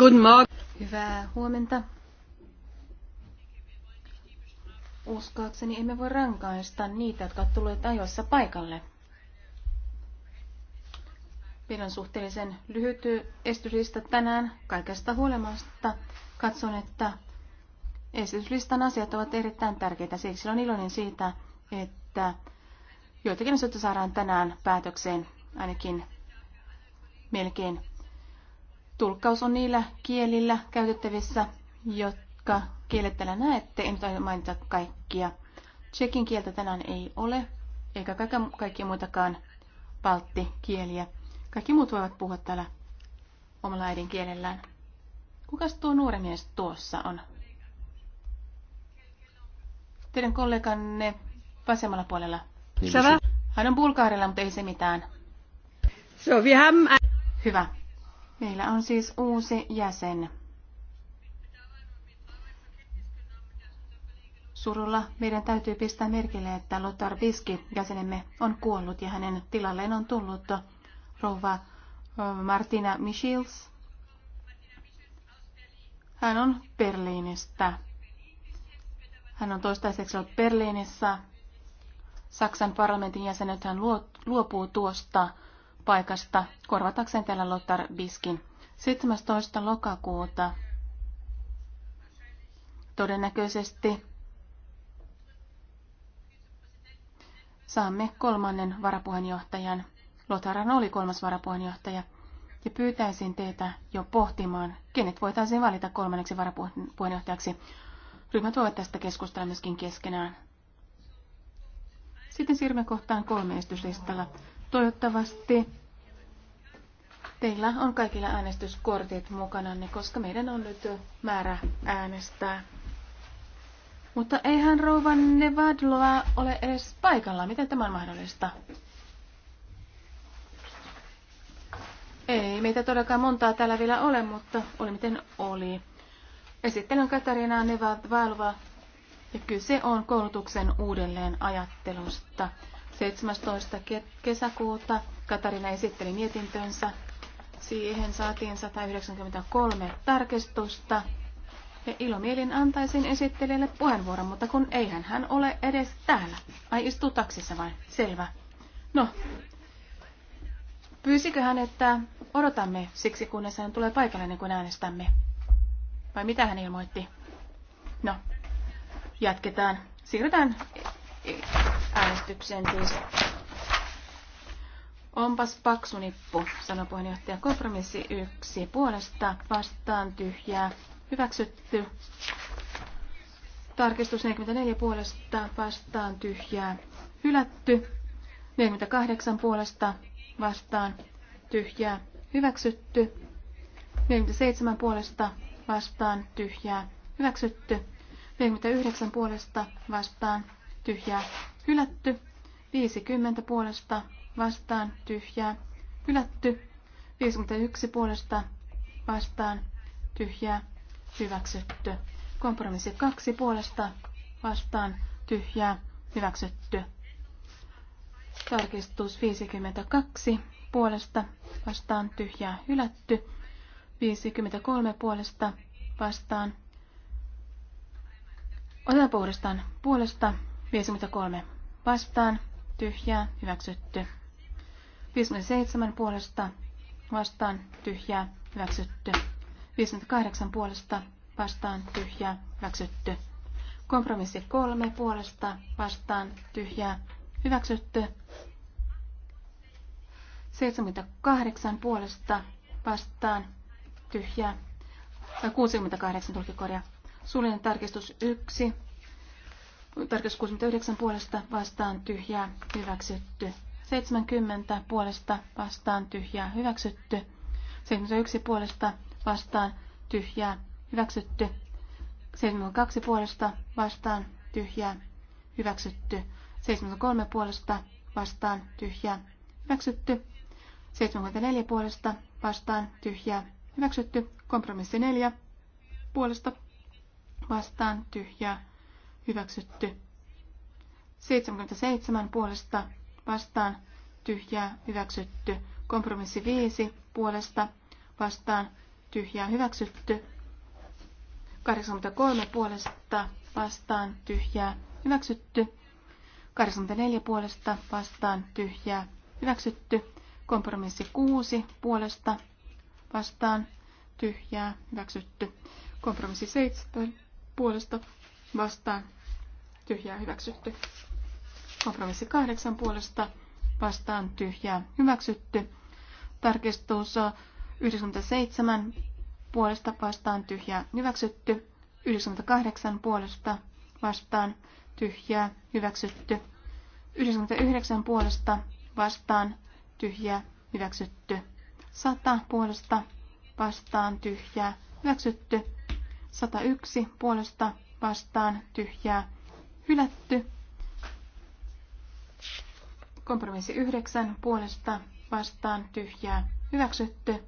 Guten Morgen. Hyvää huomenta. Uskoakseni emme voi rankaista niitä, jotka ovat tulleet ajoissa paikalle. Pidän suhteellisen lyhyt esityslista tänään kaikesta huolemasta. Katson, että esityslistan asiat ovat erittäin tärkeitä. Siksi on iloinen siitä, että joitakin asioita saadaan tänään päätökseen, ainakin melkein Tulkkaus on niillä kielillä käytettävissä, jotka kielet täällä näette. En nyt mainita kaikkia. Tsekin kieltä tänään ei ole, eikä kaikkia muitakaan palttikieliä. Kaikki muut voivat puhua täällä omalla äidinkielellään. Kukas tuo nuori mies tuossa on? Teidän kolleganne vasemmalla puolella. Niin, Hän on bulgaarilla, mutta ei se mitään. Hyvä. Meillä on siis uusi jäsen. Surulla meidän täytyy pistää merkille, että Lothar Biski, jäsenemme, on kuollut ja hänen tilalleen on tullut rouva Martina Michels. Hän on Berliinistä. Hän on toistaiseksi ollut Berliinissä. Saksan parlamentin jäsenet hän luopuu tuosta paikasta korvatakseen täällä Lothar Biskin. 17. lokakuuta todennäköisesti saamme kolmannen varapuheenjohtajan. Lothar oli kolmas varapuheenjohtaja. Ja pyytäisin teitä jo pohtimaan, kenet voitaisiin valita kolmanneksi varapuheenjohtajaksi. Ryhmät voivat tästä keskustella myöskin keskenään. Sitten siirrymme kohtaan kolme estyslistalla. Toivottavasti Teillä on kaikilla äänestyskortit mukananne, koska meidän on nyt määrä äänestää. Mutta eihän rouva Nevadlova ole edes paikalla. Miten tämä on mahdollista? Ei meitä todellakaan montaa täällä vielä ole, mutta oli miten oli. Esittelen Katarina Nevadvalva ja kyse on koulutuksen uudelleen ajattelusta. 17. kesäkuuta Katarina esitteli mietintönsä Siihen saatiin 193 tarkistusta. Ja ilomielin antaisin esittelijälle puheenvuoron, mutta kun eihän hän ole edes täällä. Ai istuu taksissa vai? Selvä. No, pyysikö hän, että odotamme siksi, kunnes hän tulee paikalle, niin kuin äänestämme? Vai mitä hän ilmoitti? No, jatketaan. Siirrytään äänestykseen siis. Onpas paksu nippu, sanoi puheenjohtaja. Kompromissi yksi. Puolesta vastaan tyhjää. Hyväksytty. Tarkistus 44 puolesta vastaan tyhjää. Hylätty. 48 puolesta vastaan tyhjää. Hyväksytty. 47 puolesta vastaan tyhjää. Hyväksytty. 49 puolesta vastaan tyhjää. Hylätty. 50 puolesta vastaan tyhjää hylätty. 51 puolesta vastaan tyhjää hyväksytty. Kompromissi 2 puolesta vastaan tyhjää hyväksytty. Tarkistus 52 puolesta vastaan tyhjää hylätty. 53 puolesta vastaan. Otetaan uudestaan puolesta 53 vastaan tyhjää hyväksytty. 57 puolesta vastaan tyhjää hyväksytty. 58 puolesta vastaan tyhjää hyväksytty. Kompromissi 3 puolesta vastaan tyhjää hyväksytty. 78 puolesta vastaan tyhjää. 68 äh, tulkikorja. Suullinen tarkistus 1. Tarkistus 69 puolesta vastaan tyhjää hyväksytty. 70 puolesta vastaan tyhjää hyväksytty. 71 puolesta vastaan tyhjää hyväksytty. 72 puolesta vastaan tyhjää hyväksytty. 73 puolesta vastaan tyhjää hyväksytty. 74 puolesta vastaan tyhjää hyväksytty. Kompromissi 4 puolesta vastaan tyhjää hyväksytty. 77 puolesta vastaan tyhjää hyväksytty. Kompromissi 5 puolesta vastaan tyhjää hyväksytty. 83 puolesta vastaan tyhjää hyväksytty. 84 puolesta vastaan tyhjää hyväksytty. Kompromissi 6 puolesta vastaan tyhjää hyväksytty. Kompromissi 7 puolesta vastaan tyhjää hyväksytty. Kompromissi kahdeksan puolesta vastaan tyhjää hyväksytty. Tarkistus 97 puolesta vastaan tyhjää hyväksytty. 98 puolesta vastaan tyhjää hyväksytty. 99 puolesta vastaan tyhjää hyväksytty. 100 puolesta vastaan tyhjää hyväksytty. 101 puolesta vastaan tyhjää hylätty. Kompromissi 9 puolesta vastaan tyhjää hyväksytty.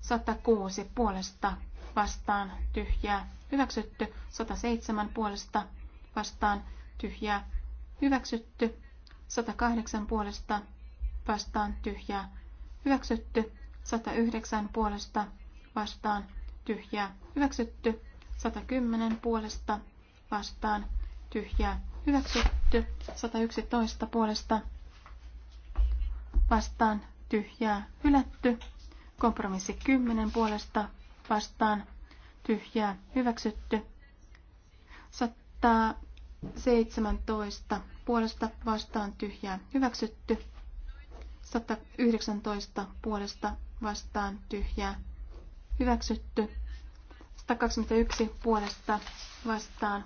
106 puolesta vastaan tyhjää hyväksytty. 107 puolesta vastaan tyhjää hyväksytty. 108 puolesta vastaan tyhjää hyväksytty. 109 puolesta vastaan tyhjää hyväksytty. 110 puolesta vastaan tyhjää hyväksytty. 111 puolesta vastaan tyhjää hylätty. Kompromissi 10 puolesta vastaan tyhjää hyväksytty. 117 puolesta vastaan tyhjää hyväksytty. 119 puolesta vastaan tyhjää hyväksytty. 121 puolesta vastaan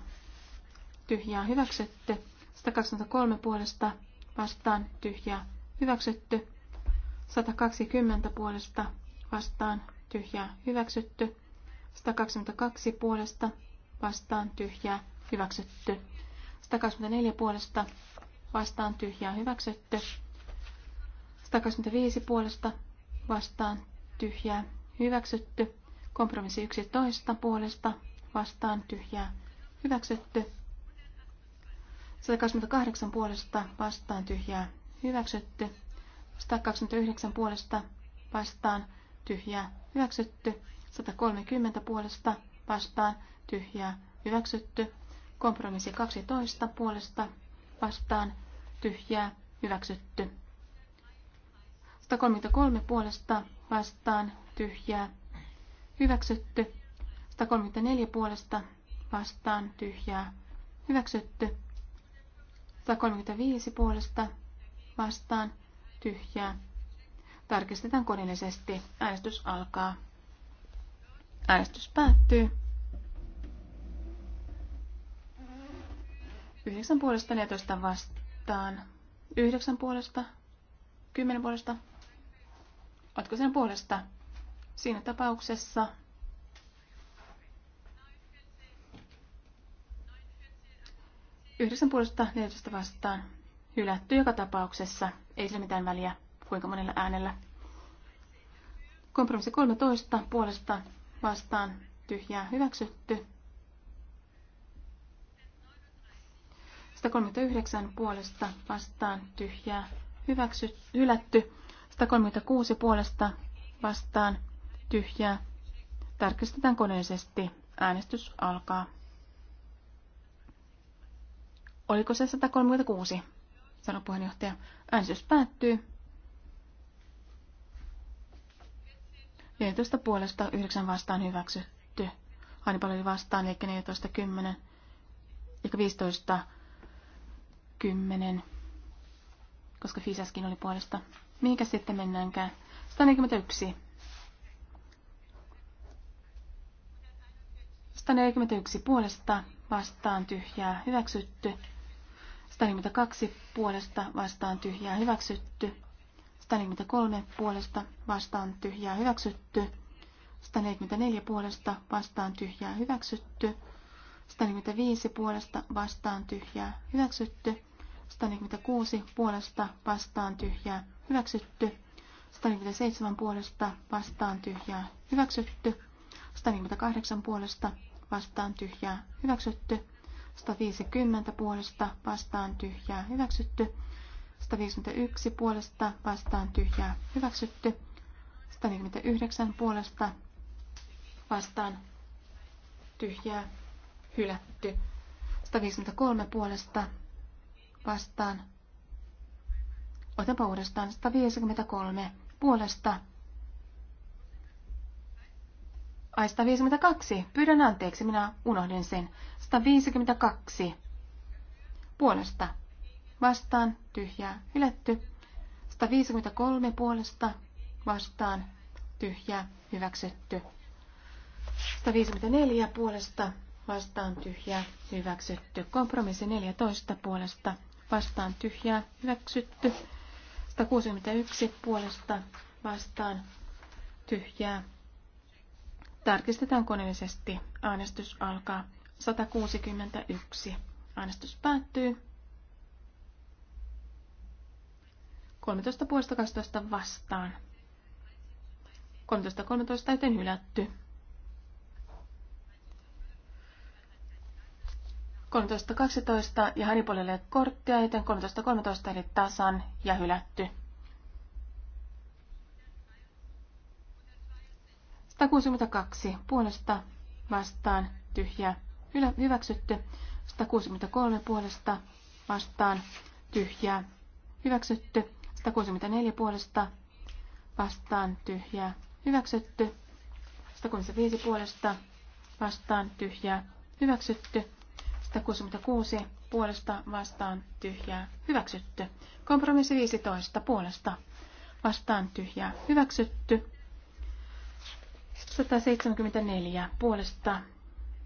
tyhjää hyväksytty. 123 puolesta vastaan tyhjää hyväksytty. 120 puolesta vastaan tyhjää hyväksytty. 122 puolesta vastaan tyhjää hyväksytty. 124 puolesta vastaan tyhjää hyväksytty. 125 puolesta vastaan tyhjää hyväksytty. Kompromissi 11 puolesta vastaan tyhjää hyväksytty. 128 puolesta vastaan tyhjää hyväksytty. 129 puolesta vastaan tyhjää hyväksytty. 130 puolesta vastaan tyhjää hyväksytty. Kompromissi 12 puolesta vastaan tyhjää hyväksytty. 133 puolesta vastaan tyhjää hyväksytty. 134 puolesta vastaan tyhjää hyväksytty. 135 puolesta vastaan, tyhjää. Tarkistetaan koneellisesti. Äänestys alkaa. Äänestys päättyy. 9 puolesta 14 vastaan. 9 puolesta, 10 puolesta. Oletko sen puolesta? Siinä tapauksessa yhdeksän puolesta 14 vastaan hylätty joka tapauksessa. Ei sillä mitään väliä, kuinka monella äänellä. Kompromissi 13 puolesta vastaan tyhjää hyväksytty. 139 puolesta vastaan tyhjää hyväksy, hylätty. 136 puolesta vastaan tyhjää. Tarkistetaan koneellisesti. Äänestys alkaa. Oliko se 136? sanoi puheenjohtaja. Äänestys päättyy. 14 puolesta 9 vastaan hyväksytty. Hannibal oli vastaan, eli 14, 10, eli 15, 10, koska Fisaskin oli puolesta. Mihinkä sitten mennäänkään? 141. 141 puolesta vastaan tyhjää hyväksytty. 142 puolesta vastaan tyhjää hyväksytty. 143 puolesta vastaan tyhjää hyväksytty. 144 puolesta vastaan tyhjää hyväksytty. 145 puolesta vastaan tyhjää hyväksytty. 146 puolesta vastaan tyhjää hyväksytty. 147 puolesta vastaan tyhjää hyväksytty. 148 puolesta vastaan tyhjää hyväksytty. 150 puolesta vastaan tyhjää hyväksytty. 151 puolesta vastaan tyhjää hyväksytty. 149 puolesta vastaan tyhjää hylätty. 153 puolesta vastaan. Otapa uudestaan 153 puolesta Ai 152. Pyydän anteeksi, minä unohdin sen. 152. Puolesta. Vastaan. Tyhjää. Hylätty. 153 puolesta. Vastaan. Tyhjää. Hyväksytty. 154 puolesta. Vastaan. Tyhjää. Hyväksytty. Kompromissi 14 puolesta. Vastaan. Tyhjää. Hyväksytty. 161 puolesta. Vastaan. Tyhjää Tarkistetaan koneellisesti. Äänestys alkaa. 161. Äänestys päättyy. 13 puolesta 12 vastaan. 13 13 joten hylätty. 13.12 ja Hanipolille korttia, joten 13.13 13, eli tasan ja hylätty. 162 puolesta vastaan tyhjää hyväksytty. 163 puolesta vastaan tyhjää hyväksytty. 164 puolesta vastaan tyhjää hyväksytty. 165 puolesta vastaan tyhjää hyväksytty. 166 puolesta vastaan tyhjää hyväksytty. Kompromissi 15 puolesta vastaan tyhjää hyväksytty. 174 puolesta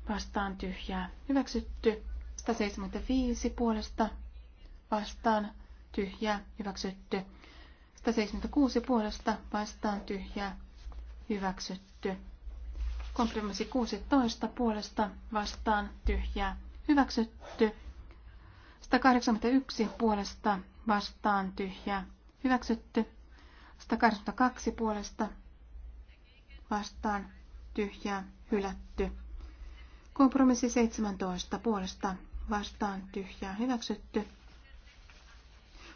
vastaan tyhjää hyväksytty. 175 puolesta vastaan tyhjää hyväksytty. 176 puolesta vastaan tyhjää hyväksytty. Kompromissi 16 puolesta vastaan tyhjää hyväksytty. 181 puolesta vastaan tyhjää hyväksytty. 182 puolesta vastaan tyhjää hylätty. Kompromissi 17 puolesta vastaan tyhjää hyväksytty.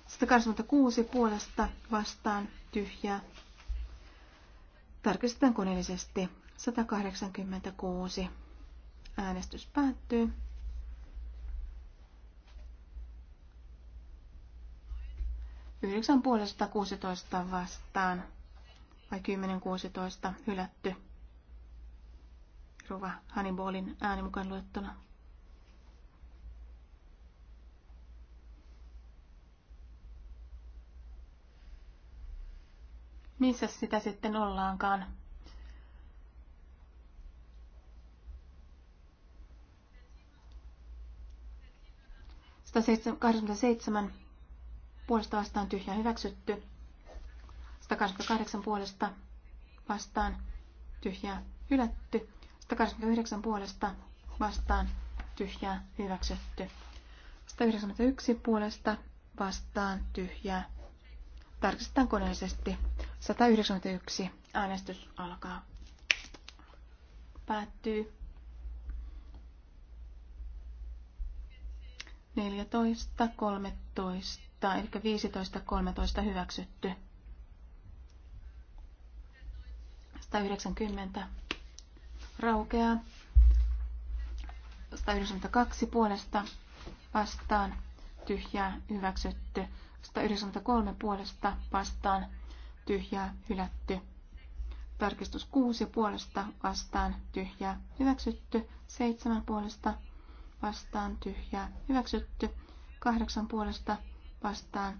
186 puolesta vastaan tyhjää. Tarkistetaan koneellisesti. 186. Äänestys päättyy. Yhdeksän puolesta 16 vastaan vai 10.16 hylätty. Ruva Hannibalin ääni mukaan luettuna. Missä sitä sitten ollaankaan? Sitä 87 puolesta vastaan tyhjä hyväksytty. 128 puolesta vastaan tyhjää hylätty. 189 puolesta vastaan tyhjää hyväksytty. 191 puolesta vastaan tyhjää. Tarkistetaan koneellisesti. 191. Äänestys alkaa. Päättyy. 14, 13, eli 15, 13 hyväksytty. 190 raukeaa. 192 puolesta vastaan tyhjää hyväksytty. 193 puolesta vastaan tyhjää hylätty. Tarkistus 6 puolesta vastaan tyhjää hyväksytty. 7 puolesta vastaan tyhjää hyväksytty. 8 puolesta vastaan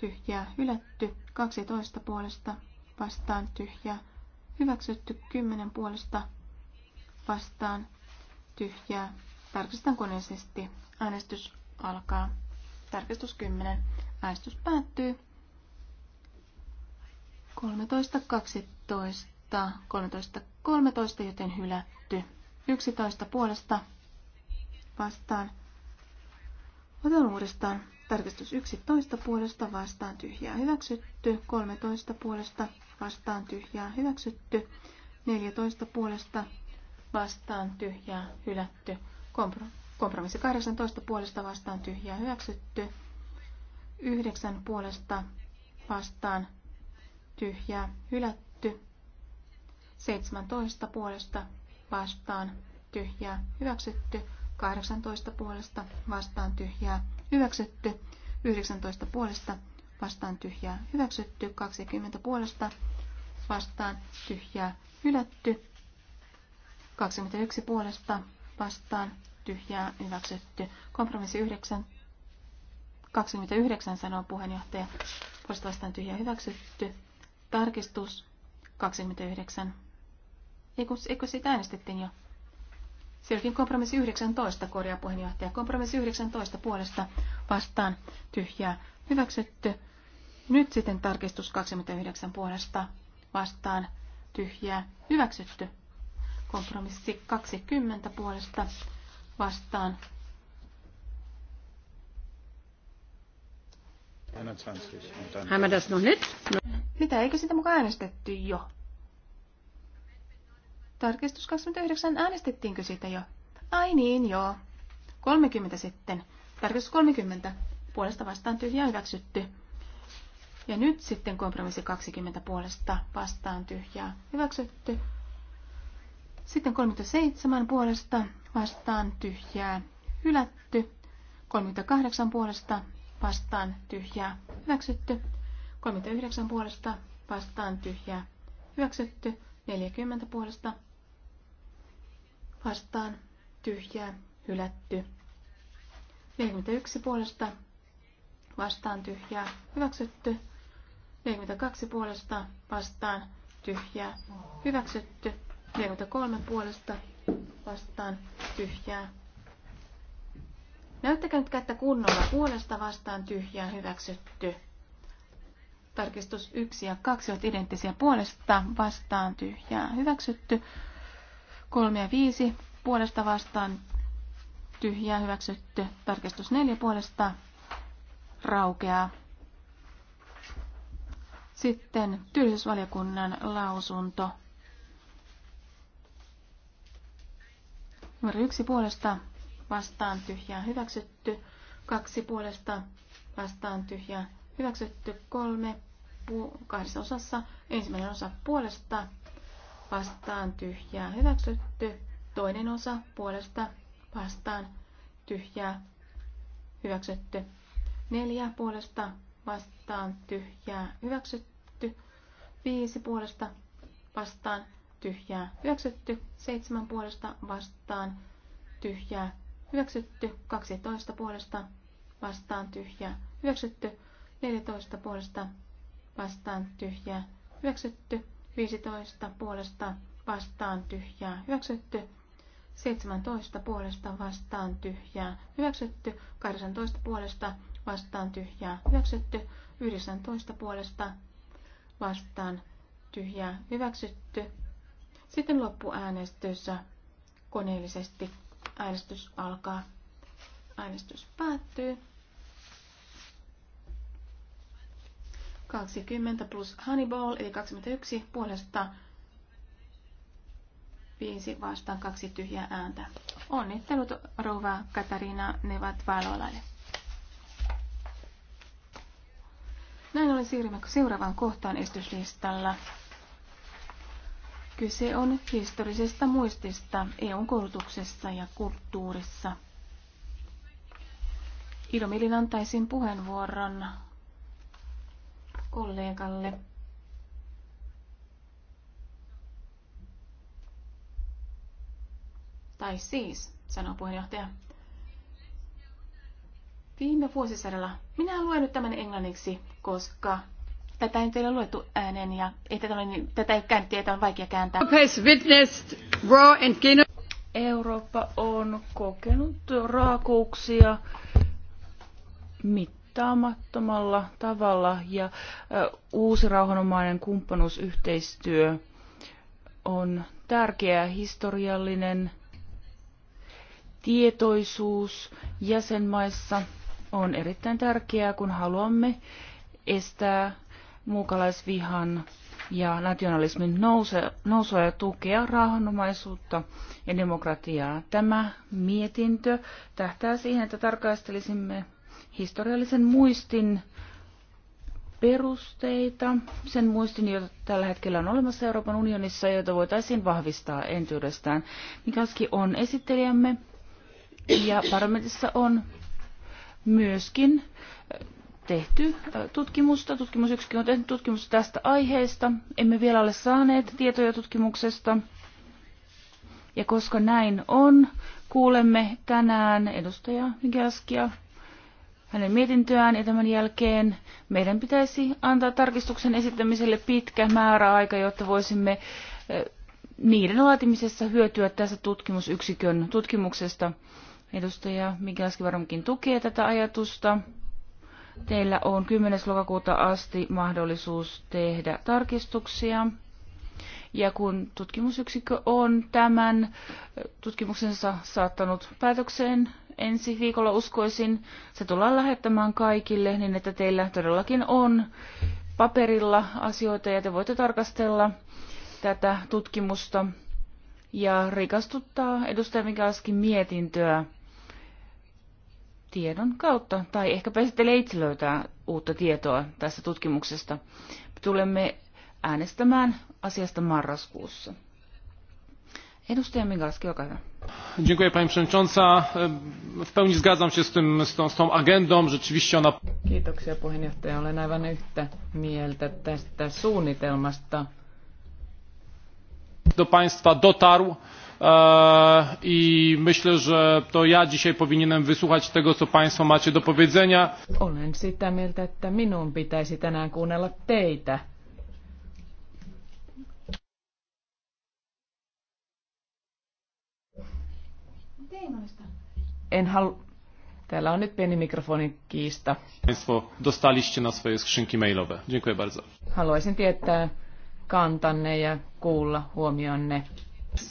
tyhjää hylätty. 12 puolesta vastaan tyhjää Hyväksytty kymmenen puolesta vastaan tyhjää. Tarkistan koneisesti. Äänestys alkaa. Tarkistus 10. Äänestys päättyy. 13, 12, 13, 13, joten hylätty. 11 puolesta vastaan. Otan uudestaan. Tarkistus 11 puolesta vastaan tyhjää hyväksytty. 13 puolesta vastaan tyhjää hyväksytty. 14 puolesta vastaan tyhjää hylätty. Kompromissi 18 puolesta vastaan tyhjää hyväksytty. 9 puolesta vastaan tyhjää hylätty. 17 puolesta vastaan tyhjää hyväksytty. 18 puolesta vastaan tyhjää hyväksytty. 19 puolesta vastaan tyhjää hyväksytty, 20 puolesta vastaan tyhjää hylätty, 21 puolesta vastaan tyhjää hyväksytty, kompromissi 9, 29 sanoo puheenjohtaja, puolesta vastaan tyhjää hyväksytty, tarkistus 29. Eikö, eikö sitä äänestettiin jo? Sielläkin kompromissi 19 korjaa puheenjohtaja. Kompromissi 19 puolesta vastaan tyhjää hyväksytty. Nyt sitten tarkistus 29 puolesta vastaan tyhjää hyväksytty. Kompromissi 20 puolesta vastaan 21. No. Mitä, eikö sitä mukaan äänestetty jo? Tarkistus 29, äänestettiinkö siitä jo? Ai niin, joo. 30 sitten. Tarkistus 30. Puolesta vastaan tyhjä hyväksytty. Ja nyt sitten kompromissi 20 puolesta vastaan tyhjää hyväksytty. Sitten 37 puolesta vastaan tyhjää hylätty. 38 puolesta vastaan tyhjää hyväksytty. 39 puolesta vastaan tyhjää hyväksytty. 40 puolesta vastaan tyhjää hylätty. 41 puolesta vastaan tyhjää hyväksytty. 42 puolesta vastaan tyhjää. Hyväksytty. 43 puolesta vastaan tyhjää. Näyttäkää nyt kättä kunnolla puolesta vastaan tyhjää hyväksytty. Tarkistus 1 ja 2 ovat identtisiä puolesta vastaan tyhjää hyväksytty. 3 ja 5 puolesta vastaan tyhjää hyväksytty. Tarkistus 4 puolesta raukeaa. Sitten työllisyysvaliokunnan lausunto. Numero yksi puolesta vastaan tyhjää hyväksytty. Kaksi puolesta vastaan tyhjää hyväksytty. Kolme kahdessa osassa. Ensimmäinen osa puolesta vastaan tyhjää hyväksytty. Toinen osa puolesta vastaan tyhjää hyväksytty. Neljä puolesta vastaan tyhjää hyväksytty. Viisi puolesta vastaan tyhjää hyväksytty. Seitsemän puolesta vastaan tyhjää hyväksytty. 12 puolesta vastaan tyhjää hyväksytty. 14 puolesta vastaan tyhjää hyväksytty. 15 puolesta vastaan tyhjää hyväksytty. 17 puolesta vastaan tyhjää hyväksytty. 18 puolesta vastaan tyhjää hyväksytty. 19 puolesta vastaan tyhjää hyväksytty. Sitten loppuäänestys koneellisesti. Äänestys alkaa. Äänestys päättyy. 20 plus Hannibal, eli 21 puolesta 5 vastaan kaksi tyhjää ääntä. Onnittelut rouva Katarina Nevat Valolalle. Näin ollen siirrymme seuraavaan kohtaan esityslistalla. Kyse on historisesta muistista eu koulutuksessa ja kulttuurissa. Ilomielin antaisin puheenvuoron kollegalle. Tai siis, sanoo puheenjohtaja viime vuosisadalla. Minä luen nyt tämän englanniksi, koska tätä ei ole luettu ääneen ja ei tätä, ole, niin, tätä ei käännetty, että on vaikea kääntää. Eurooppa on kokenut raakuuksia mittaamattomalla tavalla ja uusi rauhanomainen kumppanuusyhteistyö on tärkeä historiallinen tietoisuus jäsenmaissa – on erittäin tärkeää, kun haluamme estää muukalaisvihan ja nationalismin nousua ja tukea rauhanomaisuutta ja demokratiaa. Tämä mietintö tähtää siihen, että tarkastelisimme historiallisen muistin perusteita, sen muistin, jota tällä hetkellä on olemassa Euroopan unionissa, jota voitaisiin vahvistaa entyydestään. Mikalski on esittelijämme ja parlamentissa on myöskin äh, tehty äh, tutkimusta. Tutkimusyksikkö on tehnyt tutkimusta tästä aiheesta. Emme vielä ole saaneet tietoja tutkimuksesta. Ja koska näin on, kuulemme tänään edustaja Mikiaskia hänen mietintöään ja tämän jälkeen meidän pitäisi antaa tarkistuksen esittämiselle pitkä määräaika, jotta voisimme äh, niiden laatimisessa hyötyä tässä tutkimusyksikön tutkimuksesta. Edustaja Mikelski varmaankin tukee tätä ajatusta. Teillä on 10. lokakuuta asti mahdollisuus tehdä tarkistuksia. Ja kun tutkimusyksikkö on tämän tutkimuksensa saattanut päätökseen ensi viikolla uskoisin, se tullaan lähettämään kaikille niin, että teillä todellakin on paperilla asioita ja te voitte tarkastella tätä tutkimusta ja rikastuttaa edustaja Mikalskin mietintöä tiedon kautta, tai ehkäpä sitten itse löytää uutta tietoa tässä tutkimuksesta. Tulemme äänestämään asiasta marraskuussa. Edustaja Migalski, olkaa hyvä. Dziękuję Pani Przewodnicząca. W pełni zgadzam się z, tym, z, tą, z tą agendą. Rzeczywiście ona... Kiitoksia puheenjohtaja. Olen aivan yhtä mieltä tästä suunnitelmasta. Do Państwa dotarł. E, i myślę, że to ja dzisiaj powinienem wysłuchać tego, co Państwo macie do powiedzenia. Olen sitä mieltä, että minun pitäisi tänään kuunnella teitä. En halu... Täällä on nyt pieni mikrofoni kiista. Państwo dostaliście na swoje skrzynki mailowe. Dziękuję bardzo. Haluaisin tietää kantanne ja kuulla huomionne.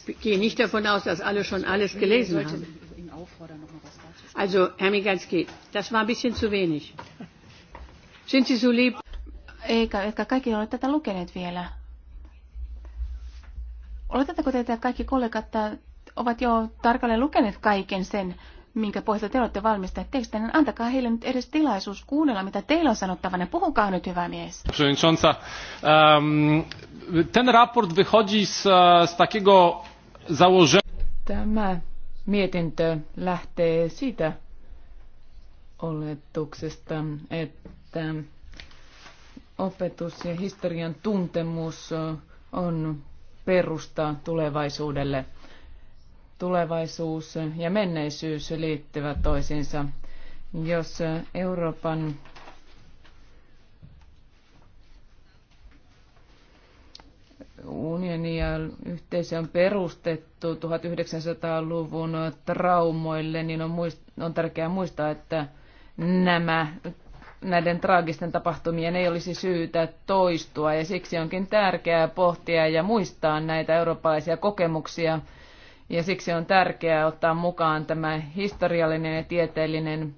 Ich gehe nicht davon aus, dass alle schon alles gelesen haben. Also, Herr Migalski, das war ein bisschen zu wenig. Sind Sie so lieb? Eikä, etkä kaikki ole tätä lukeneet vielä. Oletetteko te, että kaikki kollegat äh, ovat jo tarkalleen lukeneet kaiken sen, minkä pohjalta te olette valmistaneet tekstin, niin antakaa heille nyt edes tilaisuus kuunnella, mitä teillä on sanottavana. Puhukaa nyt, hyvä mies. Przewodnicząca, um, ten raport wychodzi z, z takiego założenia. Tämä mietintö lähtee siitä oletuksesta, että opetus ja historian tuntemus on perusta tulevaisuudelle – tulevaisuus ja menneisyys liittyvät toisiinsa. Jos Euroopan unioni ja yhteisö on perustettu 1900-luvun traumoille, niin on, muist- on tärkeää muistaa, että nämä näiden traagisten tapahtumien ei olisi syytä toistua ja siksi onkin tärkeää pohtia ja muistaa näitä eurooppalaisia kokemuksia ja siksi on tärkeää ottaa mukaan tämä historiallinen ja tieteellinen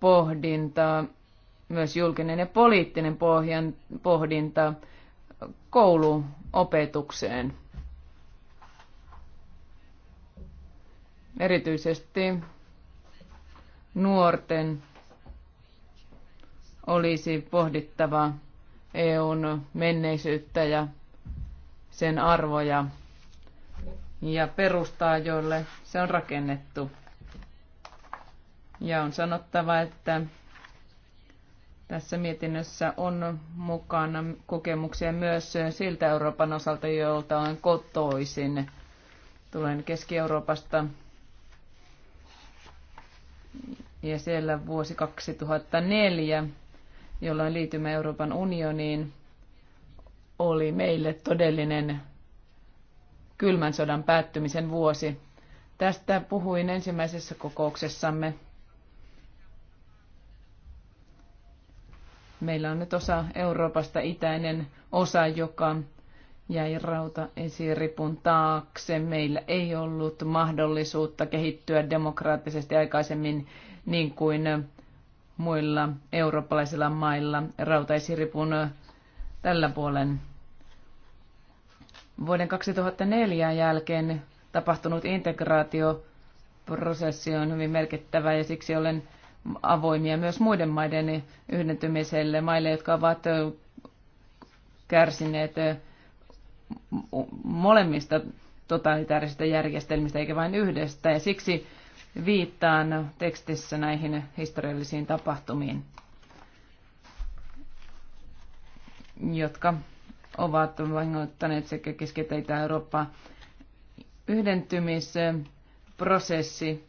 pohdinta, myös julkinen ja poliittinen pohjan, pohdinta kouluopetukseen. Erityisesti nuorten olisi pohdittava EUn menneisyyttä ja sen arvoja ja perustaa, joille se on rakennettu. Ja on sanottava, että tässä mietinnössä on mukana kokemuksia myös siltä Euroopan osalta, jolta on kotoisin. Tulen Keski-Euroopasta ja siellä vuosi 2004, jolloin liitymme Euroopan unioniin, oli meille todellinen kylmän sodan päättymisen vuosi. Tästä puhuin ensimmäisessä kokouksessamme. Meillä on nyt osa Euroopasta itäinen osa, joka jäi rauta esiripun taakse. Meillä ei ollut mahdollisuutta kehittyä demokraattisesti aikaisemmin niin kuin muilla eurooppalaisilla mailla rautaisiripun tällä puolen Vuoden 2004 jälkeen tapahtunut integraatioprosessi on hyvin merkittävä ja siksi olen avoimia myös muiden maiden yhdentymiselle, maille, jotka ovat kärsineet molemmista totalitaarisista järjestelmistä eikä vain yhdestä. Ja siksi viittaan tekstissä näihin historiallisiin tapahtumiin, jotka ovat vahingoittaneet sekä keskeitä Itä-Eurooppaa. Yhdentymisprosessi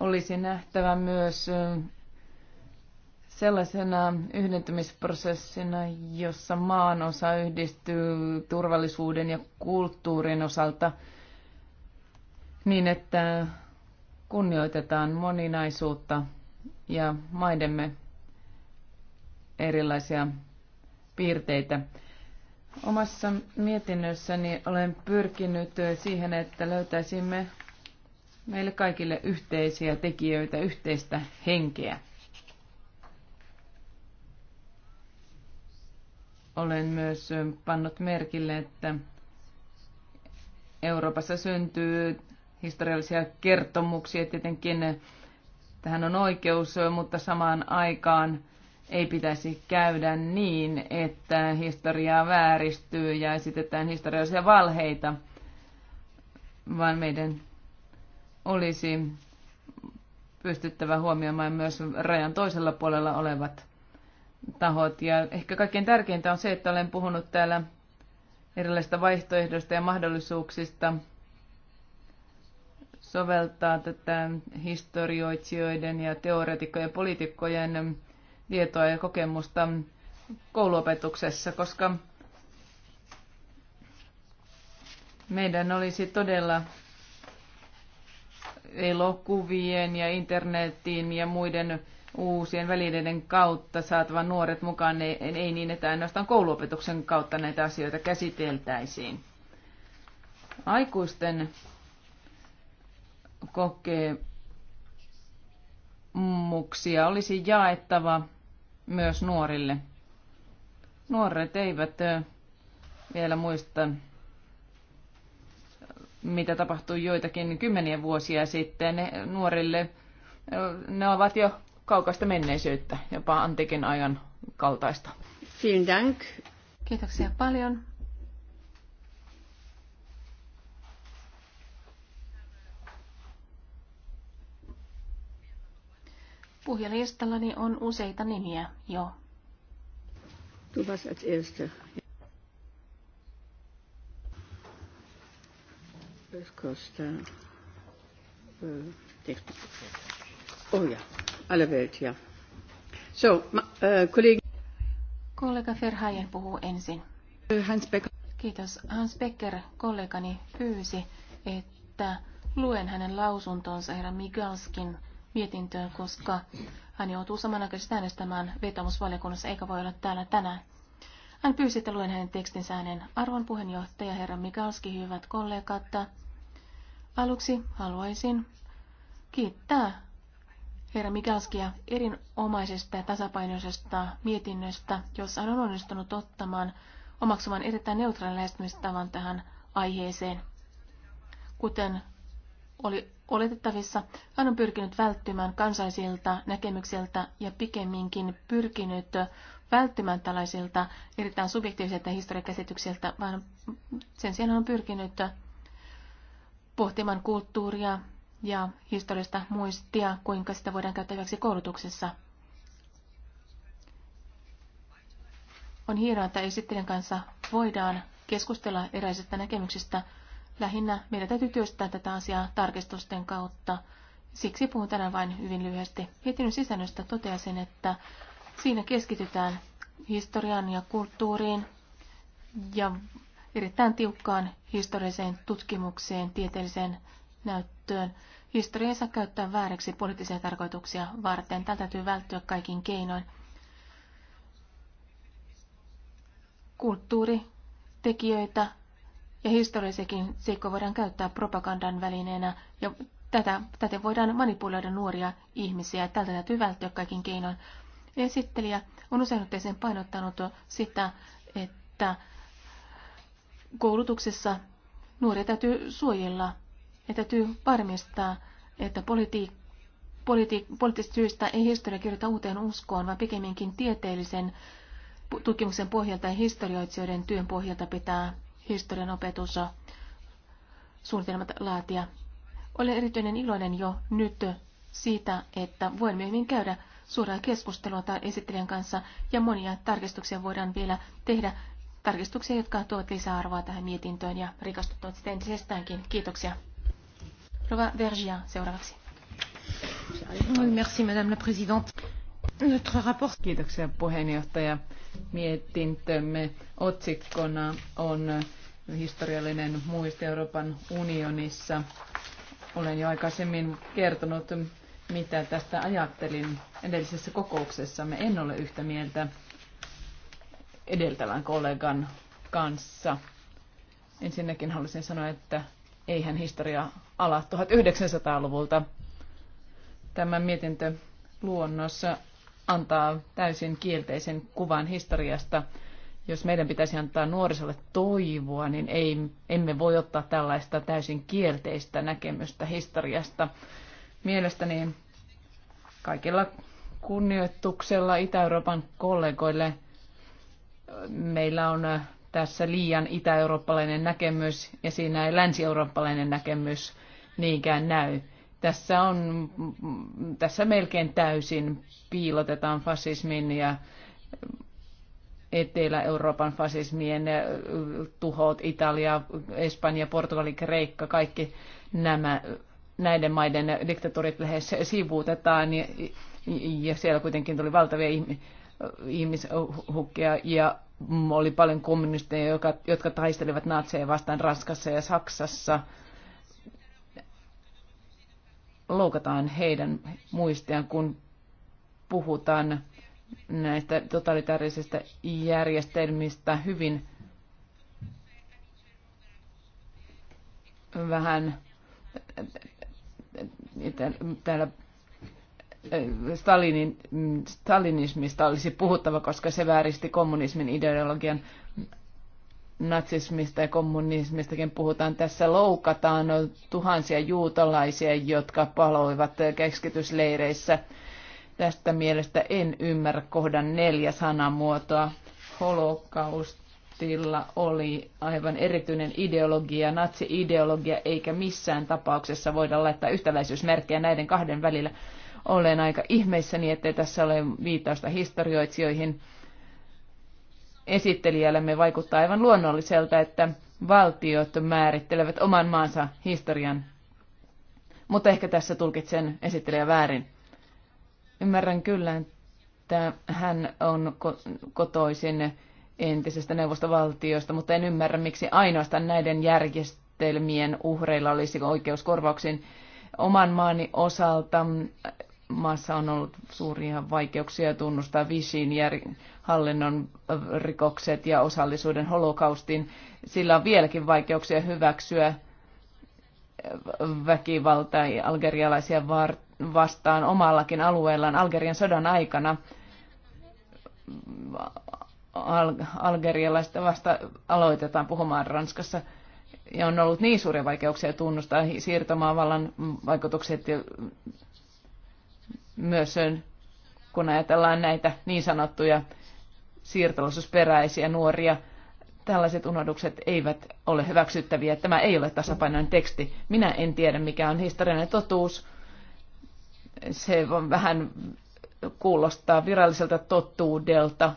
olisi nähtävä myös sellaisena yhdentymisprosessina, jossa osa yhdistyy turvallisuuden ja kulttuurin osalta niin, että kunnioitetaan moninaisuutta ja maidemme erilaisia piirteitä. Omassa mietinnössäni olen pyrkinyt siihen, että löytäisimme meille kaikille yhteisiä tekijöitä, yhteistä henkeä. Olen myös pannut merkille, että Euroopassa syntyy historiallisia kertomuksia. Tietenkin tähän on oikeus, mutta samaan aikaan ei pitäisi käydä niin, että historiaa vääristyy ja esitetään historiallisia valheita, vaan meidän olisi pystyttävä huomioimaan myös rajan toisella puolella olevat tahot. Ja ehkä kaikkein tärkeintä on se, että olen puhunut täällä erilaisista vaihtoehdoista ja mahdollisuuksista soveltaa tätä historioitsijoiden ja teoreetikkojen ja poliitikkojen tietoa ja kokemusta kouluopetuksessa, koska meidän olisi todella elokuvien ja internetin ja muiden uusien välineiden kautta saatava nuoret mukaan, ei, ei niin, että ainoastaan kouluopetuksen kautta näitä asioita käsiteltäisiin. Aikuisten kokemuksia olisi jaettava myös nuorille. Nuoret eivät vielä muista, mitä tapahtui joitakin kymmeniä vuosia sitten. Nuorille ne ovat jo kaukaista menneisyyttä, jopa antiikin ajan kaltaista. Vielen Dank. Kiitoksia paljon. Puhujalistallani on useita nimiä jo. Du warst als Erste. Äh, oh ja, alle Welt, ja. So, ma, äh, Kollega Verhaien puhuu ensin. Äh, Hans Becker. Kiitos. Hans Becker, kollegani, pyysi, että luen hänen lausuntonsa herra Migalskin mietintöön, koska hän joutuu samanaikaisesti äänestämään vetomusvaliokunnassa eikä voi olla täällä tänään. Hän pyysi, että luen hänen tekstinsä hänen arvon puheenjohtaja herra Mikalski, hyvät kollegat. Aluksi haluaisin kiittää herra Mikalskia erinomaisesta ja tasapainoisesta mietinnöstä, jossa hän on onnistunut ottamaan omaksumaan erittäin neutraalin lähestymistavan tähän aiheeseen. Kuten oli oletettavissa. Hän on pyrkinyt välttymään kansaisilta näkemyksiltä ja pikemminkin pyrkinyt välttymään tällaisilta erittäin subjektiivisilta historiakäsityksiltä, vaan sen sijaan hän on pyrkinyt pohtimaan kulttuuria ja historiasta muistia, kuinka sitä voidaan käyttää hyväksi koulutuksessa. On hienoa, että esittelijän kanssa voidaan keskustella eräisistä näkemyksistä – lähinnä meidän täytyy työstää tätä asiaa tarkistusten kautta. Siksi puhun tänään vain hyvin lyhyesti. Mietinnön sisällöstä toteaisin, että siinä keskitytään historiaan ja kulttuuriin ja erittäin tiukkaan historialliseen tutkimukseen, tieteelliseen näyttöön. Historia saa käyttää vääräksi poliittisia tarkoituksia varten. Tältä täytyy välttyä kaikin keinoin. Kulttuuritekijöitä ja historiallisekin seikko voidaan käyttää propagandan välineenä ja tätä, tätä voidaan manipuloida nuoria ihmisiä. Tältä täytyy välttyä kaikin keinoin. Esittelijä on usein otteeseen painottanut sitä, että koulutuksessa nuoria täytyy suojella ja täytyy varmistaa, että politiikka poliittisista syistä ei historia kirjoita uuteen uskoon, vaan pikemminkin tieteellisen tutkimuksen pohjalta ja historioitsijoiden työn pohjalta pitää historian opetus suunnitelmat laatia. Olen erityinen iloinen jo nyt siitä, että voin myöhemmin käydä suoraa keskustelua esittelijän kanssa ja monia tarkistuksia voidaan vielä tehdä. Tarkistuksia, jotka tuovat lisäarvoa tähän mietintöön ja rikastuttavat sitä entisestäänkin. Kiitoksia. Rova Vergia seuraavaksi. Merci, Madame la Présidente. Notre rapport... Kiitoksia puheenjohtaja. Mietintömme otsikkona on historiallinen muisti Euroopan unionissa. Olen jo aikaisemmin kertonut, mitä tästä ajattelin edellisessä kokouksessa, me En ole yhtä mieltä edeltävän kollegan kanssa. Ensinnäkin haluaisin sanoa, että eihän historia ala 1900-luvulta. Tämä mietintö luonnossa antaa täysin kielteisen kuvan historiasta jos meidän pitäisi antaa nuorisolle toivoa, niin ei, emme voi ottaa tällaista täysin kielteistä näkemystä historiasta. Mielestäni kaikilla kunnioituksella Itä-Euroopan kollegoille meillä on tässä liian itä-eurooppalainen näkemys ja siinä ei länsi-eurooppalainen näkemys niinkään näy. Tässä, on, tässä melkein täysin piilotetaan fasismin ja Etelä-Euroopan fasismien tuhot, Italia, Espanja, Portugali, Kreikka, kaikki nämä näiden maiden diktatorit lähes sivuutetaan ja, ja siellä kuitenkin tuli valtavia ihmishukkia ja oli paljon kommunisteja, jotka, jotka taistelivat natseja vastaan Ranskassa ja Saksassa. Loukataan heidän muistiaan, kun puhutaan näistä totalitaarisista järjestelmistä hyvin vähän täällä äh, Stalinin, mm, stalinismista olisi puhuttava, koska se vääristi kommunismin ideologian natsismista ja kommunismistakin puhutaan. Tässä loukataan tuhansia juutalaisia, jotka paloivat keskitysleireissä Tästä mielestä en ymmärrä kohdan neljä sanamuotoa. Holokaustilla oli aivan erityinen ideologia, natsi-ideologia, eikä missään tapauksessa voida laittaa yhtäläisyysmerkkejä näiden kahden välillä. Olen aika ihmeissäni, ettei tässä ole viitausta historioitsijoihin. Esittelijällemme vaikuttaa aivan luonnolliselta, että valtiot määrittelevät oman maansa historian. Mutta ehkä tässä tulkitsen esittelijä väärin. Ymmärrän kyllä, että hän on kotoisin entisestä neuvostovaltiosta, mutta en ymmärrä, miksi ainoastaan näiden järjestelmien uhreilla olisi oikeus korvauksiin. Oman maani osalta maassa on ollut suuria vaikeuksia tunnustaa visiin ja hallinnon rikokset ja osallisuuden holokaustiin. Sillä on vieläkin vaikeuksia hyväksyä väkivaltaa algerialaisia vastaan omallakin alueellaan Algerian sodan aikana. Al- algerialaista vasta aloitetaan puhumaan Ranskassa ja on ollut niin suuria vaikeuksia tunnustaa siirtomaavallan vaikutukset ja myös kun ajatellaan näitä niin sanottuja siirtolaisuusperäisiä nuoria – Tällaiset unohdukset eivät ole hyväksyttäviä. Tämä ei ole tasapainoinen teksti. Minä en tiedä, mikä on historiallinen totuus. Se on vähän kuulostaa viralliselta totuudelta,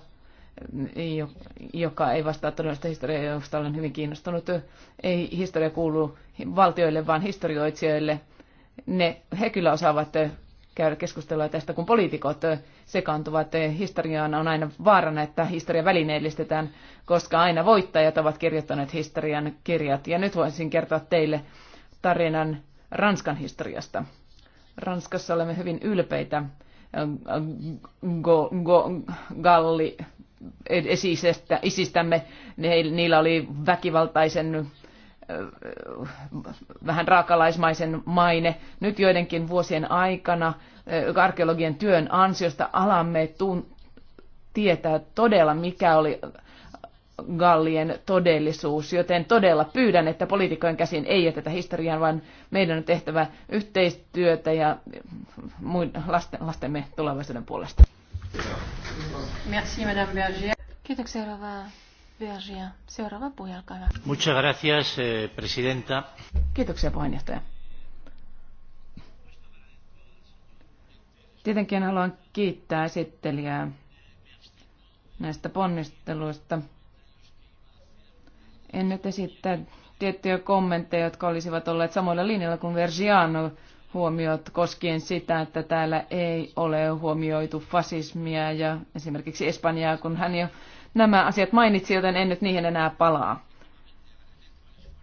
joka ei vastaa todellista historiaa, josta olen hyvin kiinnostunut. Ei historia kuulu valtioille, vaan historioitsijoille. Ne, he kyllä osaavat käydä keskustelua tästä, kun poliitikot sekaantuvat historiaan. On aina vaarana, että historia välineellistetään, koska aina voittajat ovat kirjoittaneet historian kirjat. Ja nyt voisin kertoa teille tarinan Ranskan historiasta. Ranskassa olemme hyvin ylpeitä go, go, galli esisestä, e, isistämme. Niillä oli väkivaltaisen Äh, vähän raakalaismaisen maine. Nyt joidenkin vuosien aikana äh, arkeologian työn ansiosta alamme tun- tietää todella, mikä oli Gallien todellisuus, joten todella pyydän, että poliitikkojen käsin ei jätetä historiaan, vaan meidän on tehtävä yhteistyötä ja lastemme tulevaisuuden puolesta. Merci, Madame Berger. Kiitoksia, Rovaa. Vergia. Seuraava puhuja, olkaa hyvä. Muchas gracias, eh, presidenta. Kiitoksia, puheenjohtaja. Tietenkin haluan kiittää esittelijää näistä ponnisteluista. En nyt esittää tiettyjä kommentteja, jotka olisivat olleet samoilla linjalla kuin Vergiano huomiot koskien sitä, että täällä ei ole huomioitu fasismia ja esimerkiksi Espanjaa, kun hän jo nämä asiat mainitsi, joten en nyt niihin enää palaa.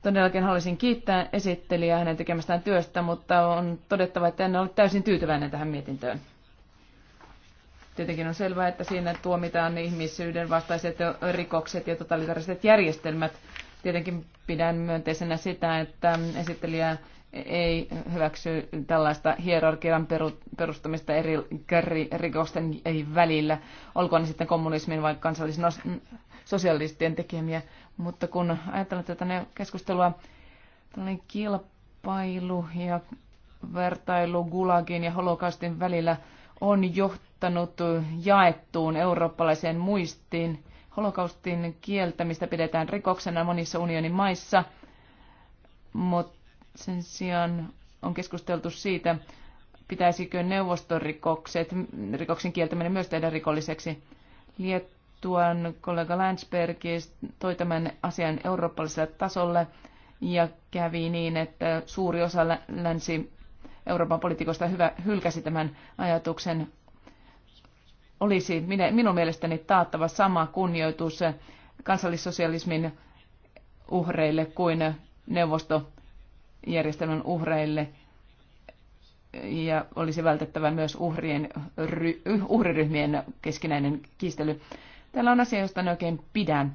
Todellakin haluaisin kiittää esittelijää hänen tekemästään työstä, mutta on todettava, että en ole täysin tyytyväinen tähän mietintöön. Tietenkin on selvää, että siinä tuomitaan ihmisyyden vastaiset rikokset ja totalitaariset järjestelmät. Tietenkin pidän myönteisenä sitä, että esittelijä ei hyväksy tällaista hierarkian perustamista eri rikosten välillä, olkoon ne sitten kommunismin vai kansallisen sosialistien tekemiä. Mutta kun ajatellaan tätä keskustelua, tällainen kilpailu ja vertailu Gulagin ja holokaustin välillä on johtanut jaettuun eurooppalaiseen muistiin. Holokaustin kieltämistä pidetään rikoksena monissa unionin maissa, mutta sen sijaan on keskusteltu siitä, pitäisikö neuvostorikokset, rikoksen kieltäminen myös tehdä rikolliseksi. Liettuan kollega Landsberg toi tämän asian eurooppalaiselle tasolle ja kävi niin, että suuri osa länsi Euroopan poliitikoista hyvä, hylkäsi tämän ajatuksen. Olisi minun mielestäni taattava sama kunnioitus kansallissosialismin uhreille kuin neuvosto järjestelmän uhreille ja olisi vältettävä myös uhrien, ry, uhriryhmien keskinäinen kiistely. Täällä on asia, josta ne oikein pidän.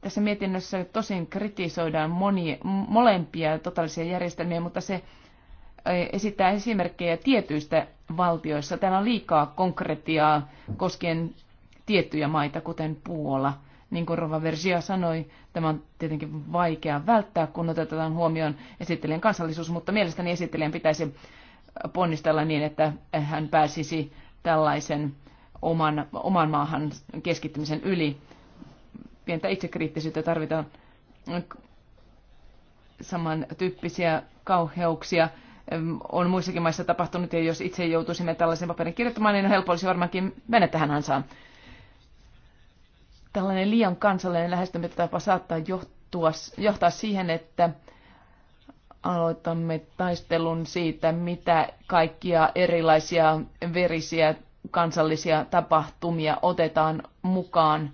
Tässä mietinnössä tosin kritisoidaan moni, molempia totaalisia järjestelmiä, mutta se eh, esittää esimerkkejä tietyistä valtioissa. Täällä on liikaa konkretiaa koskien tiettyjä maita, kuten Puola. Niin kuin Rova Vergia sanoi, tämä on tietenkin vaikea välttää, kun otetaan huomioon esittelijän kansallisuus, mutta mielestäni esittelijän pitäisi ponnistella niin, että hän pääsisi tällaisen oman, oman maahan keskittymisen yli. Pientä itsekriittisyyttä tarvitaan samantyyppisiä kauheuksia on muissakin maissa tapahtunut, ja jos itse joutuisimme tällaisen paperin kirjoittamaan, niin helppo olisi varmaankin mennä tähän ansaan. Tällainen liian kansallinen lähestymistapa saattaa johtua, johtaa siihen, että aloitamme taistelun siitä, mitä kaikkia erilaisia verisiä kansallisia tapahtumia otetaan mukaan,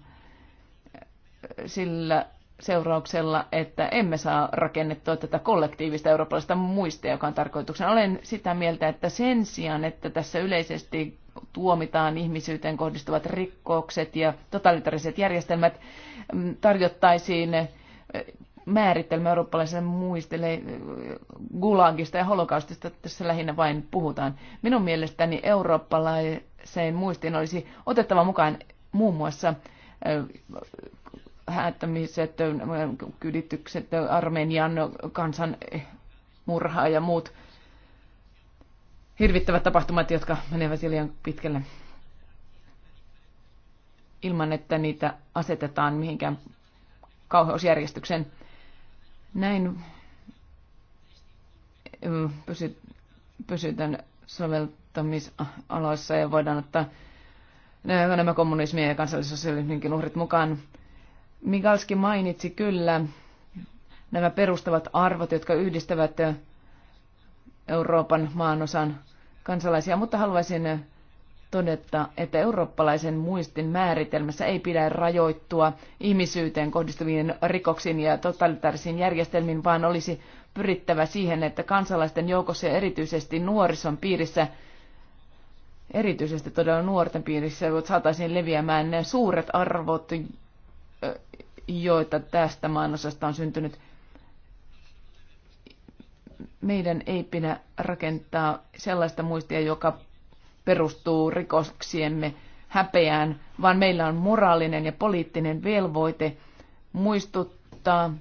sillä seurauksella, että emme saa rakennettua tätä kollektiivista eurooppalaista muistia, joka on tarkoituksena. Olen sitä mieltä, että sen sijaan, että tässä yleisesti tuomitaan ihmisyyteen kohdistuvat rikkoukset ja totalitariset järjestelmät, mm, tarjottaisiin eh, määritelmä eurooppalaiselle muistille eh, gulagista ja holokaustista tässä lähinnä vain puhutaan. Minun mielestäni eurooppalaiseen muistiin olisi otettava mukaan muun muassa eh, häättämiset, kyditykset, Armenian kansan murhaa ja muut hirvittävät tapahtumat, jotka menevät liian pitkälle ilman, että niitä asetetaan mihinkään kauheusjärjestykseen. Näin pysy, pysytään soveltamisaloissa ja voidaan ottaa nämä kommunismien ja kansallisosialisminkin uhrit mukaan. Migalski mainitsi kyllä nämä perustavat arvot, jotka yhdistävät Euroopan maanosan kansalaisia, mutta haluaisin todeta, että eurooppalaisen muistin määritelmässä ei pidä rajoittua ihmisyyteen kohdistuviin rikoksiin ja totalitaarisiin järjestelmiin, vaan olisi pyrittävä siihen, että kansalaisten joukossa ja erityisesti nuorison piirissä, erityisesti todella nuorten piirissä, saataisiin leviämään ne suuret arvot, joita tästä maanosasta on syntynyt. Meidän ei pidä rakentaa sellaista muistia, joka perustuu rikoksiemme häpeään, vaan meillä on moraalinen ja poliittinen velvoite muistuttaa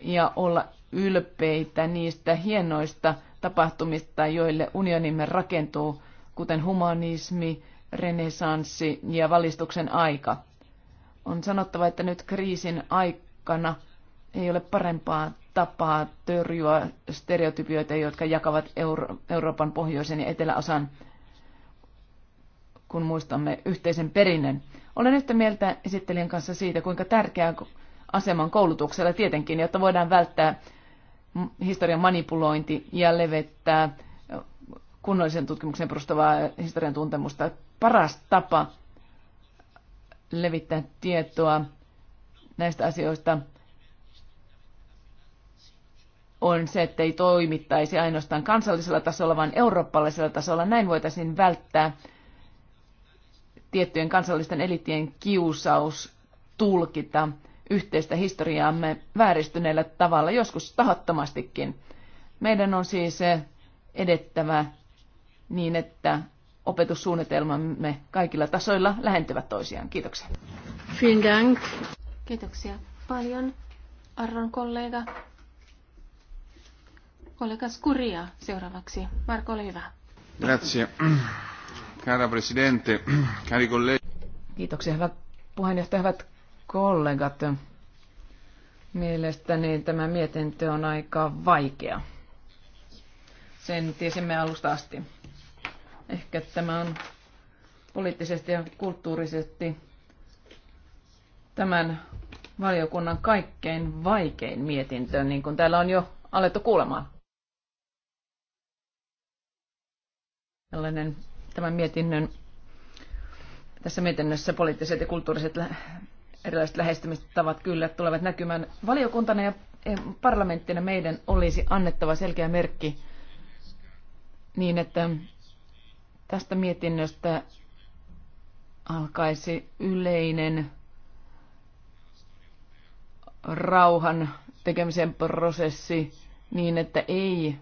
ja olla ylpeitä niistä hienoista tapahtumista, joille unionimme rakentuu, kuten humanismi, renesanssi ja valistuksen aika. On sanottava, että nyt kriisin aikana ei ole parempaa tapaa törjyä stereotypioita, jotka jakavat Euro- Euroopan pohjoisen ja eteläosan, kun muistamme yhteisen perinnön. Olen yhtä mieltä esittelijän kanssa siitä, kuinka tärkeää aseman koulutuksella tietenkin, jotta voidaan välttää historian manipulointi ja levettää kunnollisen tutkimuksen perustavaa historian tuntemusta. Paras tapa levittää tietoa näistä asioista on se, että ei toimittaisi ainoastaan kansallisella tasolla, vaan eurooppalaisella tasolla. Näin voitaisiin välttää tiettyjen kansallisten elitien kiusaus tulkita yhteistä historiaamme vääristyneellä tavalla, joskus tahattomastikin. Meidän on siis edettävä niin, että opetussuunnitelmamme kaikilla tasoilla lähentyvät toisiaan. Kiitoksia. Vielen Kiitoksia paljon, arvon kollega. Kollega Skuria seuraavaksi. Marko, ole hyvä. Grazie. Cara Presidente, cari colleghi. Kiitoksia, hyvä puheenjohtaja, hyvät kollegat. Mielestäni tämä mietintö on aika vaikea. Sen tiesimme alusta asti Ehkä tämä on poliittisesti ja kulttuurisesti tämän valiokunnan kaikkein vaikein mietintö, niin kuin täällä on jo alettu kuulemaan. Tällainen tämän mietinnön, tässä mietinnössä poliittiset ja kulttuuriset erilaiset lähestymistavat kyllä tulevat näkymään. Valiokuntana ja parlamenttina meidän olisi annettava selkeä merkki niin, että Tästä mietinnöstä alkaisi yleinen rauhan tekemisen prosessi niin, että ei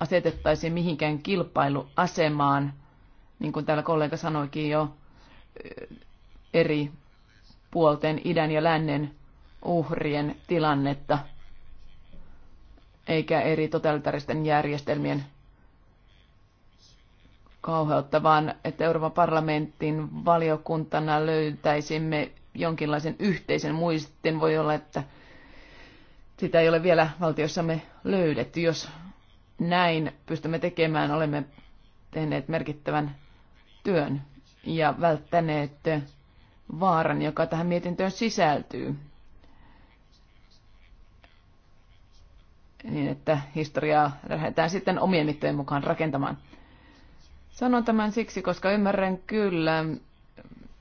asetettaisi mihinkään kilpailuasemaan, niin kuin täällä kollega sanoikin jo, eri puolten idän ja lännen uhrien tilannetta, eikä eri totalitaristen järjestelmien vaan, että Euroopan parlamentin valiokuntana löytäisimme jonkinlaisen yhteisen muistin. Voi olla, että sitä ei ole vielä valtiossamme löydetty. Jos näin pystymme tekemään, olemme tehneet merkittävän työn ja välttäneet vaaran, joka tähän mietintöön sisältyy. Niin, että historiaa lähdetään sitten omien mittojen mukaan rakentamaan. Sanon tämän siksi, koska ymmärrän kyllä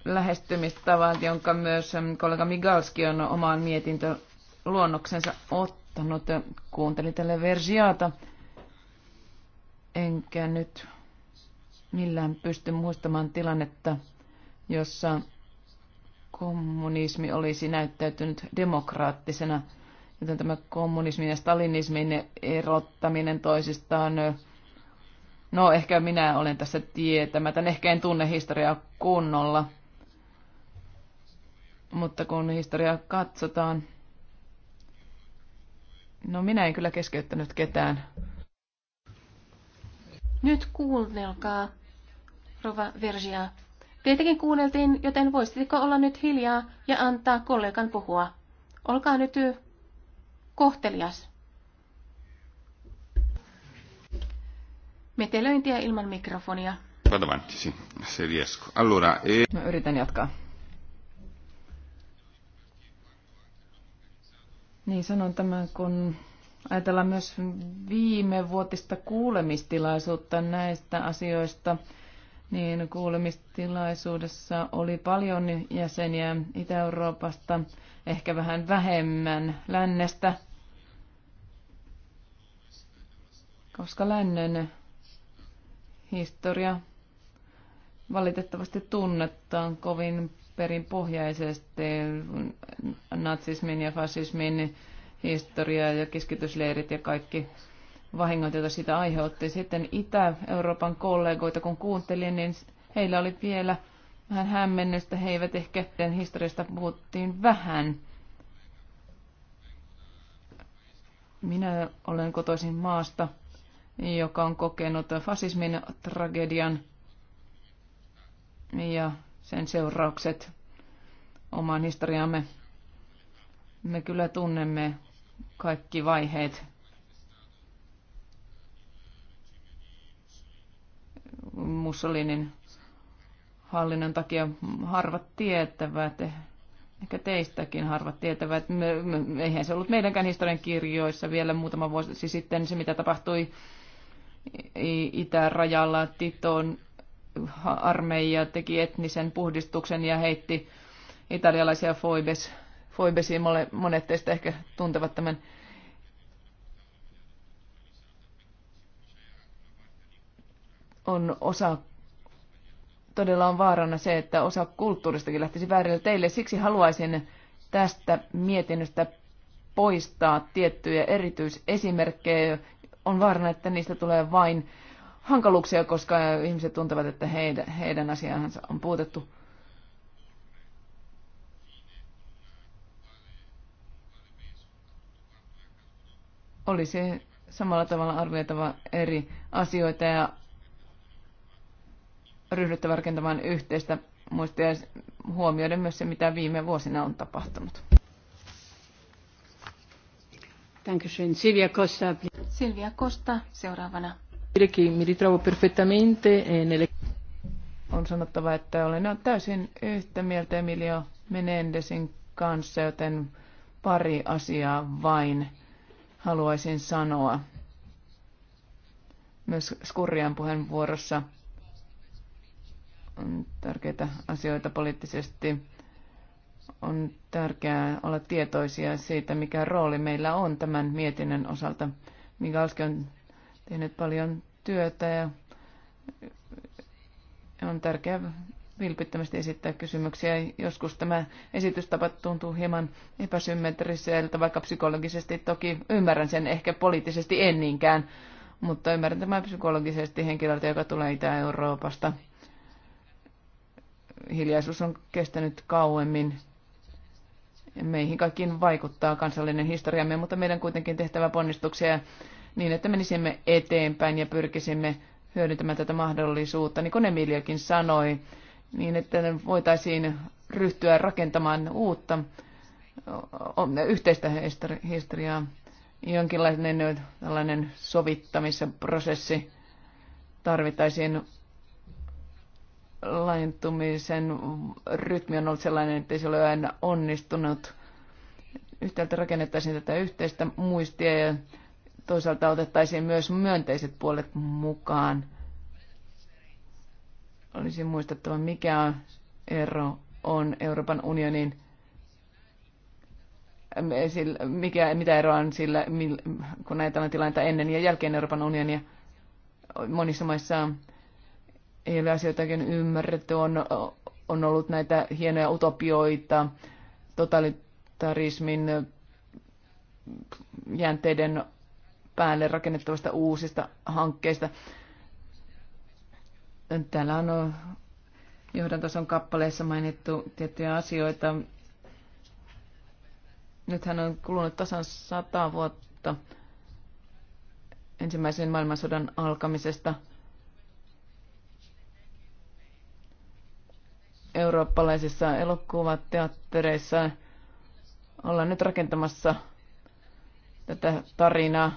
lähestymistavat, jonka myös kollega Migalski on omaan mietintöluonnoksensa ottanut. Kuuntelin tälle versiaata, enkä nyt millään pysty muistamaan tilannetta, jossa kommunismi olisi näyttäytynyt demokraattisena, joten tämä kommunismin ja stalinismin erottaminen toisistaan No ehkä minä olen tässä tietämätön, ehkä en tunne historiaa kunnolla. Mutta kun historiaa katsotaan, no minä en kyllä keskeyttänyt ketään. Nyt kuunnelkaa, Rova Versia. Tietenkin kuunneltiin, joten voisitko olla nyt hiljaa ja antaa kollegan puhua. Olkaa nyt kohtelias. Metelöintiä ilman mikrofonia. Vado avanti, se riesco. Allora, e... Mä yritän jatkaa. Niin sanon tämän, kun ajatellaan myös viime vuotista kuulemistilaisuutta näistä asioista, niin kuulemistilaisuudessa oli paljon jäseniä Itä-Euroopasta, ehkä vähän vähemmän lännestä, koska lännen historia valitettavasti tunnetaan kovin perinpohjaisesti natsismin ja fasismin historiaa ja keskitysleirit ja kaikki vahingot, joita sitä aiheutti. Sitten Itä-Euroopan kollegoita, kun kuuntelin, niin heillä oli vielä vähän hämmennystä. He eivät ehkä, historiasta puhuttiin vähän. Minä olen kotoisin maasta, joka on kokenut fasismin tragedian ja sen seuraukset omaan historiamme. Me kyllä tunnemme kaikki vaiheet. Mussolinin hallinnon takia harvat tietävät, ehkä teistäkin harvat tietävät, me, me, eihän se ollut meidänkään historian kirjoissa vielä muutama vuosi sitten, se mitä tapahtui itärajalla Titon armeija teki etnisen puhdistuksen ja heitti italialaisia foibes, foibesiin. Monet teistä ehkä tuntevat tämän on osa, todella on vaarana se, että osa kulttuuristakin lähtisi väärille teille. Siksi haluaisin tästä mietinnöstä poistaa tiettyjä erityisesimerkkejä, on vaarana, että niistä tulee vain hankaluuksia, koska ihmiset tuntevat, että heidän, heidän asiansa on puutettu. Olisi samalla tavalla arvioitava eri asioita ja ryhdyttävä rakentamaan yhteistä muistia ja huomioiden myös se, mitä viime vuosina on tapahtunut. Dankeschön. Silvia Costa. Silvia Costa seuraavana. Mi ritrovo perfettamente eh, nelle... On sanottava, että olen täysin yhtä mieltä Emilio Menendesin kanssa, joten pari asiaa vain haluaisin sanoa. Myös Skurrian puheenvuorossa on tärkeitä asioita poliittisesti on tärkeää olla tietoisia siitä, mikä rooli meillä on tämän mietinnön osalta. Mikalski on tehnyt paljon työtä ja on tärkeää vilpittömästi esittää kysymyksiä. Joskus tämä esitystapa tuntuu hieman epäsymmetriseltä, vaikka psykologisesti toki ymmärrän sen, ehkä poliittisesti en niinkään, mutta ymmärrän tämän psykologisesti henkilöltä, joka tulee Itä-Euroopasta. Hiljaisuus on kestänyt kauemmin Meihin kaikkiin vaikuttaa kansallinen historiamme, mutta meidän kuitenkin tehtävä ponnistuksia niin, että menisimme eteenpäin ja pyrkisimme hyödyntämään tätä mahdollisuutta, niin kuin Emiliakin sanoi, niin että voitaisiin ryhtyä rakentamaan uutta yhteistä historiaa, jonkinlainen tällainen sovittamisprosessi tarvittaisiin laajentumisen rytmi on ollut sellainen, että se ole aina onnistunut. Yhtäältä rakennettaisiin tätä yhteistä muistia ja toisaalta otettaisiin myös myönteiset puolet mukaan. Olisi muistettava, mikä ero on Euroopan unionin sillä, mikä, mitä eroa on sillä, kun ajatellaan tilannetta ennen ja jälkeen Euroopan unionia. Monissa maissa on ei ole asioita oikein ymmärretty. On, on ollut näitä hienoja utopioita, totalitarismin jänteiden päälle rakennettavista uusista hankkeista. Täällä on johdantason kappaleessa mainittu tiettyjä asioita. Nythän on kulunut tasan sata vuotta ensimmäisen maailmansodan alkamisesta – eurooppalaisissa elokuvateattereissa ollaan nyt rakentamassa tätä tarinaa.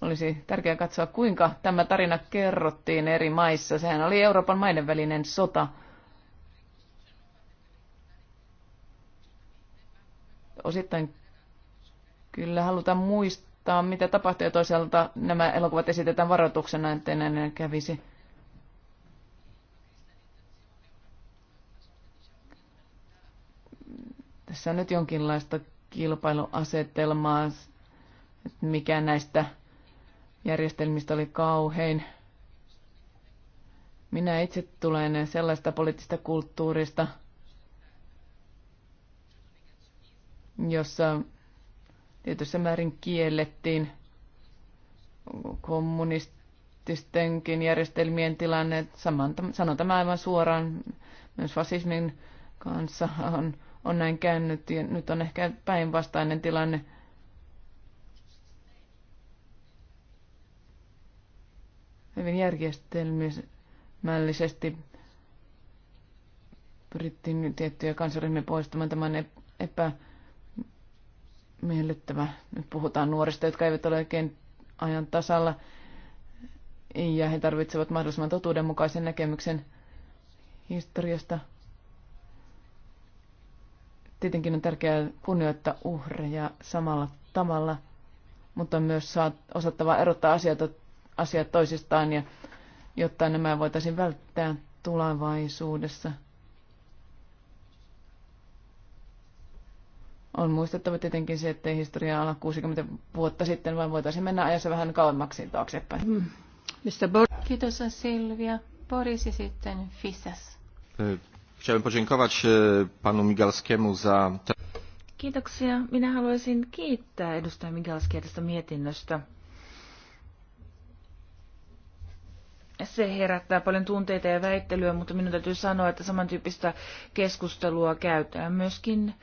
Olisi tärkeää katsoa, kuinka tämä tarina kerrottiin eri maissa. Sehän oli Euroopan maiden välinen sota. Osittain kyllä halutaan muistaa, mitä tapahtui, ja toisaalta nämä elokuvat esitetään varoituksena, ettei näin kävisi Tässä on nyt jonkinlaista kilpailuasetelmaa, että mikä näistä järjestelmistä oli kauhein. Minä itse tulen sellaista poliittista kulttuurista, jossa tietyssä määrin kiellettiin kommunististenkin järjestelmien tilanne. Saman, sanon tämä aivan suoraan. Myös fasismin kanssa on on näin käynyt ja nyt on ehkä päinvastainen tilanne. Hyvin järjestelmällisesti pyrittiin tiettyjä kansaryhmiä poistamaan tämän epämiellyttävä. Nyt puhutaan nuorista, jotka eivät ole oikein ajan tasalla ja he tarvitsevat mahdollisimman totuudenmukaisen näkemyksen historiasta – Tietenkin on tärkeää kunnioittaa uhreja samalla tavalla, mutta on myös osattava erottaa asiat, asiat toisistaan, ja, jotta nämä voitaisiin välttää tulevaisuudessa. On muistettava tietenkin se, ettei historia ala 60 vuotta sitten, vaan voitaisiin mennä ajassa vähän kauemmaksi taaksepäin. Mm. Mr. Bor- Kiitos Silvia. Boris ja sitten Fissas. Eh, Chciałem podziękować e, panu Migalskiemu za... Kiitoksia. Minä haluaisin kiittää edustaja Migalskia tästä mietinnöstä. se herättää paljon tunteita ja väittelyä, mutta minun täytyy sanoa, että samantyyppistä keskustelua käytetään myöskin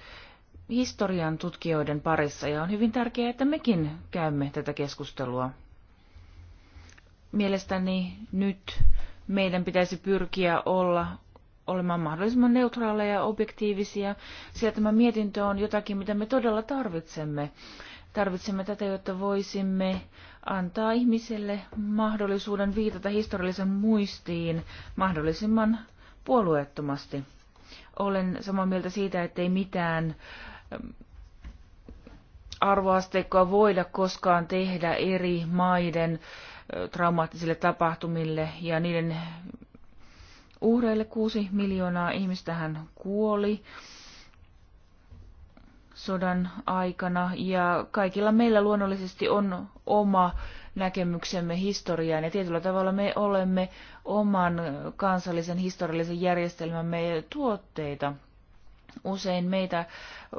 historian tutkijoiden parissa ja on hyvin tärkeää, että mekin käymme tätä keskustelua. Mielestäni nyt meidän pitäisi pyrkiä olla olemaan mahdollisimman neutraaleja ja objektiivisia, sillä tämä mietintö on jotakin, mitä me todella tarvitsemme. Tarvitsemme tätä, jotta voisimme antaa ihmiselle mahdollisuuden viitata historiallisen muistiin mahdollisimman puolueettomasti. Olen samaa mieltä siitä, ettei mitään ähm, arvoasteikkoa voida koskaan tehdä eri maiden äh, traumaattisille tapahtumille ja niiden uhreille. Kuusi miljoonaa ihmistä hän kuoli sodan aikana ja kaikilla meillä luonnollisesti on oma näkemyksemme historiaan ja tietyllä tavalla me olemme oman kansallisen historiallisen järjestelmämme tuotteita. Usein meitä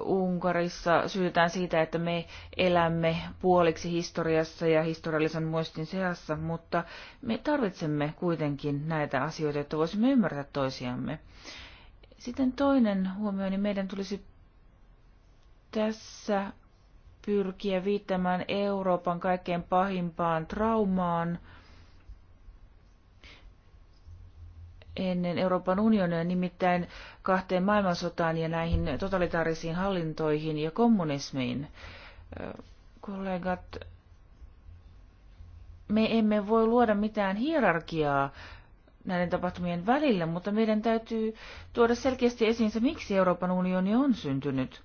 Unkarissa syytetään siitä, että me elämme puoliksi historiassa ja historiallisen muistin seassa, mutta me tarvitsemme kuitenkin näitä asioita, että voisimme ymmärtää toisiamme. Sitten toinen huomio, niin meidän tulisi tässä pyrkiä viittämään Euroopan kaikkein pahimpaan traumaan – ennen Euroopan unionia, nimittäin kahteen maailmansotaan ja näihin totalitaarisiin hallintoihin ja kommunismiin. Kollegat, me emme voi luoda mitään hierarkiaa näiden tapahtumien välillä, mutta meidän täytyy tuoda selkeästi esiin se, miksi Euroopan unioni on syntynyt.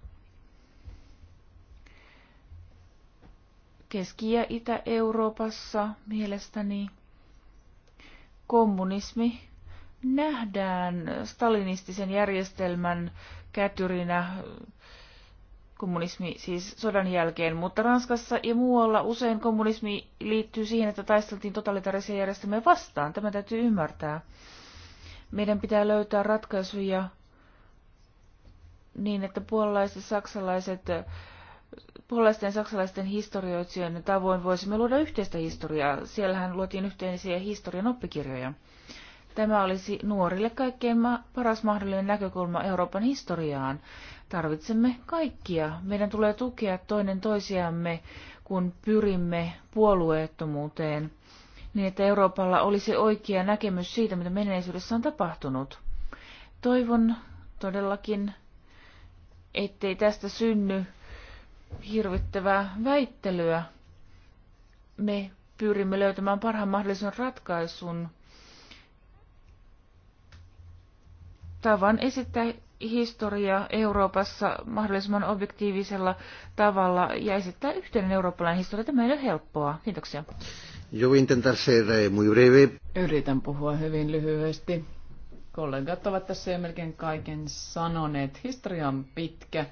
Keski- ja Itä-Euroopassa mielestäni kommunismi nähdään stalinistisen järjestelmän kätyrinä kommunismi siis sodan jälkeen, mutta Ranskassa ja muualla usein kommunismi liittyy siihen, että taisteltiin totalitaarisia järjestelmiä vastaan. Tämä täytyy ymmärtää. Meidän pitää löytää ratkaisuja niin, että puolalaiset saksalaiset puolalaisten ja saksalaisten historioitsijoiden tavoin voisimme luoda yhteistä historiaa. Siellähän luotiin yhteisiä historian oppikirjoja. Tämä olisi nuorille kaikkein paras mahdollinen näkökulma Euroopan historiaan. Tarvitsemme kaikkia. Meidän tulee tukea toinen toisiamme, kun pyrimme puolueettomuuteen, niin että Euroopalla olisi oikea näkemys siitä, mitä menneisyydessä on tapahtunut. Toivon todellakin, ettei tästä synny hirvittävää väittelyä. Me pyrimme löytämään parhaan mahdollisen ratkaisun tavan esittää historia Euroopassa mahdollisimman objektiivisella tavalla ja esittää yhteinen eurooppalainen historia. Tämä ei ole helppoa. Kiitoksia. Yo intentar ser eh, muy breve. Yritän puhua hyvin lyhyesti. Kollegat ovat tässä jo melkein kaiken sanoneet. Historia on pitkä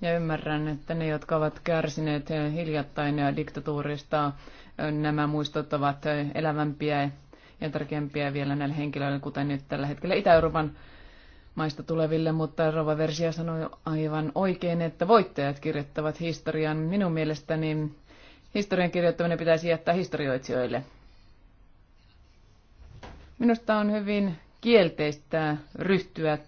ja ymmärrän, että ne, jotka ovat kärsineet hiljattain ja diktatuurista, nämä muistot ovat elävämpiä ja tärkeämpiä vielä näille henkilöille, kuten nyt tällä hetkellä Itä-Euroopan maista tuleville, mutta Rova Versia sanoi aivan oikein, että voittajat kirjoittavat historian. Minun mielestäni historian kirjoittaminen pitäisi jättää historioitsijoille. Minusta on hyvin kielteistä ryhtyä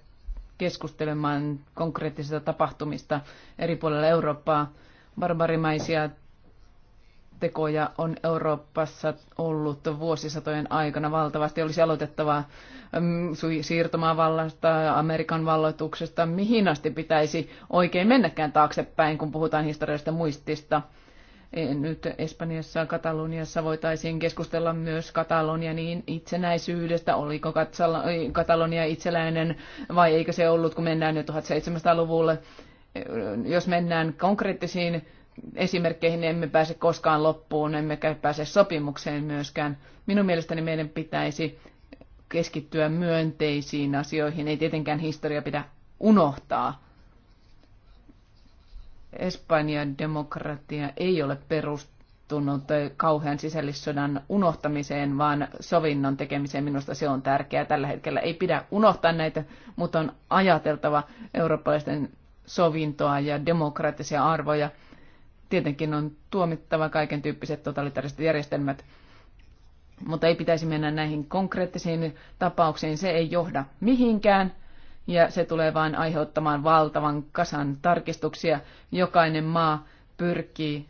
keskustelemaan konkreettisista tapahtumista eri puolilla Eurooppaa. Barbarimaisia tekoja on Euroopassa ollut vuosisatojen aikana valtavasti. Olisi aloitettava mm, siirtomaavallasta, Amerikan valloituksesta, mihin asti pitäisi oikein mennäkään taaksepäin, kun puhutaan historiallisesta muistista. E, nyt Espanjassa, ja Kataloniassa voitaisiin keskustella myös Katalonian niin itsenäisyydestä. Oliko e, Katalonia itsenäinen vai eikö se ollut, kun mennään jo 1700-luvulle e, jos mennään konkreettisiin esimerkkeihin niin emme pääse koskaan loppuun, emmekä pääse sopimukseen myöskään. Minun mielestäni meidän pitäisi keskittyä myönteisiin asioihin. Ei tietenkään historia pidä unohtaa. Espanjan demokratia ei ole perustunut kauhean sisällissodan unohtamiseen, vaan sovinnon tekemiseen. Minusta se on tärkeää tällä hetkellä. Ei pidä unohtaa näitä, mutta on ajateltava eurooppalaisten sovintoa ja demokraattisia arvoja – Tietenkin on tuomittava kaiken tyyppiset totalitaariset järjestelmät, mutta ei pitäisi mennä näihin konkreettisiin tapauksiin. Se ei johda mihinkään ja se tulee vain aiheuttamaan valtavan kasan tarkistuksia. Jokainen maa pyrkii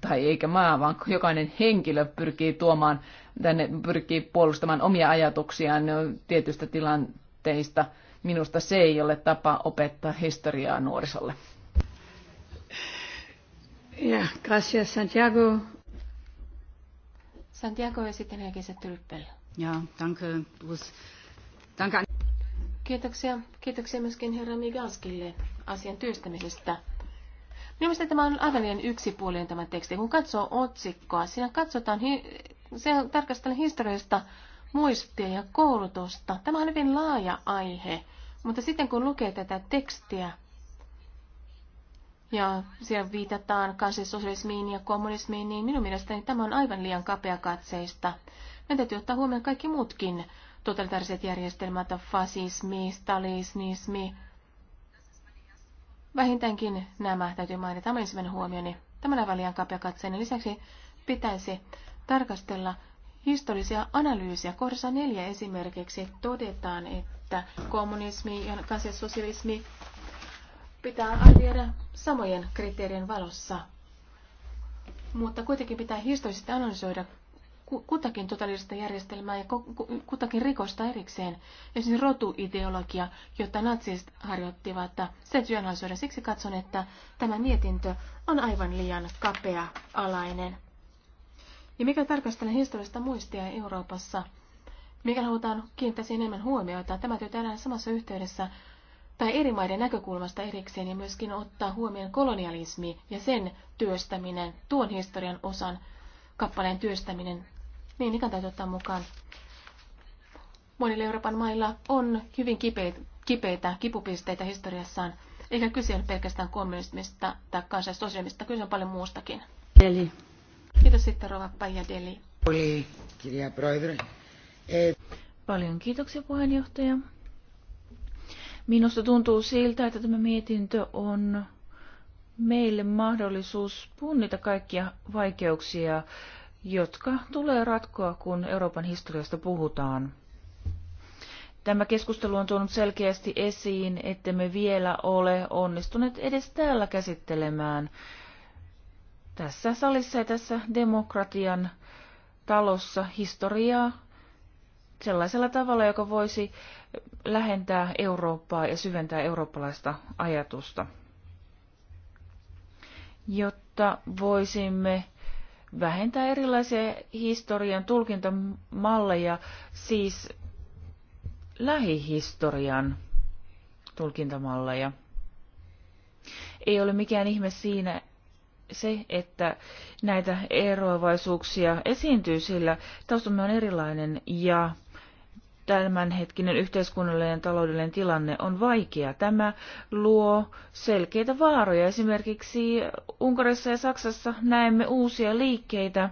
tai eikä maa, vaan jokainen henkilö pyrkii tuomaan tänne, pyrkii puolustamaan omia ajatuksiaan tietystä tilanteista. Minusta se ei ole tapa opettaa historiaa nuorisolle. Ja, gracias Santiago. Santiago ja sitten Helgise Tryppel. Ja, danke, Bruce. Danke. Kiitoksia. Kiitoksia myöskin herra Migalskille asian työstämisestä. Minusta tämä on aivan yksipuolinen tämä teksti. Kun katsoo otsikkoa, siinä katsotaan, se tarkastellaan historiallista muistia ja koulutusta. Tämä on hyvin laaja aihe, mutta sitten kun lukee tätä tekstiä, ja siellä viitataan kansallisosialismiin ja kommunismiin, niin minun mielestäni tämä on aivan liian katseista. Meidän täytyy ottaa huomioon kaikki muutkin totalitaariset järjestelmät, fasismi, stalinismi. Vähintäänkin nämä täytyy mainita. Tämä ensimmäinen huomioni. Tämä on aivan liian kapeakatseinen. Lisäksi pitäisi tarkastella historiallisia analyysiä. Kohdassa neljä esimerkiksi todetaan, että kommunismi ja kansallisosialismi pitää arvioida samojen kriteerien valossa. Mutta kuitenkin pitää historiallisesti analysoida kutakin totalitaarista järjestelmää ja kutakin rikosta erikseen. Esimerkiksi rotuideologia, jota natsit harjoittivat, se työnhallisuuden. Siksi katson, että tämä mietintö on aivan liian kapea-alainen. Ja mikä tarkastelee historiallista muistia Euroopassa, mikä halutaan kiinnittää enemmän huomiota, tämä työ tehdään samassa yhteydessä tai eri maiden näkökulmasta erikseen ja myöskin ottaa huomioon kolonialismi ja sen työstäminen, tuon historian osan kappaleen työstäminen, niin ikään täytyy ottaa mukaan. Monilla Euroopan mailla on hyvin kipeitä, kipeitä kipupisteitä historiassaan, eikä kyse ole pelkästään kommunismista tai kansallisosiaalista, kyse on paljon muustakin. Eli. Kiitos sitten Rova Deli. Oli kirja Paljon kiitoksia puheenjohtaja. Minusta tuntuu siltä, että tämä mietintö on meille mahdollisuus punnita kaikkia vaikeuksia, jotka tulee ratkoa, kun Euroopan historiasta puhutaan. Tämä keskustelu on tuonut selkeästi esiin, että me vielä ole onnistuneet edes täällä käsittelemään tässä salissa ja tässä demokratian talossa historiaa sellaisella tavalla, joka voisi lähentää Eurooppaa ja syventää eurooppalaista ajatusta, jotta voisimme vähentää erilaisia historian tulkintamalleja, siis lähihistorian tulkintamalleja. Ei ole mikään ihme siinä se, että näitä eroavaisuuksia esiintyy, sillä taustamme on erilainen ja tämänhetkinen yhteiskunnallinen ja taloudellinen tilanne on vaikea. Tämä luo selkeitä vaaroja. Esimerkiksi Unkarissa ja Saksassa näemme uusia liikkeitä,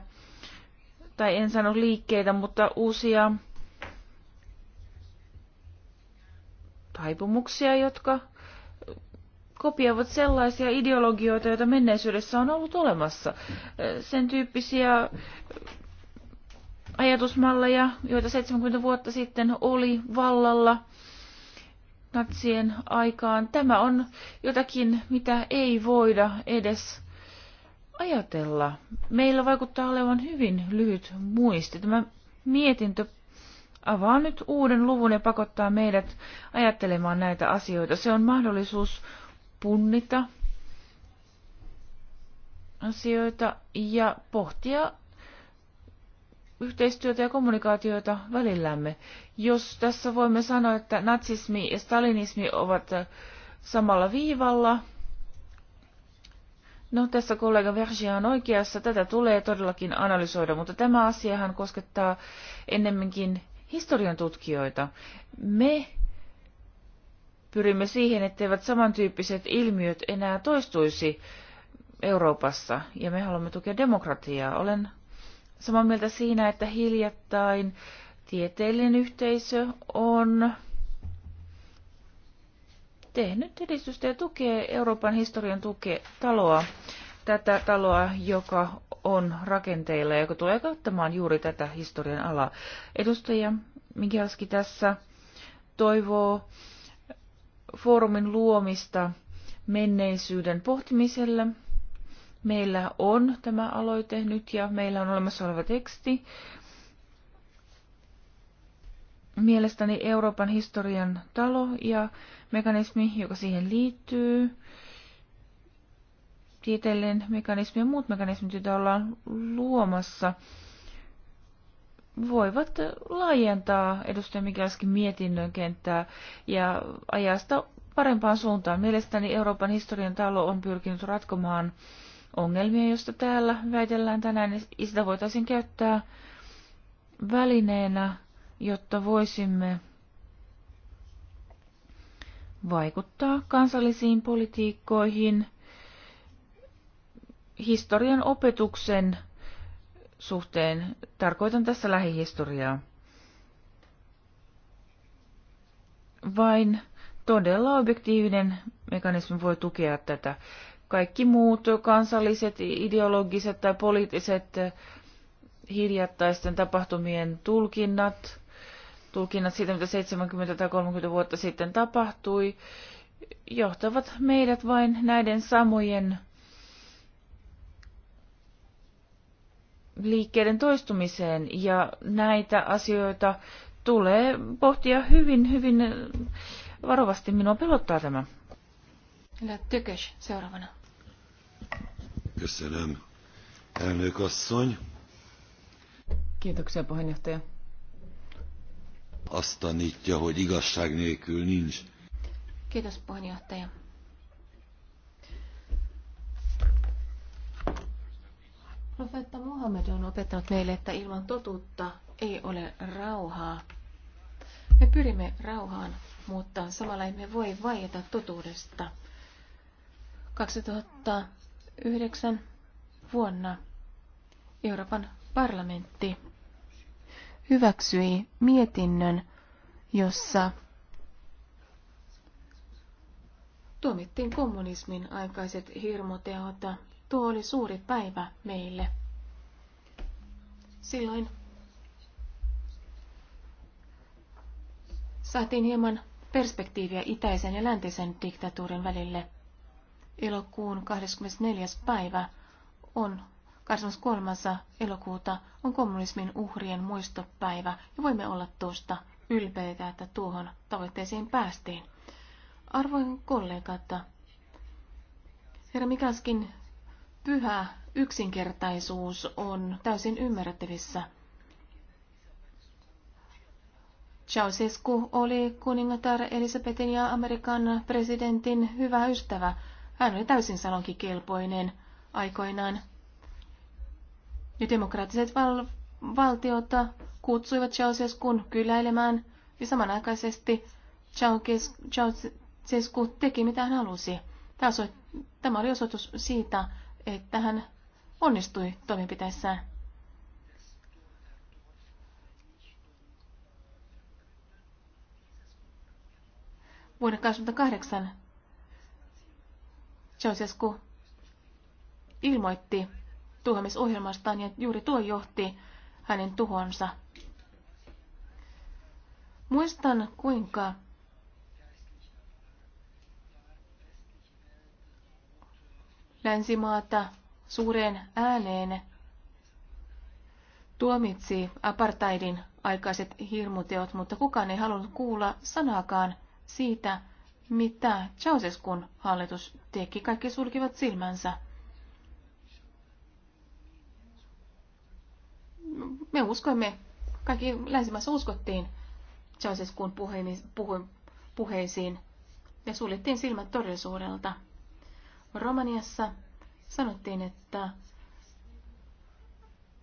tai en sano liikkeitä, mutta uusia taipumuksia, jotka kopioivat sellaisia ideologioita, joita menneisyydessä on ollut olemassa. Sen tyyppisiä ajatusmalleja, joita 70 vuotta sitten oli vallalla natsien aikaan. Tämä on jotakin, mitä ei voida edes ajatella. Meillä vaikuttaa olevan hyvin lyhyt muisti. Tämä mietintö avaa nyt uuden luvun ja pakottaa meidät ajattelemaan näitä asioita. Se on mahdollisuus punnita asioita ja pohtia yhteistyötä ja kommunikaatioita välillämme. Jos tässä voimme sanoa, että natsismi ja stalinismi ovat samalla viivalla, No tässä kollega Vergia on oikeassa, tätä tulee todellakin analysoida, mutta tämä asiahan koskettaa ennemminkin historian tutkijoita. Me pyrimme siihen, etteivät samantyyppiset ilmiöt enää toistuisi Euroopassa, ja me haluamme tukea demokratiaa. Olen samaa mieltä siinä, että hiljattain tieteellinen yhteisö on tehnyt edistystä ja tukee Euroopan historian tuke, taloa, tätä taloa, joka on rakenteilla ja joka tulee kattamaan juuri tätä historian alaa. Edustaja Mikielski tässä toivoo foorumin luomista menneisyyden pohtimiselle Meillä on tämä aloite nyt ja meillä on olemassa oleva teksti. Mielestäni Euroopan historian talo ja mekanismi, joka siihen liittyy, tieteellinen mekanismi ja muut mekanismit, joita ollaan luomassa, voivat laajentaa edustaja Mikäläskin mietinnön kenttää ja ajasta parempaan suuntaan. Mielestäni Euroopan historian talo on pyrkinyt ratkomaan ongelmia, joista täällä väitellään tänään, niin sitä voitaisiin käyttää välineenä, jotta voisimme vaikuttaa kansallisiin politiikkoihin historian opetuksen suhteen. Tarkoitan tässä lähihistoriaa. Vain todella objektiivinen mekanismi voi tukea tätä kaikki muut kansalliset, ideologiset tai poliittiset hiljattaisten tapahtumien tulkinnat, tulkinnat siitä, mitä 70 tai 30 vuotta sitten tapahtui, johtavat meidät vain näiden samojen liikkeiden toistumiseen ja näitä asioita tulee pohtia hyvin, hyvin varovasti. Minua pelottaa tämä. Lett tökös seuraavana. Köszönöm, elnök asszony. Kiitoksia, puheenjohtaja. Azt tanítja, hogy igazság nélkül nincs. Kiitos, puheenjohtaja. Profetta Muhammed on opettanut meille, että ilman totuutta ei ole rauhaa. Me pyrimme rauhaan, mutta samalla emme voi vaieta totuudesta. 2009 vuonna Euroopan parlamentti hyväksyi mietinnön, jossa tuomittiin kommunismin aikaiset hirmuteot. Tuo oli suuri päivä meille. Silloin saatiin hieman perspektiiviä itäisen ja läntisen diktatuurin välille elokuun 24. päivä on 23. elokuuta on kommunismin uhrien muistopäivä ja voimme olla tuosta ylpeitä, että tuohon tavoitteeseen päästiin. Arvoin kollegat, herra Mikaskin pyhä yksinkertaisuus on täysin ymmärrettävissä. Ceausescu oli kuningatar Elisabetin ja Amerikan presidentin hyvä ystävä. Hän oli täysin salonkikelpoinen aikoinaan. Ja demokraattiset val- valtiota kutsuivat Ceausescun kyläilemään ja samanaikaisesti Ceausescu teki mitä hän halusi. Tämä oli osoitus siitä, että hän onnistui toimenpiteissään. Vuonna 2008 Ceausescu ilmoitti tuhoamisohjelmastaan ja juuri tuo johti hänen tuhonsa. Muistan, kuinka länsimaata suureen ääneen tuomitsi apartheidin aikaiset hirmuteot, mutta kukaan ei halunnut kuulla sanaakaan siitä, mitä Ceausescun hallitus teki. Kaikki sulkivat silmänsä. Me uskoimme, kaikki länsimässä uskottiin Ceausescun puheisiin ja suljettiin silmät todellisuudelta. Romaniassa sanottiin, että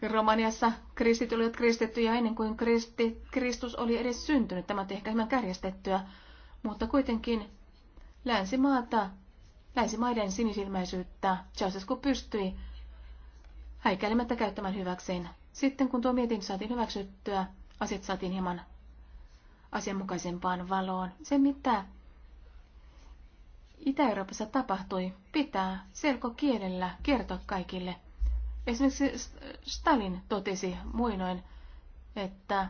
Romaniassa kristit olivat kristittyjä ennen kuin kristi, Kristus oli edes syntynyt. Tämä on ehkä hieman kärjestettyä mutta kuitenkin länsimaata, länsimaiden sinisilmäisyyttä Ceausescu pystyi häikäilemättä käyttämään hyväkseen. Sitten kun tuo mietin saatiin hyväksyttyä, asiat saatiin hieman asianmukaisempaan valoon. Se, mitä Itä-Euroopassa tapahtui, pitää selkokielellä kertoa kaikille. Esimerkiksi Stalin totesi muinoin, että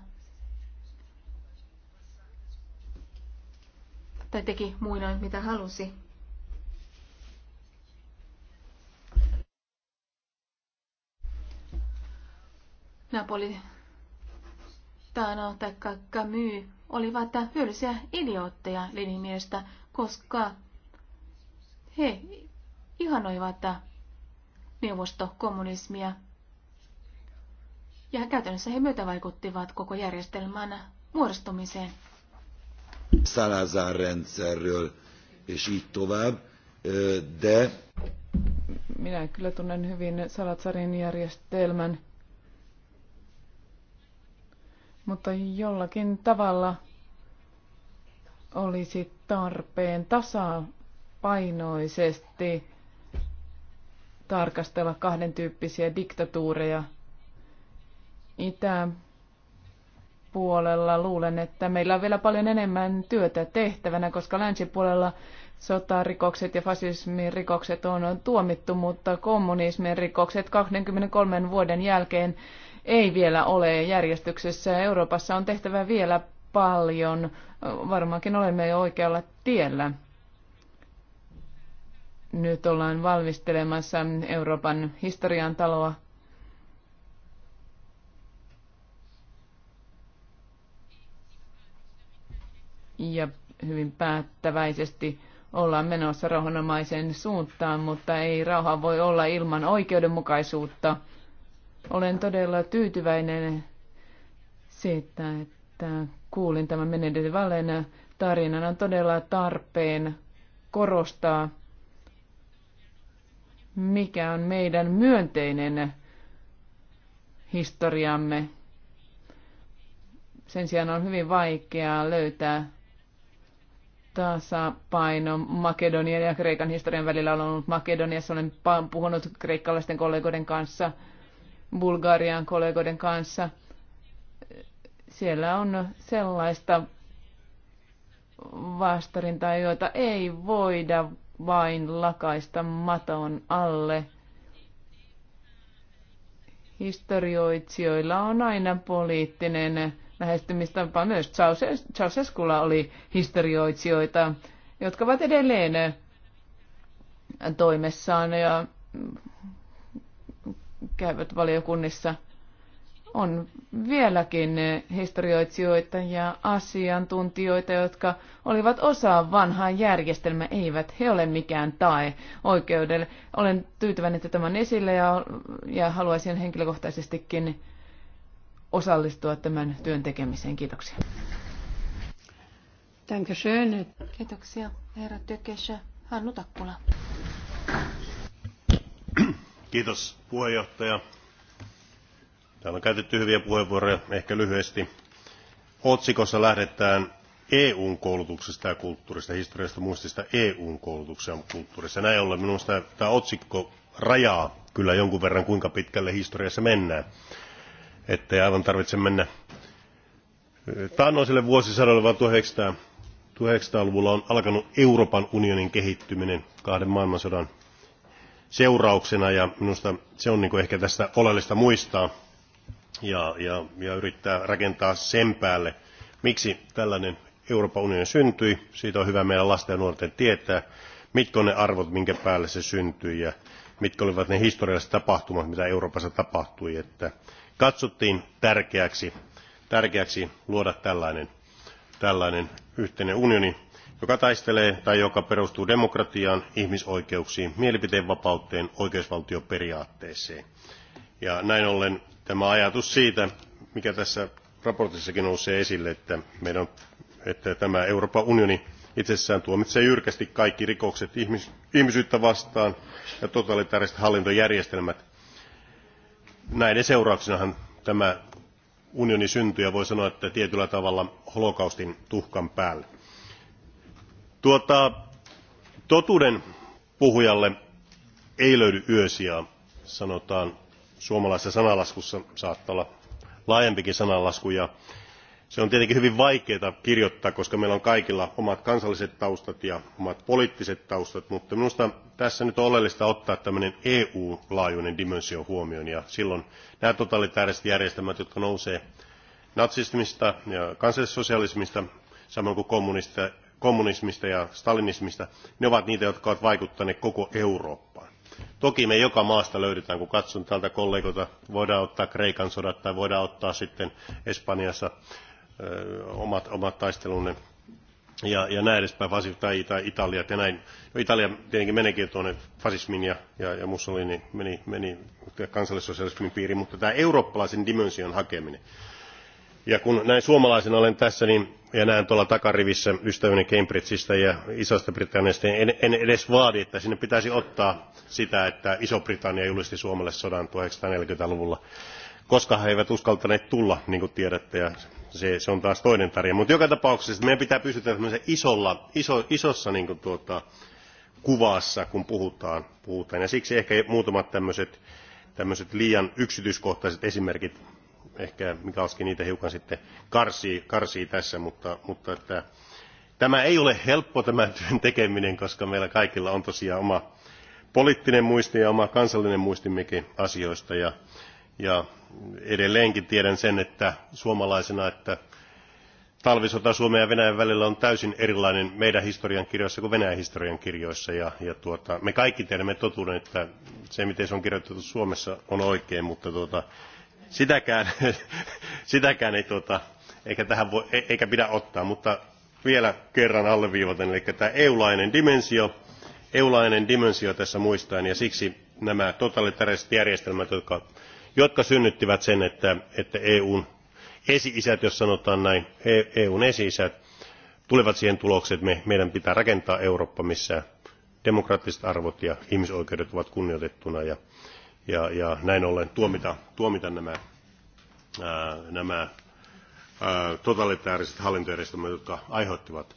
tai teki muinoin mitä halusi. Napoli Tano tai Camus olivat hyödyllisiä idiootteja Lenin mielestä, koska he ihanoivat neuvostokommunismia. Ja käytännössä he myötävaikuttivat koko järjestelmän muodostumiseen. Salazar rendszerről, és így tovább, de... Minä kyllä tunnen hyvin Salazarin järjestelmän, mutta jollakin tavalla olisi tarpeen tasapainoisesti tarkastella kahden tyyppisiä diktatuureja. Itä- puolella luulen, että meillä on vielä paljon enemmän työtä tehtävänä, koska länsipuolella sotarikokset ja fasismin rikokset on tuomittu, mutta kommunismin rikokset 23 vuoden jälkeen ei vielä ole järjestyksessä. Euroopassa on tehtävä vielä paljon. Varmaankin olemme jo oikealla tiellä. Nyt ollaan valmistelemassa Euroopan historian taloa ja hyvin päättäväisesti ollaan menossa rauhanomaisen suuntaan, mutta ei rauha voi olla ilman oikeudenmukaisuutta. Olen todella tyytyväinen siitä, että kuulin tämän Menendez Valen tarinan. On todella tarpeen korostaa, mikä on meidän myönteinen historiamme. Sen sijaan on hyvin vaikeaa löytää tasapaino Makedonian ja Kreikan historian välillä. on ollut Makedoniassa, olen puhunut kreikkalaisten kollegoiden kanssa, Bulgarian kollegoiden kanssa. Siellä on sellaista vastarintaa, joita ei voida vain lakaista maton alle. Historioitsijoilla on aina poliittinen lähestymistapa myös. Ceausesculla oli historioitsijoita, jotka ovat edelleen toimessaan ja käyvät valiokunnissa. On vieläkin historioitsijoita ja asiantuntijoita, jotka olivat osa vanhaa järjestelmää, eivät he ole mikään tae oikeudelle. Olen tyytyväinen, että tämän esille ja, ja haluaisin henkilökohtaisestikin osallistua tämän työn tekemiseen. Kiitoksia. Tänkö Kiitoksia, herra Tökesä. Hannu Takkula. Kiitos puheenjohtaja. Täällä on käytetty hyviä puheenvuoroja, ehkä lyhyesti. Otsikossa lähdetään EUn koulutuksesta ja kulttuurista, historiasta muistista EUn koulutuksesta ja kulttuurista. Näin ollen minusta tämä otsikko rajaa kyllä jonkun verran, kuinka pitkälle historiassa mennään ettei aivan tarvitse mennä taannoiselle vuosisadalle vaan tuhatyhdeksänsataa luvulla on alkanut euroopan unionin kehittyminen kahden maailmansodan seurauksena ja minusta se on niin ehkä tästä oleellista muistaa ja, ja, ja yrittää rakentaa sen päälle miksi tällainen euroopan unioni syntyi siitä on hyvä meidän lasten ja nuorten tietää mitkä ovat ne arvot minkä päälle se syntyi ja mitkä olivat ne historialliset tapahtumat mitä euroopassa tapahtui että katsottiin tärkeäksi, tärkeäksi luoda tällainen, tällainen yhteinen unioni joka taistelee tai joka perustuu demokratiaan ihmisoikeuksiin mielipiteenvapauteen oikeusvaltioperiaatteeseen. Ja näin ollen tämä ajatus siitä mikä tässä raportissakin nousee esille että, meidän, että tämä euroopan unioni itsessään tuomitsee jyrkästi kaikki rikokset ihmis, ihmisyyttä vastaan ja totalitaariset hallintojärjestelmät näiden seurauksenahan tämä unioni syntyi ja voi sanoa että tietyllä tavalla holokaustin tuhkan päälle. Tuota, totuuden puhujalle ei löydy yösijaa sanotaan suomalaisessa sananlaskussa saattaa olla laajempikin sananlasku ja se on tietenkin hyvin vaikeaa kirjoittaa koska meillä on kaikilla omat kansalliset taustat ja omat poliittiset taustat mutta minusta tässä nyt on oleellista ottaa tämmöinen eu laajuinen dimensio huomioon ja silloin nämä totalitaariset järjestelmät jotka nousevat natsismista ja kansallissosialismista samoin kuin kommunismista ja stalinismista ne ovat niitä jotka ovat vaikuttaneet koko eurooppaan. toki me joka maasta löydämme kun katson täältä kollegoita voidaan ottaa kreikan sodat tai voidaan ottaa sitten espanjassa omat, omat taistelunne ja, ja näin edespäin, fasismi tai, tai Italia. ja näin. No, Italia tietenkin menikin tuonne fasismin ja, ja, ja Mussolini meni, meni kansallissosialismin piiriin, mutta tämä eurooppalaisen dimension hakeminen. Ja kun näin suomalaisena olen tässä, niin ja näen tuolla takarivissä ystäväni Cambridgeista ja isosta Britanniasta, niin en, en edes vaadi, että sinne pitäisi ottaa sitä, että Iso-Britannia julisti Suomelle sodan 1940-luvulla, koska he eivät uskaltaneet tulla, niin kuin tiedätte, ja se, se on taas toinen tarina. Mutta joka tapauksessa meidän pitää pysyä isolla, iso, isossa niin kuin tuota, kuvassa, kun puhutaan, puhutaan. Ja siksi ehkä muutamat tämmöiset tämmöiset liian yksityiskohtaiset esimerkit, ehkä Mikalski niitä hiukan sitten karsii, karsii tässä, mutta, mutta että tämä ei ole helppo tämä työn tekeminen, koska meillä kaikilla on tosiaan oma poliittinen muisti ja oma kansallinen muistimmekin asioista. Ja ja edelleenkin tiedän sen että suomalaisena että talvisota Suomen ja Venäjän välillä on täysin erilainen meidän historiankirjoissa kuin Venäjän historiankirjoissa. Ja, ja tuota, me kaikki tiedämme totuuden, että se miten se on kirjoitettu Suomessa on oikein, mutta tuota, sitäkään, sitäkään ei, tuota, eikä, tähän voi, e, eikä pidä ottaa. Mutta vielä kerran alleviivaten, eli tämä EU-lainen dimensio, EU-lainen dimensio tässä muistaen, ja siksi nämä totalitaariset järjestelmät, jotka jotka synnyttivät sen että, EU eun esi isät jos sanotaan näin eun e esi isät tulivat siihen tulokseen että meidän pitää rakentaa eurooppa missä demokraattiset arvot ja ihmisoikeudet ovat kunnioitettuina ja, näin ollen tuomita, nämä, ää, totalitaariset hallintojärjestelmät jotka aiheuttivat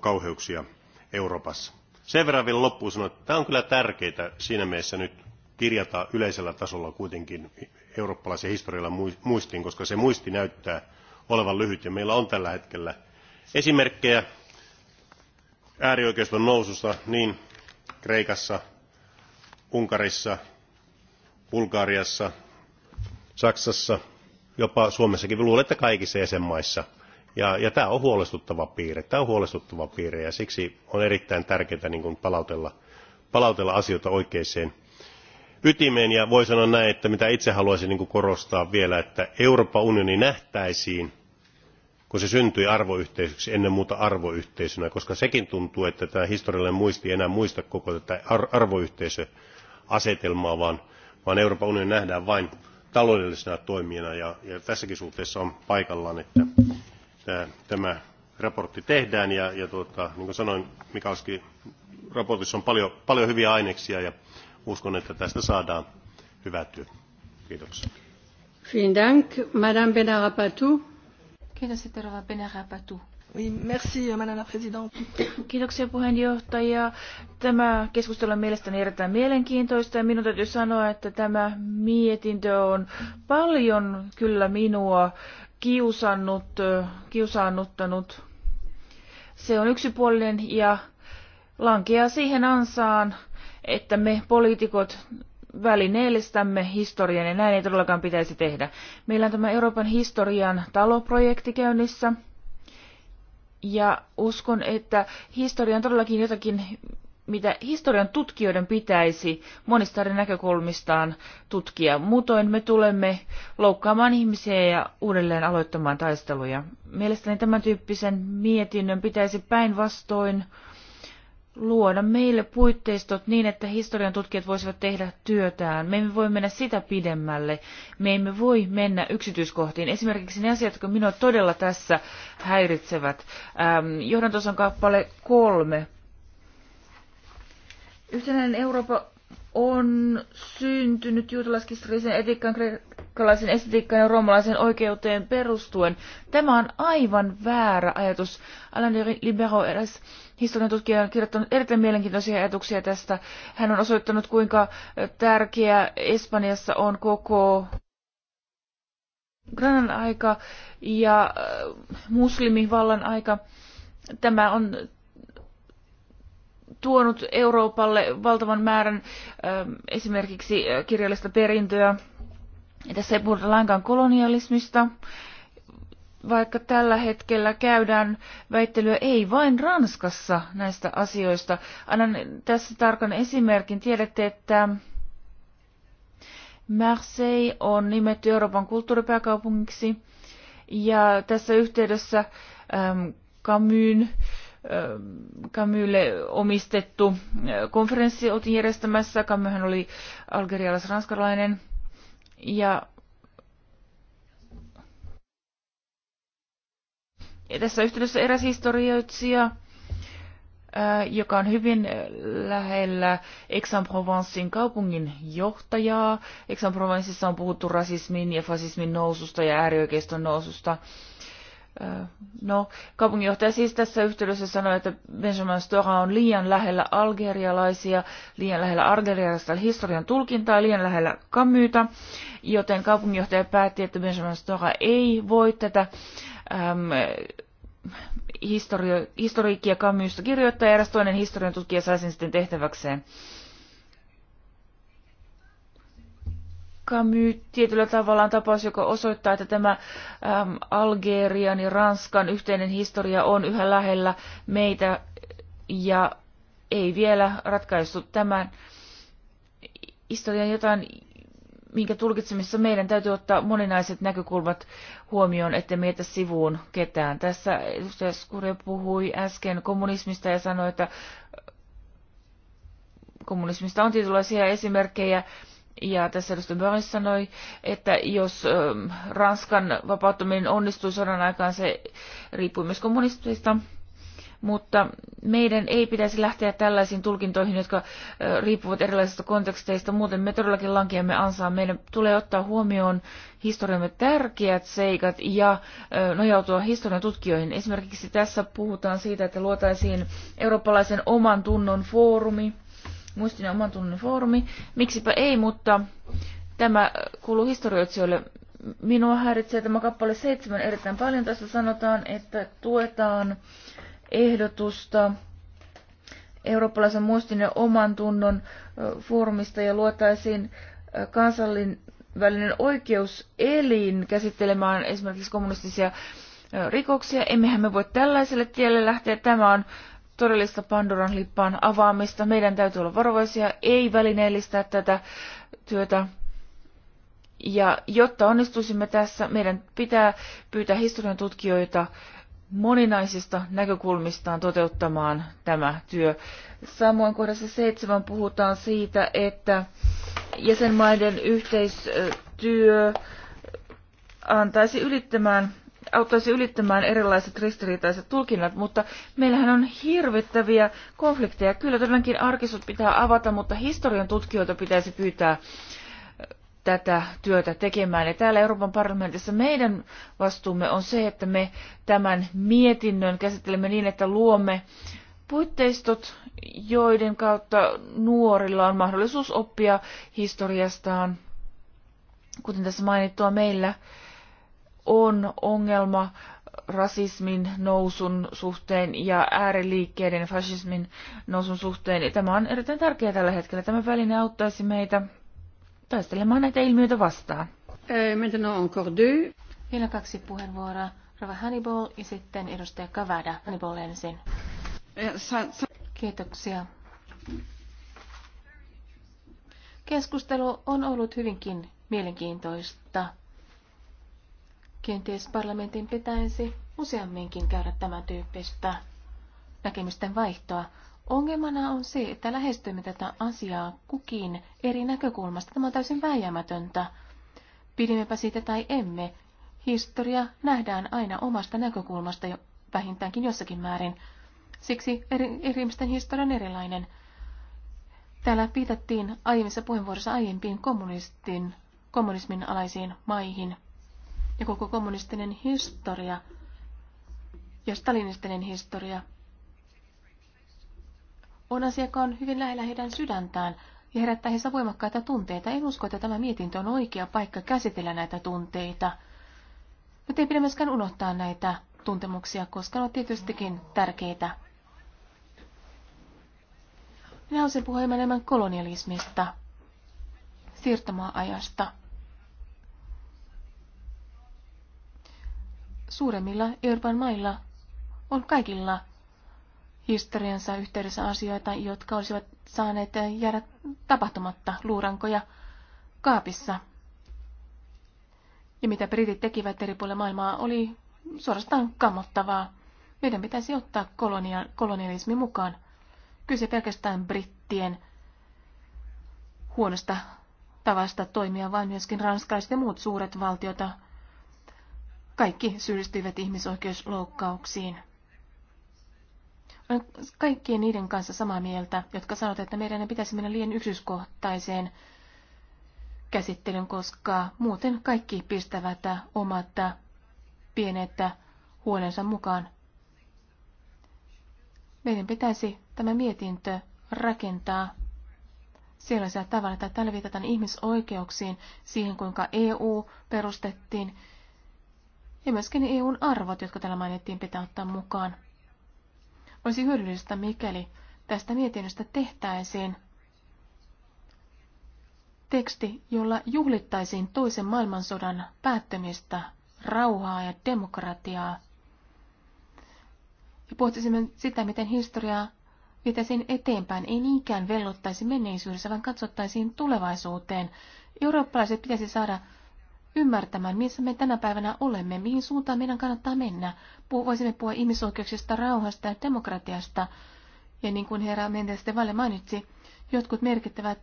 kauheuksia euroopassa. sen verran vielä loppuun sanon että tämä on kyllä tärkeää siinä mielessä nyt kirjata yleisellä tasolla kuitenkin eurooppalaisen historian muistiin, koska se muisti näyttää olevan lyhyt. Ja meillä on tällä hetkellä esimerkkejä äärioikeiston noususta niin Kreikassa, Unkarissa, Bulgariassa, Saksassa, jopa Suomessakin, luulen, että kaikissa jäsenmaissa. Ja, ja tämä on huolestuttava piirre. Tämä on huolestuttava piirre ja siksi on erittäin tärkeää niin palautella, palautella asioita oikeaan ytimeen ja voi sanoa näin että mitä itse haluaisin niin korostaa vielä että euroopan unioni nähtäisiin kun se syntyi arvoyhteisöksi ennen muuta arvoyhteisönä koska sekin tuntuu että tämä historiallinen muisti ei enää muista koko tätä arvoyhteisöasetelmaa vaan, vaan euroopan unioni nähdään vain taloudellisena toimijana ja, ja tässäkin suhteessa on paikallaan että tämä, tämä raportti tehdään ja, ja tuota, niin kuin sanoin mikalski raportissa on paljon, paljon hyviä aineksia ja uskon, että tästä saadaan hyvä työ. Kiitoksia. Vielen Dank, Madame Benarapatou. Kiitos, sitten Rova Benarapatou. Kiitoksia puheenjohtaja. Tämä keskustelu on mielestäni erittäin mielenkiintoista ja minun täytyy sanoa, että tämä mietintö on paljon kyllä minua kiusannut, kiusaannuttanut. Se on yksipuolinen ja lankeaa siihen ansaan, että me poliitikot välineellistämme historian, ja näin ei todellakaan pitäisi tehdä. Meillä on tämä Euroopan historian taloprojekti käynnissä, ja uskon, että historian todellakin jotakin, mitä historian tutkijoiden pitäisi monista eri näkökulmistaan tutkia. Muutoin me tulemme loukkaamaan ihmisiä ja uudelleen aloittamaan taisteluja. Mielestäni tämän tyyppisen mietinnön pitäisi päinvastoin luoda meille puitteistot niin, että historian tutkijat voisivat tehdä työtään. Me emme voi mennä sitä pidemmälle. Me emme voi mennä yksityiskohtiin. Esimerkiksi ne asiat, jotka minua todella tässä häiritsevät. Ähm, johdantosan kappale kolme. Yhtenäinen Eurooppa on syntynyt juutalaiskristilliseen etiikkaan, kreikkalaisen estetiikkaan ja roomalaisen oikeuteen perustuen. Tämä on aivan väärä ajatus. Alain Libero eräs historian tutkija on kirjoittanut erittäin mielenkiintoisia ajatuksia tästä. Hän on osoittanut, kuinka tärkeä Espanjassa on koko Granan aika ja äh, muslimivallan aika. Tämä on tuonut Euroopalle valtavan määrän ähm, esimerkiksi äh, kirjallista perintöä, tässä ei puhuta lainkaan kolonialismista, vaikka tällä hetkellä käydään väittelyä ei vain Ranskassa näistä asioista. Annan tässä tarkan esimerkin. Tiedätte, että Marseille on nimetty Euroopan kulttuuripääkaupungiksi ja tässä yhteydessä ähm, Camus ähm, Camusille omistettu äh, konferenssi oltiin järjestämässä. Camushan oli algerialais-ranskalainen ja tässä yhteydessä eräs historioitsija, joka on hyvin lähellä Aix-en-Provencein kaupungin johtajaa. Aix-en-Provenceissa on puhuttu rasismin ja fasismin noususta ja äärioikeiston noususta. No, kaupunginjohtaja siis tässä yhteydessä sanoi, että Benjamin Stora on liian lähellä algerialaisia, liian lähellä algerialaista historian tulkintaa, liian lähellä kamyytä, joten kaupunginjohtaja päätti, että Benjamin Stora ei voi tätä äm, historio, historiikkia kamyystä kirjoittaa, ja eräs toinen historian tutkija saisi sitten tehtäväkseen. Camus tietyllä tavalla on tapaus, joka osoittaa, että tämä äm, Algerian ja Ranskan yhteinen historia on yhä lähellä meitä ja ei vielä ratkaistu tämän historian jotain, minkä tulkitsemissa meidän täytyy ottaa moninaiset näkökulmat huomioon, ettei meitä sivuun ketään. Tässä edustaja Skure puhui äsken kommunismista ja sanoi, että kommunismista on tietynlaisia esimerkkejä ja tässä edustaja Boris sanoi, että jos ähm, Ranskan vapauttaminen onnistui sodan aikaan, se riippuu myös kommunistista. Mutta meidän ei pitäisi lähteä tällaisiin tulkintoihin, jotka äh, riippuvat erilaisista konteksteista. Muuten me todellakin lankiamme ansaan. Meidän tulee ottaa huomioon historiamme tärkeät seikat ja äh, nojautua historian tutkijoihin. Esimerkiksi tässä puhutaan siitä, että luotaisiin eurooppalaisen oman tunnon foorumi – muistin oman tunnin foorumi. Miksipä ei, mutta tämä kuuluu historioitsijoille. Minua häiritsee tämä kappale seitsemän erittäin paljon. Tässä sanotaan, että tuetaan ehdotusta eurooppalaisen muistin ja oman tunnon foorumista ja luotaisiin oikeus oikeuselin käsittelemään esimerkiksi kommunistisia rikoksia. Emmehän me voi tällaiselle tielle lähteä. Tämä on todellista Pandoran lippaan avaamista. Meidän täytyy olla varovaisia, ei välineellistää tätä työtä. Ja jotta onnistuisimme tässä, meidän pitää pyytää historian tutkijoita moninaisista näkökulmistaan toteuttamaan tämä työ. Samoin kohdassa seitsemän puhutaan siitä, että jäsenmaiden yhteistyö antaisi ylittämään auttaisi ylittämään erilaiset ristiriitaiset tulkinnat, mutta meillähän on hirvittäviä konflikteja. Kyllä todellakin arkisut pitää avata, mutta historian tutkijoita pitäisi pyytää äh, tätä työtä tekemään. Ja täällä Euroopan parlamentissa meidän vastuumme on se, että me tämän mietinnön käsittelemme niin, että luomme puitteistot, joiden kautta nuorilla on mahdollisuus oppia historiastaan. Kuten tässä mainittua, meillä on ongelma rasismin nousun suhteen ja ääriliikkeiden fasismin nousun suhteen. Tämä on erittäin tärkeää tällä hetkellä. Tämä väline auttaisi meitä taistelemaan näitä ilmiöitä vastaan. Eh, maintenant encore deux. Vielä kaksi puheenvuoroa. Rova Hannibal ja sitten edustaja Kavada. Hannibal ensin. Eh, Kiitoksia. Keskustelu on ollut hyvinkin mielenkiintoista. Kenties parlamentin pitäisi useamminkin käydä tämän tyyppistä näkemysten vaihtoa. Ongelmana on se, että lähestymme tätä asiaa kukin eri näkökulmasta. Tämä on täysin väijämätöntä. Pidimmepä siitä tai emme, historia nähdään aina omasta näkökulmasta jo vähintäänkin jossakin määrin. Siksi eri, eri ihmisten historia on erilainen. Täällä viitattiin aiemmissa puheenvuorossa aiempiin kommunistin, kommunismin alaisiin maihin ja koko kommunistinen historia ja stalinistinen historia on asia, joka on hyvin lähellä heidän sydäntään ja herättää heissä voimakkaita tunteita. En usko, että tämä mietintö on oikea paikka käsitellä näitä tunteita. Mutta ei pidä myöskään unohtaa näitä tuntemuksia, koska ne ovat tietystikin tärkeitä. Minä olisin puhua enemmän kolonialismista, siirtomaa-ajasta – Suuremmilla Euroopan mailla on kaikilla historiansa yhteydessä asioita, jotka olisivat saaneet jäädä tapahtumatta luurankoja kaapissa. Ja mitä britit tekivät eri puolilla maailmaa oli suorastaan kammottavaa. Meidän pitäisi ottaa kolonia- kolonialismi mukaan. Kyse pelkästään brittien huonosta tavasta toimia, vaan myöskin ranskalaiset ja muut suuret valtiota kaikki syyllistyivät ihmisoikeusloukkauksiin. Olen kaikkien niiden kanssa samaa mieltä, jotka sanovat, että meidän ei pitäisi mennä liian yksityiskohtaiseen käsittelyyn, koska muuten kaikki pistävät omat pienet huolensa mukaan. Meidän pitäisi tämä mietintö rakentaa sellaisella tavalla, että tällä viitataan ihmisoikeuksiin, siihen kuinka EU perustettiin ja myöskin EUn arvot, jotka täällä mainittiin, pitää ottaa mukaan. Olisi hyödyllistä, mikäli tästä mietinnöstä tehtäisiin teksti, jolla juhlittaisiin toisen maailmansodan päättymistä, rauhaa ja demokratiaa. Ja pohtisimme sitä, miten historiaa vietäisiin eteenpäin, ei niinkään vellottaisi menneisyydessä, vaan katsottaisiin tulevaisuuteen. Eurooppalaiset pitäisi saada ymmärtämään, missä me tänä päivänä olemme, mihin suuntaan meidän kannattaa mennä. Voisimme puhua ihmisoikeuksista, rauhasta ja demokratiasta. Ja niin kuin herra Mendes Valle mainitsi, jotkut merkittävät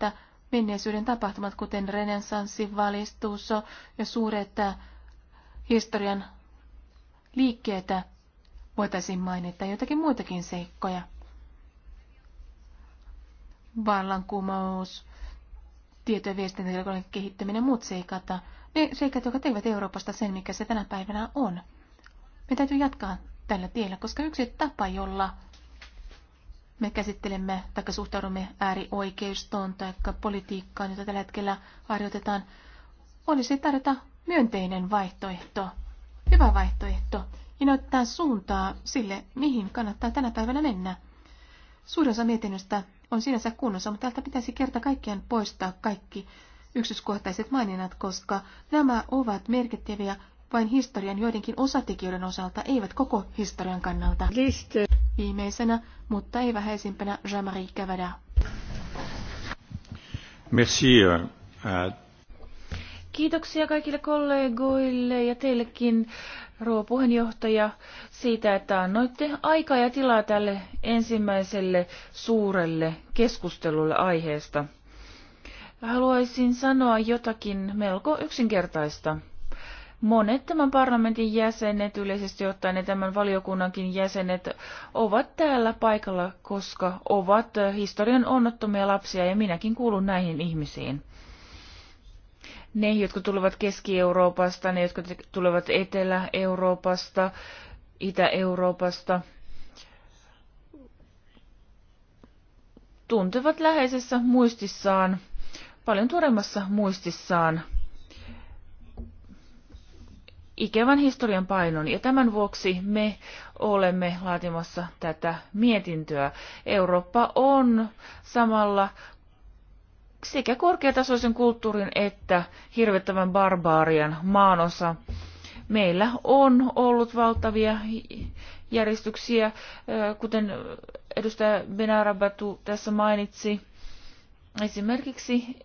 menneisyyden tapahtumat, kuten renessanssi, valistus ja suuret äh, historian liikkeet, äh, voitaisiin mainita jotakin muitakin seikkoja. Vallankumous, tieto- ja viestintätietokoneen kehittäminen ja muut seikat, ne seikat, jotka tekevät Euroopasta sen, mikä se tänä päivänä on. Me täytyy jatkaa tällä tiellä, koska yksi tapa, jolla me käsittelemme tai suhtaudumme äärioikeistoon tai politiikkaan, jota tällä hetkellä harjoitetaan, olisi tarjota myönteinen vaihtoehto, hyvä vaihtoehto, ja näyttää suuntaa sille, mihin kannattaa tänä päivänä mennä. Suurin osa mietinnöstä on sinänsä kunnossa, mutta täältä pitäisi kerta kaikkiaan poistaa kaikki yksityiskohtaiset maininnat, koska nämä ovat merkittäviä vain historian joidenkin osatekijöiden osalta, eivät koko historian kannalta. Liste. Viimeisenä, mutta ei vähäisimpänä, Jean-Marie Cavada. Merci. Euh, euh. Kiitoksia kaikille kollegoille ja teillekin rouva puheenjohtaja, siitä, että annoitte aikaa ja tilaa tälle ensimmäiselle suurelle keskustelulle aiheesta. Haluaisin sanoa jotakin melko yksinkertaista. Monet tämän parlamentin jäsenet, yleisesti ottaen ja tämän valiokunnankin jäsenet, ovat täällä paikalla, koska ovat historian onnottomia lapsia ja minäkin kuulun näihin ihmisiin ne, jotka tulevat Keski-Euroopasta, ne, jotka tulevat Etelä-Euroopasta, Itä-Euroopasta, tuntevat läheisessä muistissaan, paljon tuoremmassa muistissaan ikävän historian painon. Ja tämän vuoksi me olemme laatimassa tätä mietintöä. Eurooppa on samalla sekä korkeatasoisen kulttuurin että hirvettävän barbaarian maanosa. Meillä on ollut valtavia järjestyksiä, kuten edustaja Benarabatu tässä mainitsi, esimerkiksi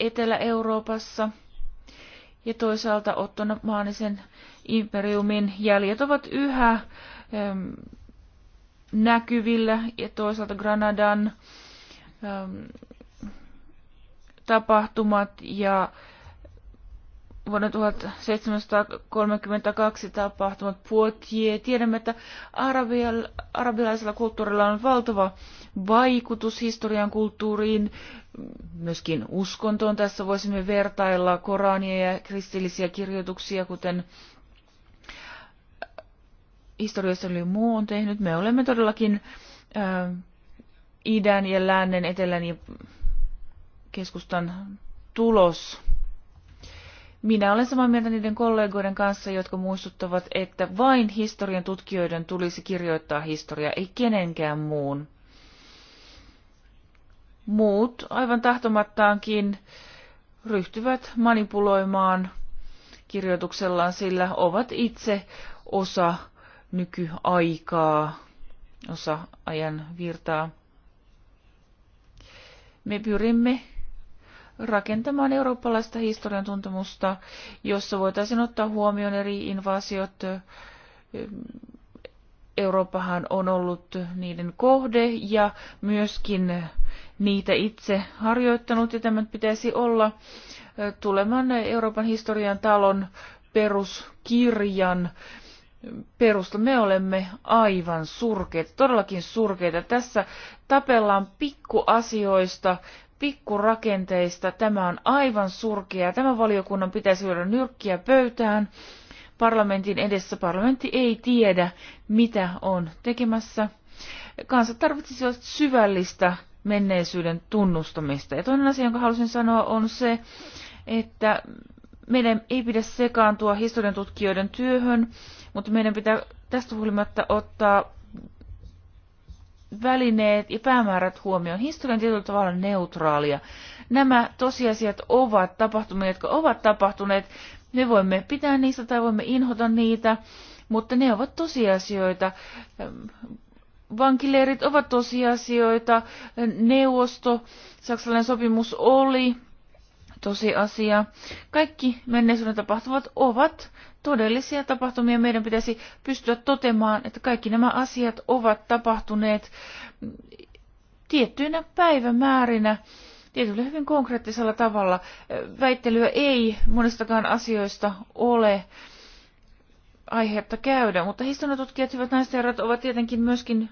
Etelä-Euroopassa ja toisaalta Ottomaanisen imperiumin jäljet ovat yhä näkyvillä ja toisaalta Granadan tapahtumat ja vuonna 1732 tapahtumat Poitiers. Tiedämme, että arabialaisella kulttuurilla on valtava vaikutus historian kulttuuriin, myöskin uskontoon. Tässä voisimme vertailla Korania ja kristillisiä kirjoituksia, kuten historiassa oli muu on tehnyt. Me olemme todellakin äh, idän ja lännen, etelän ja keskustan tulos. Minä olen samaa mieltä niiden kollegoiden kanssa, jotka muistuttavat, että vain historian tutkijoiden tulisi kirjoittaa historia, ei kenenkään muun. Muut aivan tahtomattaankin ryhtyvät manipuloimaan kirjoituksellaan, sillä ovat itse osa nykyaikaa, osa ajan virtaa. Me pyrimme rakentamaan eurooppalaista historian tuntemusta, jossa voitaisiin ottaa huomioon eri invasiot. Eurooppahan on ollut niiden kohde ja myöskin niitä itse harjoittanut, ja tämän pitäisi olla tuleman Euroopan historian talon peruskirjan perusta. Me olemme aivan surkeita, todellakin surkeita. Tässä tapellaan pikkuasioista, pikkurakenteista. Tämä on aivan surkea. Tämä valiokunnan pitäisi olla nyrkkiä pöytään parlamentin edessä. Parlamentti ei tiedä, mitä on tekemässä. Kansa tarvitsisivat syvällistä menneisyyden tunnustamista. Ja toinen asia, jonka halusin sanoa, on se, että meidän ei pidä sekaantua historian tutkijoiden työhön, mutta meidän pitää tästä huolimatta ottaa välineet ja päämäärät huomioon. Historian tietyllä tavalla neutraalia. Nämä tosiasiat ovat tapahtumia, jotka ovat tapahtuneet. Me voimme pitää niistä tai voimme inhota niitä, mutta ne ovat tosiasioita. Vankileirit ovat tosiasioita. Neuvosto, saksalainen sopimus oli tosi asia. Kaikki menneisyyden tapahtumat ovat todellisia tapahtumia. Meidän pitäisi pystyä totemaan, että kaikki nämä asiat ovat tapahtuneet tiettyinä päivämäärinä tietyllä hyvin konkreettisella tavalla. Väittelyä ei monestakaan asioista ole aihetta käydä, mutta historiatutkijat, hyvät naiset ja herrat, ovat tietenkin myöskin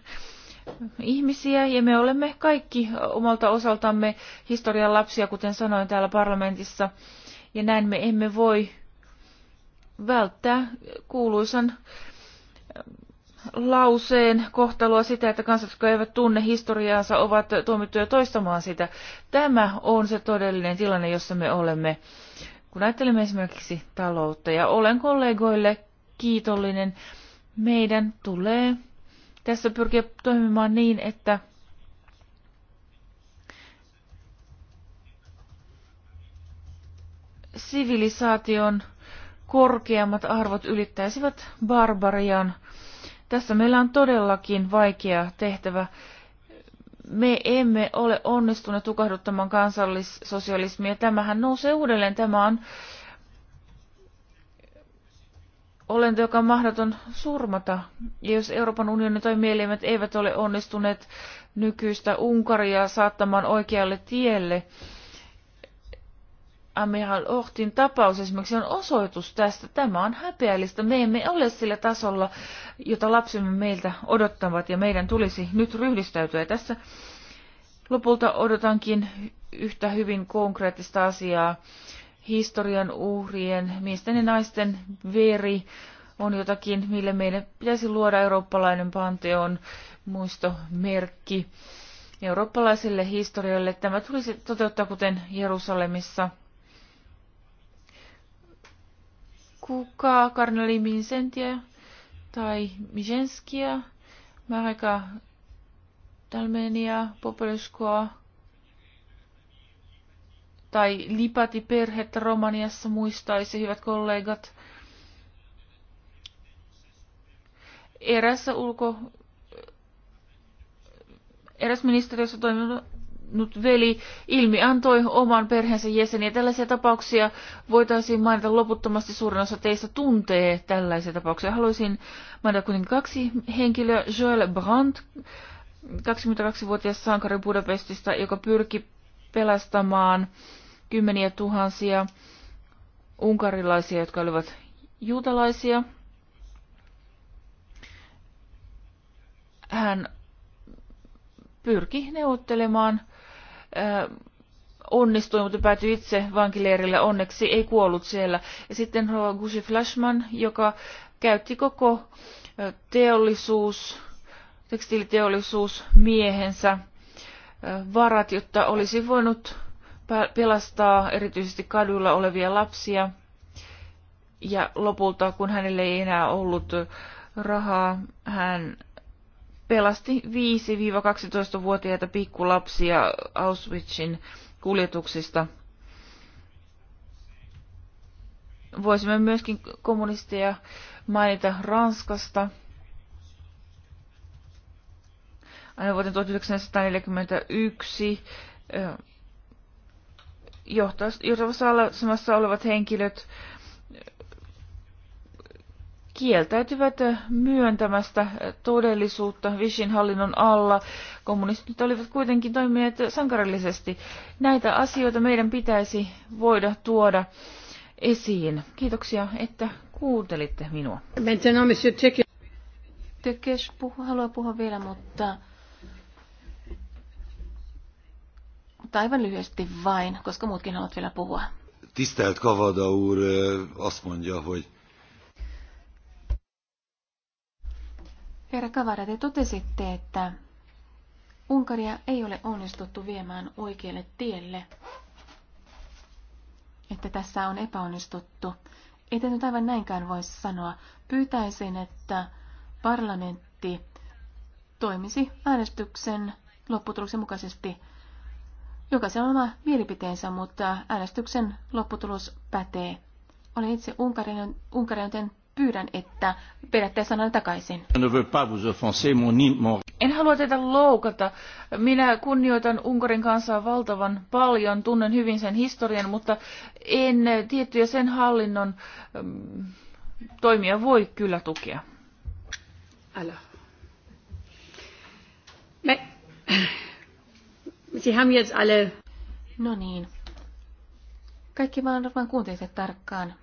ihmisiä ja me olemme kaikki omalta osaltamme historian lapsia, kuten sanoin täällä parlamentissa. Ja näin me emme voi välttää kuuluisan lauseen kohtalua sitä, että kansat, jotka eivät tunne historiaansa, ovat tuomittuja toistamaan sitä. Tämä on se todellinen tilanne, jossa me olemme. Kun ajattelemme esimerkiksi taloutta, ja olen kollegoille kiitollinen, meidän tulee tässä pyrkiä toimimaan niin, että sivilisaation korkeammat arvot ylittäisivät barbarian. Tässä meillä on todellakin vaikea tehtävä. Me emme ole onnistuneet tukahduttamaan kansallissosialismia. Tämähän nousee uudelleen. Tämä on äh, olento, joka on mahdoton surmata. Ja jos Euroopan unionin toimielimet eivät ole onnistuneet nykyistä Unkaria saattamaan oikealle tielle, Amihal Ohtin tapaus esimerkiksi on osoitus tästä. Tämä on häpeällistä. Me emme ole sillä tasolla, jota lapsemme meiltä odottavat ja meidän tulisi nyt ryhdistäytyä. Ja tässä lopulta odotankin yhtä hyvin konkreettista asiaa historian uhrien, miesten ja naisten veri on jotakin, mille meidän pitäisi luoda eurooppalainen panteon muistomerkki eurooppalaiselle historialle. Tämä tulisi toteuttaa kuten Jerusalemissa. Kuka Karneli Minsentiä tai Mijenskia, Marika Dalmenia, Popeluskoa, tai lipati perhettä Romaniassa muistaisi, hyvät kollegat. Erässä ulko... Eräs ministeriössä toiminut veli ilmi antoi oman perheensä jäseniä. Tällaisia tapauksia voitaisiin mainita loputtomasti suurin osa teistä tuntee tällaisia tapauksia. Haluaisin mainita kuitenkin kaksi henkilöä. Joel Brandt, 22-vuotias sankari Budapestista, joka pyrki pelastamaan kymmeniä tuhansia unkarilaisia, jotka olivat juutalaisia. Hän pyrki neuvottelemaan, onnistui, mutta päätyi itse vankileirille. Onneksi ei kuollut siellä. Ja sitten Rova Gushi Flashman, joka käytti koko teollisuus, tekstiiliteollisuus miehensä varat, jotta olisi voinut pelastaa erityisesti kaduilla olevia lapsia. Ja lopulta, kun hänelle ei enää ollut rahaa, hän pelasti 5-12-vuotiaita pikkulapsia Auschwitzin kuljetuksista. Voisimme myöskin kommunisteja mainita Ranskasta. Aina vuoteen 1941 johtavassa asemassa olevat henkilöt kieltäytyvät myöntämästä todellisuutta Vishin hallinnon alla. Kommunistit olivat kuitenkin toimineet sankarillisesti. Näitä asioita meidän pitäisi voida tuoda esiin. Kiitoksia, että kuuntelitte minua. Tekes puhu, haluaa puhua vielä, mutta mutta aivan lyhyesti vain, koska muutkin haluat vielä puhua. Tisztelt Kavada úr azt mondja, hogy... Herra Kavada, te totesitte, että Unkaria ei ole onnistuttu viemään oikealle tielle, että tässä on epäonnistuttu. Ei tätä nyt aivan näinkään voi sanoa. Pyytäisin, että parlamentti toimisi äänestyksen lopputuloksen mukaisesti Jokaisella on oma mielipiteensä, mutta äänestyksen lopputulos pätee. Olen itse unkarin, unkarin joten pyydän, että pidätte sanan takaisin. En halua teitä loukata. Minä kunnioitan Unkarin kansaa valtavan paljon, tunnen hyvin sen historian, mutta en tiettyjä sen hallinnon mm, toimia voi kyllä tukea. Älä. Me... Sie haben jetzt alle... No niin. Kaikki vaan varmaan kuuntelitte tarkkaan.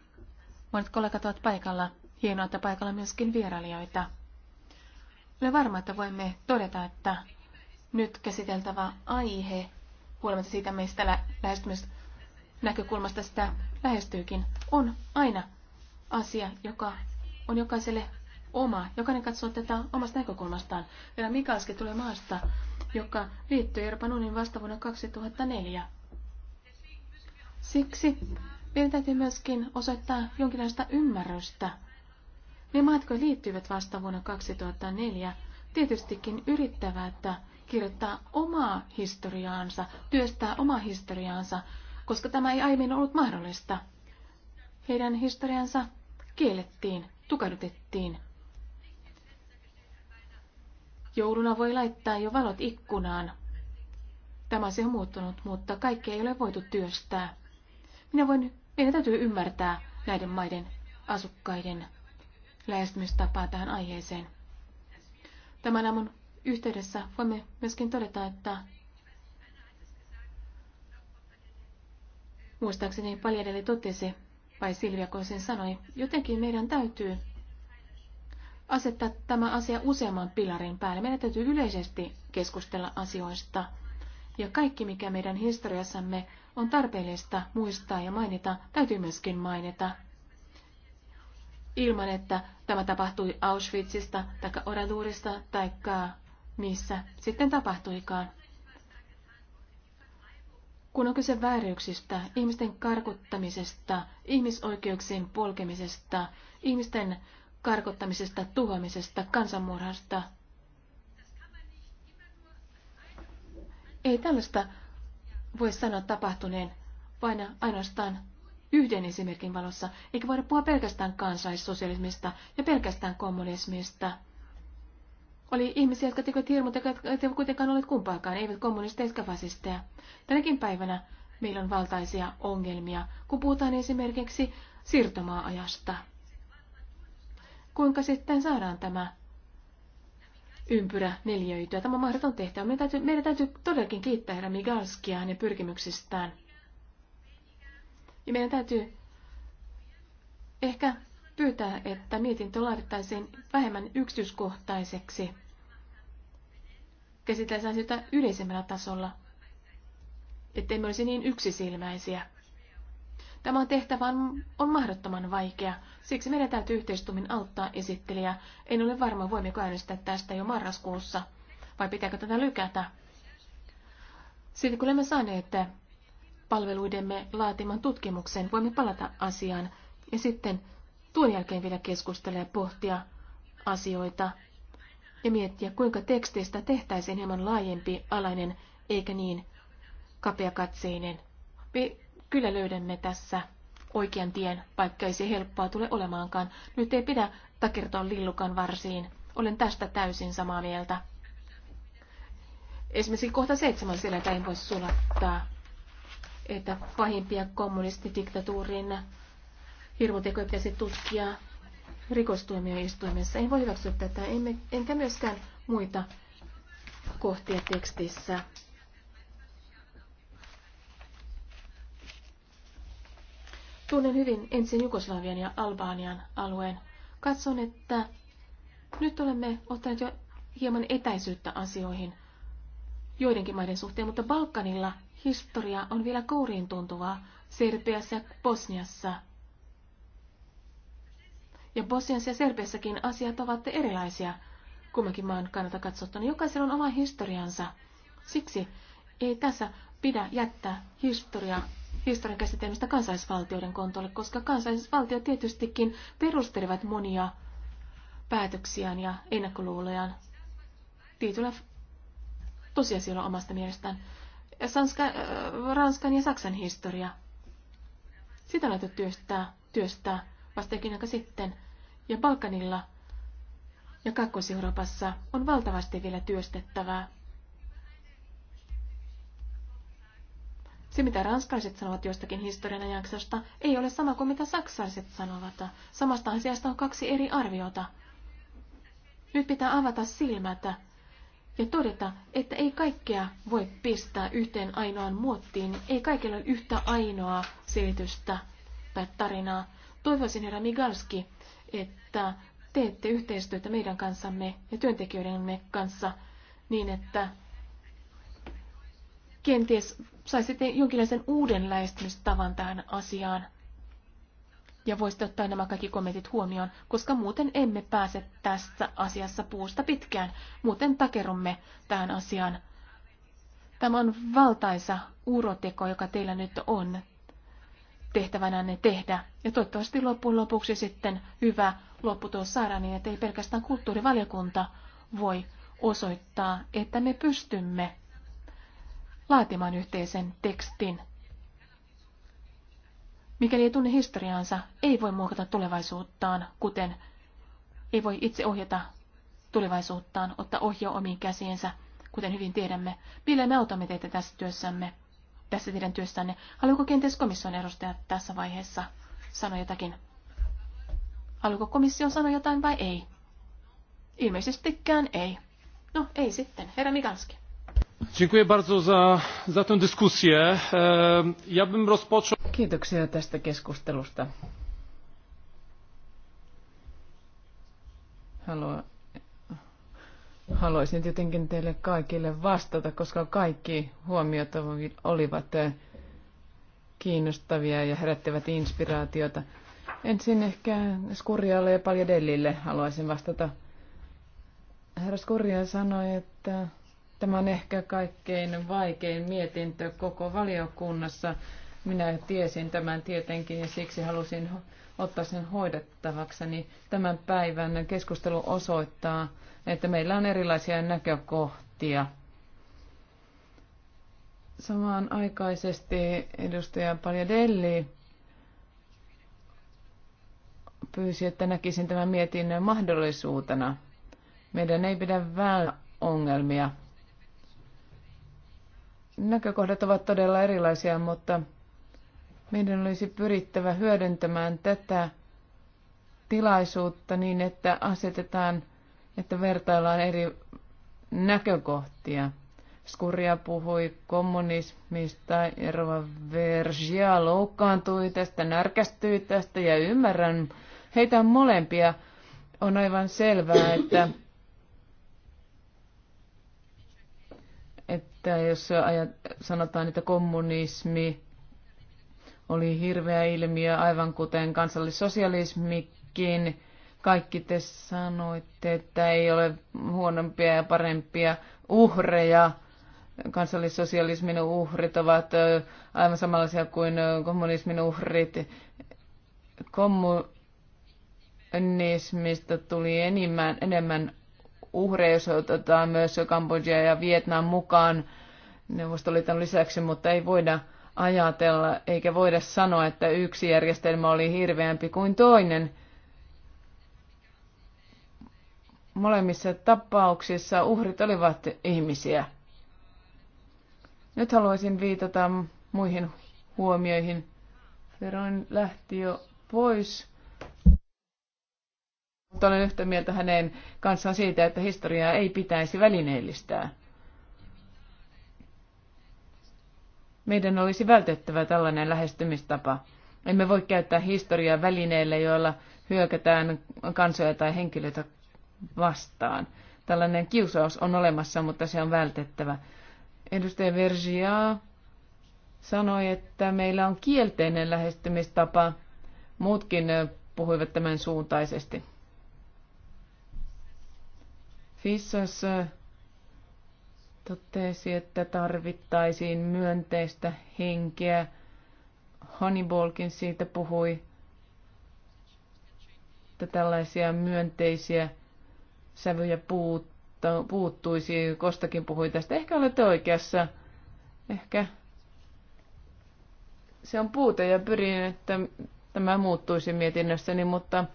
Monet kollegat ovat paikalla. Hienoa, että paikalla myöskin vierailijoita. Olen varma, että voimme todeta, että nyt käsiteltävä aihe, huolimatta siitä meistä näkökulmasta sitä lähestyykin, on aina asia, joka on jokaiselle oma. Jokainen katsoo tätä omasta näkökulmastaan. Vielä Mikalski tulee maasta, joka liittyi Euroopan unionin vasta vuonna 2004. Siksi meidän täytyy myöskin osoittaa jonkinlaista ymmärrystä. Ne maat, jotka liittyivät vasta vuonna 2004, tietystikin yrittävät kirjoittaa omaa historiaansa, työstää omaa historiaansa, koska tämä ei aiemmin ollut mahdollista. Heidän historiansa kiellettiin, tukahdutettiin. Jouluna voi laittaa jo valot ikkunaan. Tämä se on muuttunut, mutta kaikki ei ole voitu työstää. Minä voin, meidän täytyy ymmärtää näiden maiden asukkaiden lähestymistapaa tähän aiheeseen. Tämän aamun yhteydessä voimme myöskin todeta, että muistaakseni edelleen totesi, vai Silvia sen sanoi, jotenkin meidän täytyy asettaa tämä asia useamman pilarin päälle. Meidän täytyy yleisesti keskustella asioista. Ja kaikki, mikä meidän historiassamme on tarpeellista muistaa ja mainita, täytyy myöskin mainita. Ilman, että tämä tapahtui Auschwitzista tai Oradurista tai missä sitten tapahtuikaan. Kun on kyse vääryyksistä, ihmisten karkuttamisesta, ihmisoikeuksien polkemisesta, ihmisten karkottamisesta, tuhoamisesta, kansanmurhasta. Ei tällaista voi sanoa tapahtuneen vain ainoastaan yhden esimerkin valossa, eikä voida puhua pelkästään kansaissosialismista ja pelkästään kommunismista. Oli ihmisiä, jotka tekivät hirmut, jotka eivät kuitenkaan olleet kumpaakaan, eivät kommunisteja eikä fasisteja. Tänäkin päivänä meillä on valtaisia ongelmia, kun puhutaan esimerkiksi siirtomaa-ajasta kuinka sitten saadaan tämä ympyrä neljöityä. Tämä on mahdoton tehtävä. Meidän täytyy, meidän täytyy todellakin kiittää herra Migalskia hänen pyrkimyksistään. Ja meidän täytyy ehkä pyytää, että mietintö laadittaisiin vähemmän yksityiskohtaiseksi. Käsitellään sitä yleisemmällä tasolla, ettei me olisi niin yksisilmäisiä. Tämä tehtävä on, on mahdottoman vaikea. Siksi meidän täytyy yhteistumin auttaa esittelijä. En ole varma, voimmeko äänestää tästä jo marraskuussa, vai pitääkö tätä lykätä. Sitten kun olemme saaneet palveluidemme laatiman tutkimuksen, voimme palata asiaan ja sitten tuon jälkeen vielä keskustella ja pohtia asioita ja miettiä, kuinka tekstistä tehtäisiin hieman laajempi alainen eikä niin kapeakatseinen. Kyllä löydämme tässä oikean tien, vaikka ei se helppoa tule olemaankaan. Nyt ei pidä takertoa lillukan varsiin. Olen tästä täysin samaa mieltä. Esimerkiksi kohta seitsemän selätä ei voi sulattaa, että pahimpia kommunistidiktatuurin hirmutekoja pitäisi tutkia rikostuomioistuimessa. En voi hyväksyä tätä, enkä myöskään muita kohtia tekstissä. Tunnen hyvin ensin Jugoslavian ja Albanian alueen. Katson, että nyt olemme ottaneet jo hieman etäisyyttä asioihin joidenkin maiden suhteen, mutta Balkanilla historia on vielä kouriin tuntuvaa Serbiassa ja Bosniassa. Ja Bosniassa ja Serbiassakin asiat ovat erilaisia kummankin maan kannalta katsottuna. Jokaisella on oma historiansa. Siksi ei tässä pidä jättää historiaa historian käsitelmistä kansallisvaltioiden kontolle, koska kansallisvaltiot tietystikin perustelevat monia päätöksiään ja ennakkoluulojaan tietyllä tosiasioilla omasta mielestään. Sanska, äh, Ranskan ja Saksan historia. Sitä on työstää, työstää vastakin aika sitten. Ja Balkanilla ja kaakkois euroopassa on valtavasti vielä työstettävää. Se, mitä ranskalaiset sanovat jostakin historian jaksosta ei ole sama kuin mitä saksalaiset sanovat. Samasta asiasta on kaksi eri arviota. Nyt pitää avata silmät ja todeta, että ei kaikkea voi pistää yhteen ainoaan muottiin, ei kaikilla ole yhtä ainoaa selitystä tai tarinaa. Toivoisin, herra Migalski, että teette yhteistyötä meidän kanssamme ja työntekijöidemme kanssa niin, että kenties saisitte jonkinlaisen uuden lähestymistavan tähän asiaan. Ja voisitte ottaa nämä kaikki kommentit huomioon, koska muuten emme pääse tässä asiassa puusta pitkään. Muuten takerumme tähän asiaan. Tämä on valtaisa uroteko, joka teillä nyt on ne tehdä. Ja toivottavasti loppujen lopuksi sitten hyvä lopputulos saadaan niin, että ei pelkästään kulttuurivaliokunta voi osoittaa, että me pystymme laatimaan yhteisen tekstin. Mikäli ei tunne historiaansa, ei voi muokata tulevaisuuttaan, kuten ei voi itse ohjata tulevaisuuttaan, ottaa ohja omiin käsiensä, kuten hyvin tiedämme. Millä me autamme teitä tässä työssämme, tässä teidän työssänne? Haluaako kenties komission edustajat tässä vaiheessa sanoa jotakin? haluuko komissio sanoa jotain vai ei? Ilmeisestikään ei. No ei sitten, herra Mikalski. Dziękuję bardzo za, za tę dyskusję. E, ja bym rozpoczął... Kiitoksia tästä keskustelusta. haluaisin tietenkin teille kaikille vastata, koska kaikki huomiot olivat e, kiinnostavia ja herättivät inspiraatiota. Ensin ehkä Skurjalle ja Paljadellille haluaisin vastata. Herra Skurja sanoi, että Tämä on ehkä kaikkein vaikein mietintö koko valiokunnassa. Minä tiesin tämän tietenkin ja siksi halusin ottaa sen hoidettavakseni. Tämän päivän keskustelu osoittaa, että meillä on erilaisia näkökohtia. Samaan aikaisesti edustaja Paljadelli pyysi, että näkisin tämän mietinnön mahdollisuutena. Meidän ei pidä välttää ongelmia näkökohdat ovat todella erilaisia, mutta meidän olisi pyrittävä hyödyntämään tätä tilaisuutta niin, että asetetaan, että vertaillaan eri näkökohtia. Skurja puhui kommunismista, Erva Vergia loukkaantui tästä, närkästyi tästä ja ymmärrän heitä molempia. On aivan selvää, että että jos ajat, sanotaan, että kommunismi oli hirveä ilmiö, aivan kuten kansallissosialismikin, kaikki te sanoitte, että ei ole huonompia ja parempia uhreja. Kansallissosialismin uhrit ovat aivan samanlaisia kuin kommunismin uhrit. Kommunismista tuli enemmän, enemmän uhreja, jos otetaan myös Kambodja ja Vietnam mukaan Neuvostoliiton lisäksi, mutta ei voida ajatella eikä voida sanoa, että yksi järjestelmä oli hirveämpi kuin toinen. Molemmissa tapauksissa uhrit olivat ihmisiä. Nyt haluaisin viitata muihin huomioihin. Veroin lähti jo pois mutta olen yhtä mieltä hänen kanssaan siitä, että historiaa ei pitäisi välineellistää. Meidän olisi vältettävä tällainen lähestymistapa. Emme voi käyttää historiaa välineillä, joilla hyökätään kansoja tai henkilöitä vastaan. Tällainen kiusaus on olemassa, mutta se on vältettävä. Edustaja Vergia sanoi, että meillä on kielteinen lähestymistapa. Muutkin puhuivat tämän suuntaisesti. Fissas totesi, että tarvittaisiin myönteistä henkeä. Honeyballkin siitä puhui, että tällaisia myönteisiä sävyjä puuttuisi. Kostakin puhui tästä. Ehkä olette oikeassa. Ehkä se on puute ja pyrin, että tämä muuttuisi mietinnössäni, mutta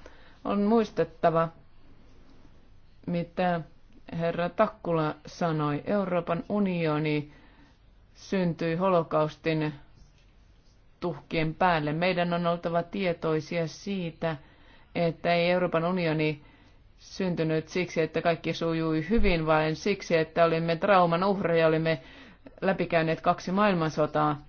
on muistettava, mitä herra Takkula sanoi, Euroopan unioni syntyi holokaustin tuhkien päälle. Meidän on oltava tietoisia siitä, että ei Euroopan unioni syntynyt siksi, että kaikki sujui hyvin, vaan siksi, että olimme trauman uhreja, olimme läpikäyneet kaksi maailmansotaa.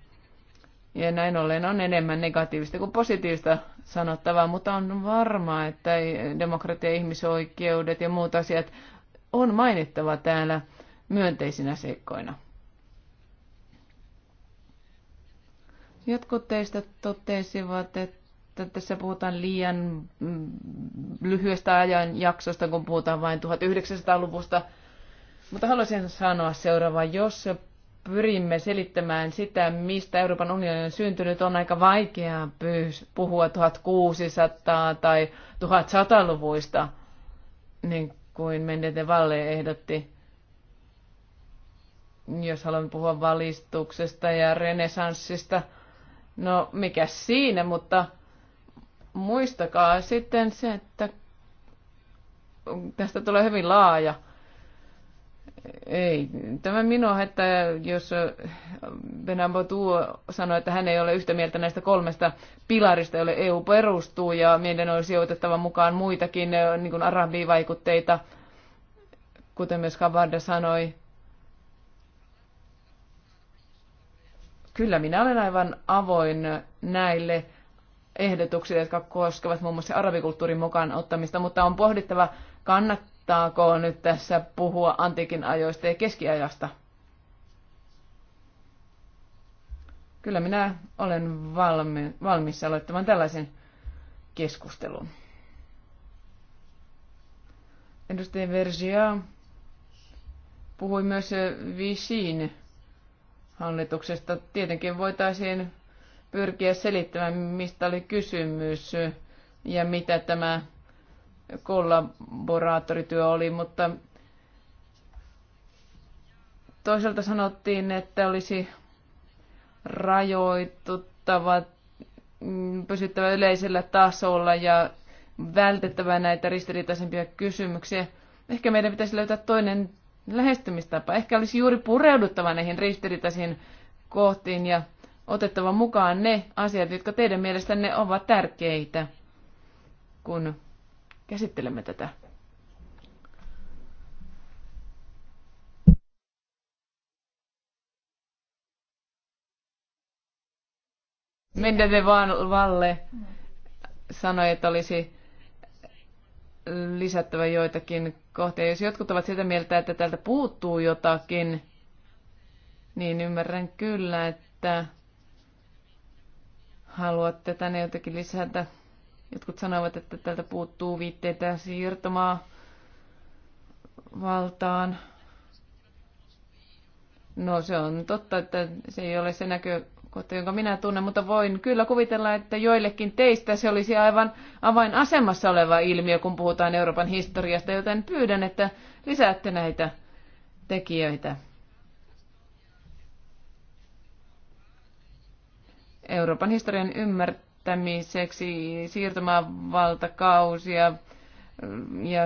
Ja näin ollen on enemmän negatiivista kuin positiivista sanottavaa, mutta on varmaa, että demokratia, ihmisoikeudet ja muut asiat on mainittava täällä myönteisinä seikkoina. Jotkut teistä totesivat, että tässä puhutaan liian mm, lyhyestä ajanjaksosta, kun puhutaan vain 1900-luvusta. Mutta haluaisin sanoa seuraavaa. Jos pyrimme selittämään sitä, mistä Euroopan unioni on syntynyt, on aika vaikeaa puhua 1600- tai 1100-luvuista, niin kuin Mendete Valle ehdotti. Jos haluan puhua valistuksesta ja renesanssista, no mikä siinä, mutta muistakaa sitten se, että tästä tulee hyvin laaja ei, tämä minua haittaa, jos Benambotu sanoi, että hän ei ole yhtä mieltä näistä kolmesta pilarista, joille EU perustuu, ja meidän olisi joutettava mukaan muitakin niin kuin arabivaikutteita, kuten myös Kavarda sanoi. Kyllä minä olen aivan avoin näille ehdotuksille, jotka koskevat muun muassa arabikulttuurin mukaan ottamista, mutta on pohdittava, kannattaa kannattaako nyt tässä puhua antiikin ajoista ja keskiajasta? Kyllä minä olen valmi, valmis aloittamaan tällaisen keskustelun. Edustaja versio puhui myös Visin hallituksesta. Tietenkin voitaisiin pyrkiä selittämään, mistä oli kysymys ja mitä tämä kollaboraattorityö oli, mutta toisaalta sanottiin, että olisi rajoituttava, pysyttävä yleisellä tasolla ja vältettävä näitä ristiriitaisempia kysymyksiä. Ehkä meidän pitäisi löytää toinen lähestymistapa. Ehkä olisi juuri pureuduttava näihin ristiriitaisiin kohtiin ja otettava mukaan ne asiat, jotka teidän mielestänne ovat tärkeitä, kun käsittelemme tätä. Mendeve Valle sanoi, että olisi lisättävä joitakin kohtia. Jos jotkut ovat sitä mieltä, että täältä puuttuu jotakin, niin ymmärrän kyllä, että haluatte tänne jotakin lisätä. Jotkut sanovat, että tältä puuttuu viitteitä siirtomaa valtaan. No se on totta, että se ei ole se näkökohta, jonka minä tunnen, mutta voin kyllä kuvitella, että joillekin teistä se olisi aivan avainasemassa oleva ilmiö, kun puhutaan Euroopan historiasta, joten pyydän, että lisäätte näitä tekijöitä. Euroopan historian ymmärtäminen välttämiseksi siirtymävaltakausia ja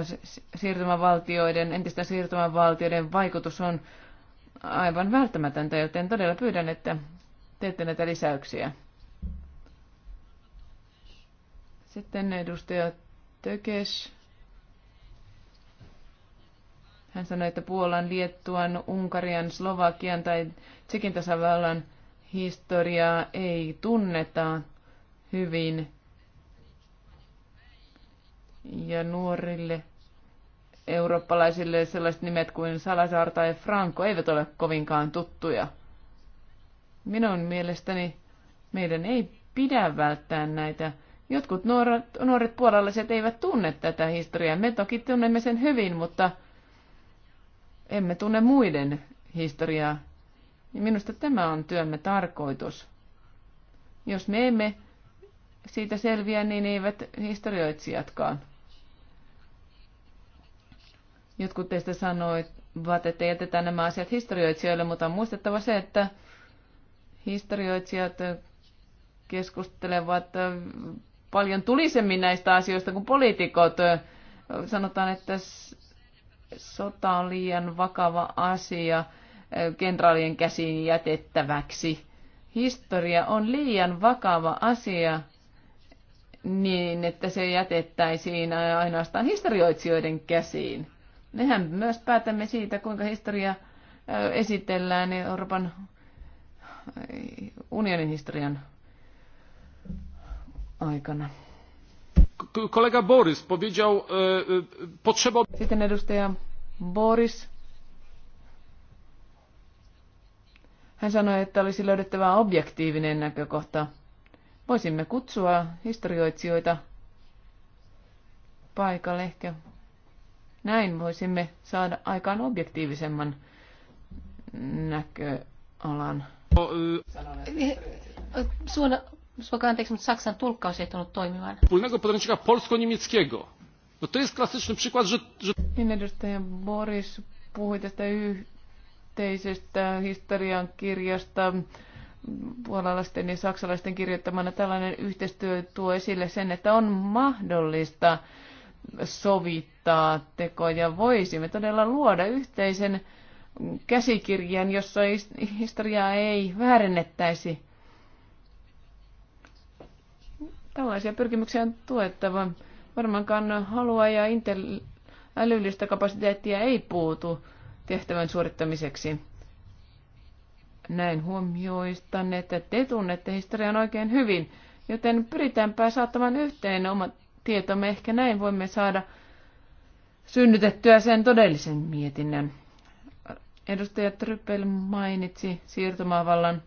siirtymävaltioiden, entistä siirtymävaltioiden vaikutus on aivan välttämätöntä, joten todella pyydän, että teette näitä lisäyksiä. Sitten edustaja Tökes. Hän sanoi, että Puolan, Liettuan, Unkarian, Slovakian tai Tsekin tasavallan historiaa ei tunneta hyvin. Ja nuorille eurooppalaisille sellaiset nimet kuin Salazar tai Franco eivät ole kovinkaan tuttuja. Minun mielestäni meidän ei pidä välttää näitä. Jotkut nuoret, nuoret puolalaiset eivät tunne tätä historiaa. Me toki tunnemme sen hyvin, mutta emme tunne muiden historiaa. Minusta tämä on työmme tarkoitus. Jos me emme siitä selviä, niin eivät historioitsijatkaan. Jotkut teistä sanoivat, että jätetään nämä asiat historioitsijoille, mutta on muistettava se, että historioitsijat keskustelevat paljon tulisemmin näistä asioista kuin poliitikot. Sanotaan, että sota on liian vakava asia kenraalien käsiin jätettäväksi. Historia on liian vakava asia niin, että se jätettäisiin ainoastaan historioitsijoiden käsiin. Mehän myös päätämme siitä, kuinka historia esitellään Euroopan unionin historian aikana. Kollega Boris powiedział, e, e, potrzeba... Sitten edustaja Boris. Hän sanoi, että olisi löydettävä objektiivinen näkökohta – Voisimme kutsua historioitsijoita paikalle ehkä. Näin voisimme saada aikaan objektiivisemman näköalan. Suona, suoka anteeksi, mutta Saksan tulkkaus ei tullut toimimaan. Wspólnego podręcznika polsko-niemieckiego. No to jest klasyczny przykład, że... że... Minä niin, edustaja Boris puhui tästä yhteisestä historian kirjasta puolalaisten ja saksalaisten kirjoittamana tällainen yhteistyö tuo esille sen, että on mahdollista sovittaa tekoja. Voisimme todella luoda yhteisen käsikirjan, jossa historiaa ei väärennettäisi. Tällaisia pyrkimyksiä on tuettava. Varmaankaan halua ja älyllistä kapasiteettia ei puutu tehtävän suorittamiseksi. Näin huomioistan, että te tunnette historian oikein hyvin, joten pyritäänpä saattamaan yhteen omat tietomme. Ehkä näin voimme saada synnytettyä sen todellisen mietinnän. Edustaja Tryppel mainitsi siirtomaavallan.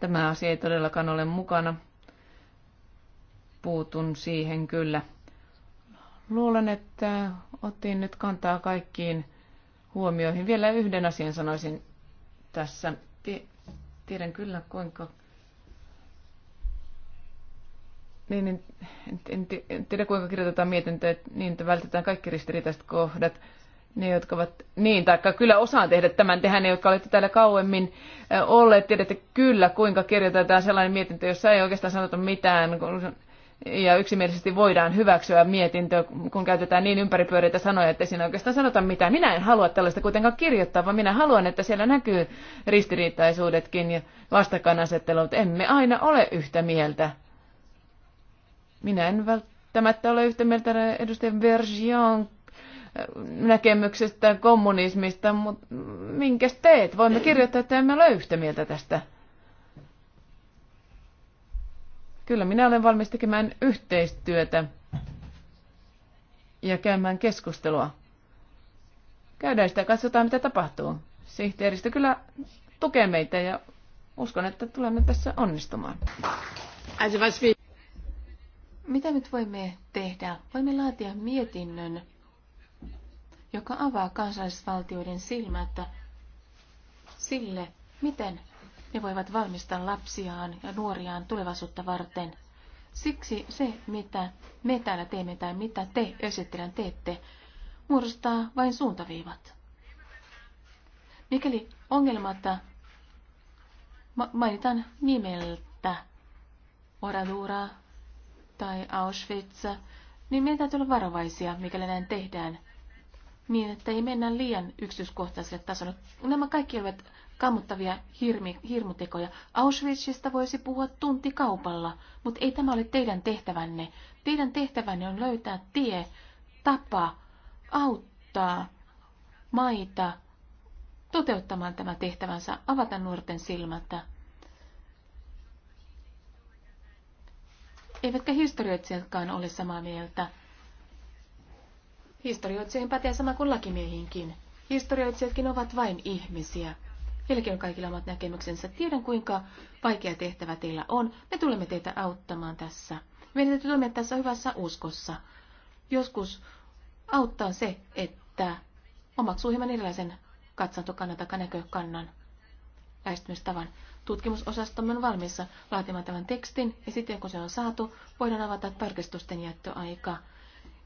Tämä asia ei todellakaan ole mukana. Puutun siihen kyllä. Luulen, että otin nyt kantaa kaikkiin huomioihin. Vielä yhden asian sanoisin tässä. Tiedän kyllä, kuinka niin, niin en, en, en tiedä kuinka kirjoitetaan mietintö, että niin, että vältetään kaikki ristiriitaiset kohdat. Ne, jotka ovat, niin, taikka kyllä osaan tehdä tämän, tehän ne, jotka olette täällä kauemmin olleet, tiedätte kyllä, kuinka kirjoitetaan sellainen mietintö, jossa ei oikeastaan sanota mitään, kun ja yksimielisesti voidaan hyväksyä mietintö, kun käytetään niin ympäripyöreitä sanoja, että siinä oikeastaan sanota mitään. Minä en halua tällaista kuitenkaan kirjoittaa, vaan minä haluan, että siellä näkyy ristiriitaisuudetkin ja vastakkainasettelut. Emme aina ole yhtä mieltä. Minä en välttämättä ole yhtä mieltä edustajan Version äh, näkemyksestä kommunismista, mutta minkä teet? Voimme kirjoittaa, että emme ole yhtä mieltä tästä. Kyllä minä olen valmis tekemään yhteistyötä ja käymään keskustelua. Käydään sitä ja katsotaan, mitä tapahtuu. Sihteeristö kyllä tukee meitä ja uskon, että tulemme tässä onnistumaan. Mitä nyt voimme tehdä? Voimme laatia mietinnön, joka avaa kansallisvaltioiden silmät sille, miten ne voivat valmistaa lapsiaan ja nuoriaan tulevaisuutta varten. Siksi se, mitä me täällä teemme tai mitä te esittelen teette, muodostaa vain suuntaviivat. Mikäli ongelmat ma- mainitaan nimeltä Oradura tai Auschwitz, niin meidän täytyy olla varovaisia, mikäli näin tehdään, niin että ei mennä liian yksityiskohtaiselle tasolle. Nämä kaikki ovat kammottavia hirmi, hirmutekoja. Auschwitzista voisi puhua tuntikaupalla, mutta ei tämä ole teidän tehtävänne. Teidän tehtävänne on löytää tie, tapa, auttaa maita toteuttamaan tämä tehtävänsä, avata nuorten silmät. Eivätkä historioitsijatkaan ole samaa mieltä. Historioitsijoihin pätee sama kuin lakimiehinkin. Historioitsijatkin ovat vain ihmisiä. Heilläkin on kaikilla omat näkemyksensä. Tiedän, kuinka vaikea tehtävä teillä on. Me tulemme teitä auttamaan tässä. Meidän täytyy toimia tässä hyvässä uskossa. Joskus auttaa se, että omaksuu hieman erilaisen katsantokannan tai näkökannan lähestymistavan. Tutkimusosastomme on valmiissa laatimaan tämän tekstin, ja sitten kun se on saatu, voidaan avata tarkistusten jättöaika.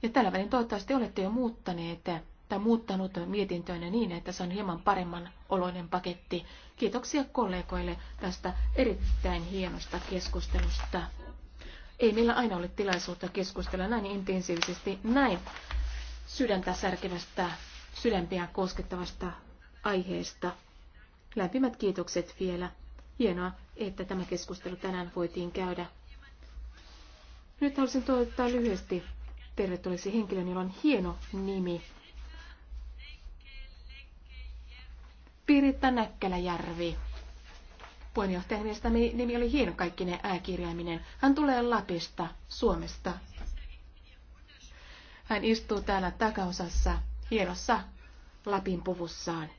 Ja tällä välin toivottavasti olette jo muuttaneet tai muuttanut mietintöönne niin, että se on hieman paremman oloinen paketti. Kiitoksia kollegoille tästä erittäin hienosta keskustelusta. Ei meillä aina ole tilaisuutta keskustella näin intensiivisesti, näin sydäntä särkevästä, sydämpiä koskettavasta aiheesta. Lämpimät kiitokset vielä. Hienoa, että tämä keskustelu tänään voitiin käydä. Nyt haluaisin toivottaa lyhyesti tervetulleeksi henkilön, jolla on hieno nimi. Piritta Näkkäläjärvi. Puheenjohtajan nimi oli hieno kaikkinen ääkirjaiminen. Hän tulee Lapista, Suomesta. Hän istuu täällä takaosassa, hienossa Lapin puvussaan.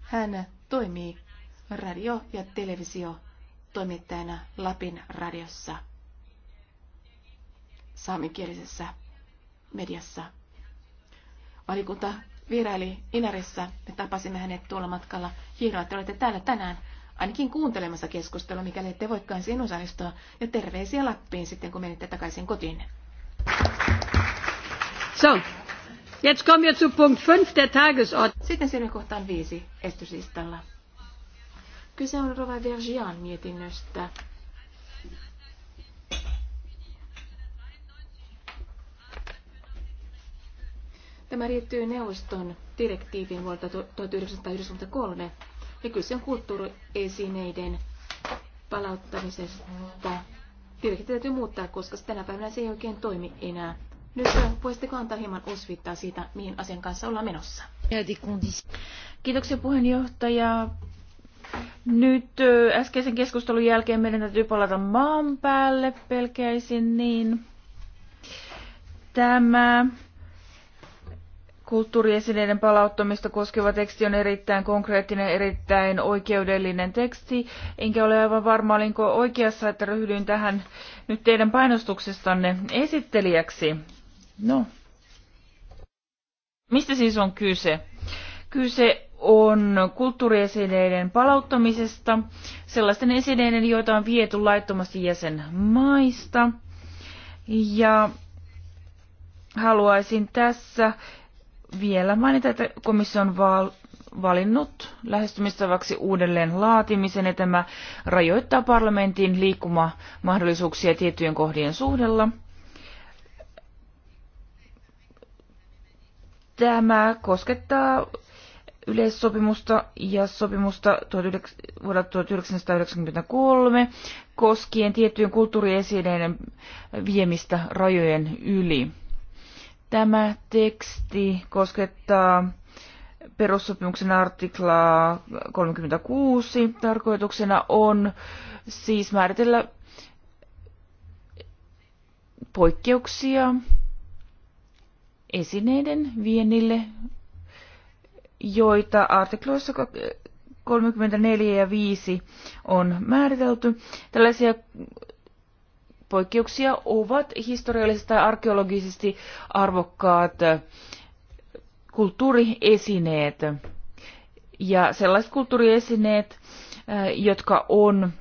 Hän toimii radio- ja televisiotoimittajana Lapin radiossa saamenkielisessä mediassa. Valikunta vieraili Inarissa. Me tapasimme hänet tuolla matkalla. Hiiro, että olette täällä tänään ainakin kuuntelemassa keskustelua, mikäli ette voikaan siihen osallistua. Ja terveisiä Lappiin sitten, kun menette takaisin kotiin. So, jetzt kommen wir zu Punkt 5 der Tagesordnung. Sitten sinne kohtaan viisi estyslistalla. Kyse on Rova Vergian mietinnöstä Tämä liittyy neuvoston direktiivin vuodelta 1993, ja kyse on kulttuuriesineiden palauttamisesta. Direktiivi täytyy muuttaa, koska tänä päivänä se ei oikein toimi enää. Nyt äh, voisitteko antaa hieman osvittaa siitä, mihin asian kanssa ollaan menossa? Kiitoksia puheenjohtaja. Nyt äh, äskeisen keskustelun jälkeen meidän täytyy palata maan päälle, pelkäisin niin. Tämä Kulttuuriesineiden palauttamista koskeva teksti on erittäin konkreettinen, erittäin oikeudellinen teksti, enkä ole aivan varma, olinko oikeassa, että ryhdyin tähän nyt teidän painostuksestanne esittelijäksi. No, mistä siis on kyse? Kyse on kulttuuriesineiden palauttamisesta, sellaisten esineiden, joita on viety laittomasti jäsenmaista. Ja haluaisin tässä vielä mainita, että komissio on val- valinnut lähestymistavaksi uudelleen laatimisen, ja tämä rajoittaa parlamentin liikkumamahdollisuuksia tiettyjen kohdien suhdella. Tämä koskettaa yleissopimusta ja sopimusta vuodelta 1993 koskien tiettyjen kulttuuriesineiden viemistä rajojen yli. Tämä teksti koskettaa perussopimuksen artiklaa 36. Tarkoituksena on siis määritellä poikkeuksia esineiden viennille, joita artikloissa 34 ja 5 on määritelty. Tällaisia poikkeuksia ovat historiallisesti tai arkeologisesti arvokkaat kulttuuriesineet. Ja sellaiset kulttuuriesineet, äh, jotka on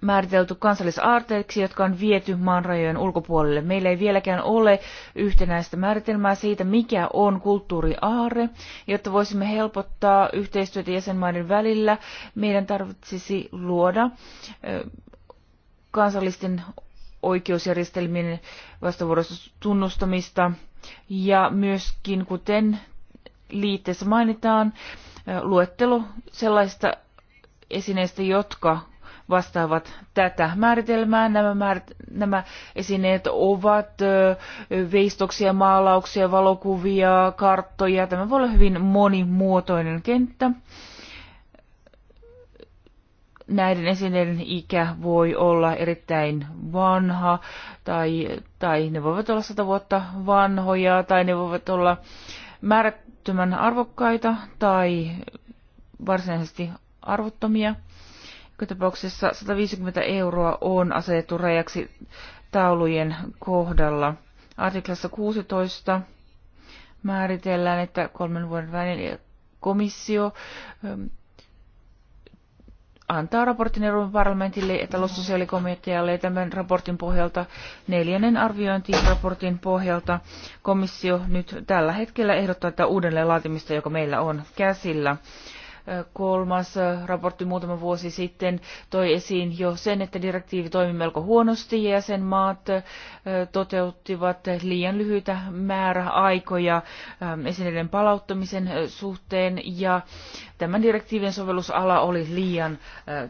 määritelty kansallisaarteiksi, jotka on viety maan rajojen ulkopuolelle. Meillä ei vieläkään ole yhtenäistä määritelmää siitä, mikä on kulttuuriaarre. Jotta voisimme helpottaa yhteistyötä jäsenmaiden välillä, meidän tarvitsisi luoda äh, kansallisten oikeusjärjestelmien vastavuoroista tunnustamista ja myöskin, kuten liitteessä mainitaan, luettelo sellaista esineistä, jotka vastaavat tätä määritelmää. Nämä, nämä esineet ovat veistoksia, maalauksia, valokuvia, karttoja. Tämä voi olla hyvin monimuotoinen kenttä näiden esineiden ikä voi olla erittäin vanha tai, tai ne voivat olla sata vuotta vanhoja tai ne voivat olla määrättömän arvokkaita tai varsinaisesti arvottomia. Joka tapauksessa 150 euroa on asetettu rajaksi taulujen kohdalla. Artiklassa 16 määritellään, että kolmen vuoden välinen komissio antaa raportin Euroopan parlamentille ja taloussosiaalikomitealle. Tämän raportin pohjalta, neljännen arviointiraportin pohjalta, komissio nyt tällä hetkellä ehdottaa tätä uudelleen laatimista, joka meillä on käsillä kolmas raportti muutama vuosi sitten toi esiin jo sen, että direktiivi toimi melko huonosti ja jäsenmaat toteuttivat liian lyhyitä määräaikoja esineiden palauttamisen suhteen ja tämän direktiivin sovellusala oli liian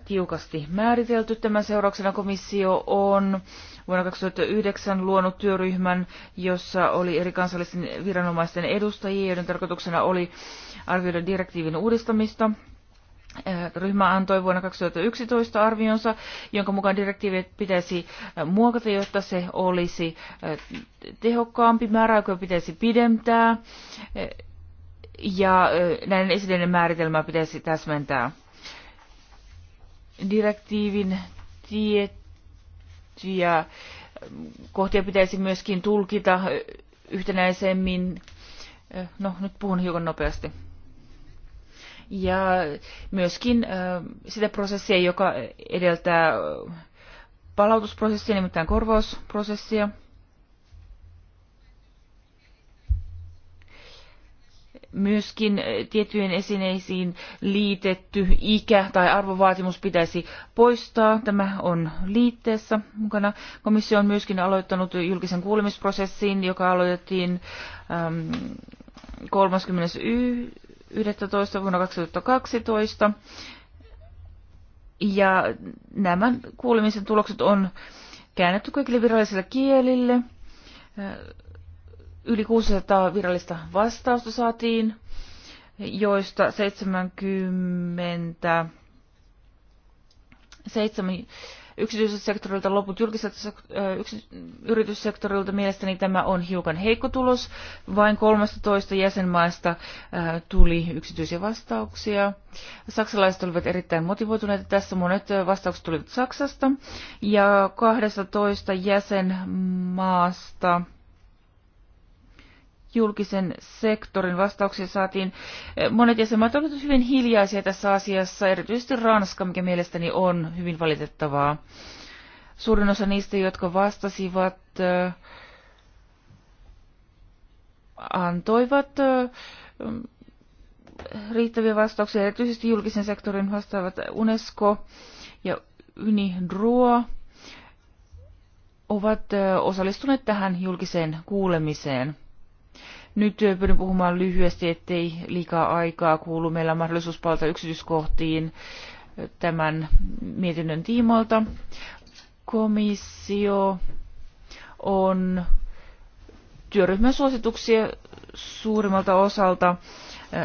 tiukasti määritelty. Tämän seurauksena komissio on vuonna 2009 luonut työryhmän, jossa oli eri kansallisten viranomaisten edustajia, joiden tarkoituksena oli arvioida direktiivin uudistamista. Ryhmä antoi vuonna 2011 arvionsa, jonka mukaan direktiivi pitäisi muokata, jotta se olisi tehokkaampi, määräaikoja pitäisi pidentää ja näiden esineiden määritelmää pitäisi täsmentää. Direktiivin tiet tiettyjä kohtia pitäisi myöskin tulkita yhtenäisemmin. No, nyt puhun hiukan nopeasti. Ja myöskin sitä prosessia, joka edeltää palautusprosessia, nimittäin korvausprosessia – myöskin eh, tiettyjen esineisiin liitetty ikä tai arvovaatimus pitäisi poistaa. Tämä on liitteessä mukana. Komissio on myöskin aloittanut julkisen kuulemisprosessin, joka aloitettiin äm, 30.11. vuonna 2012. Ja nämä kuulemisen tulokset on käännetty kaikille virallisille kielille. Äh, yli 600 virallista vastausta saatiin, joista 70 7 yksityiseltä sektorilta, loput julkiselta yksi, yrityssektorilta. Mielestäni tämä on hiukan heikko tulos. Vain 13 jäsenmaista ää, tuli yksityisiä vastauksia. Saksalaiset olivat erittäin motivoituneita tässä. Monet vastaukset tulivat Saksasta. Ja 12 jäsenmaasta julkisen sektorin vastauksia saatiin. Monet jäsenmaat ovat hyvin hiljaisia tässä asiassa, erityisesti Ranska, mikä mielestäni on hyvin valitettavaa. Suurin osa niistä, jotka vastasivat, äh, antoivat äh, riittäviä vastauksia, erityisesti julkisen sektorin vastaavat UNESCO ja UNIDROA ovat äh, osallistuneet tähän julkiseen kuulemiseen. Nyt pyrin puhumaan lyhyesti, ettei liikaa aikaa kuulu. Meillä on mahdollisuus palata yksityiskohtiin tämän mietinnön tiimoilta. Komissio on työryhmän suosituksia suurimmalta osalta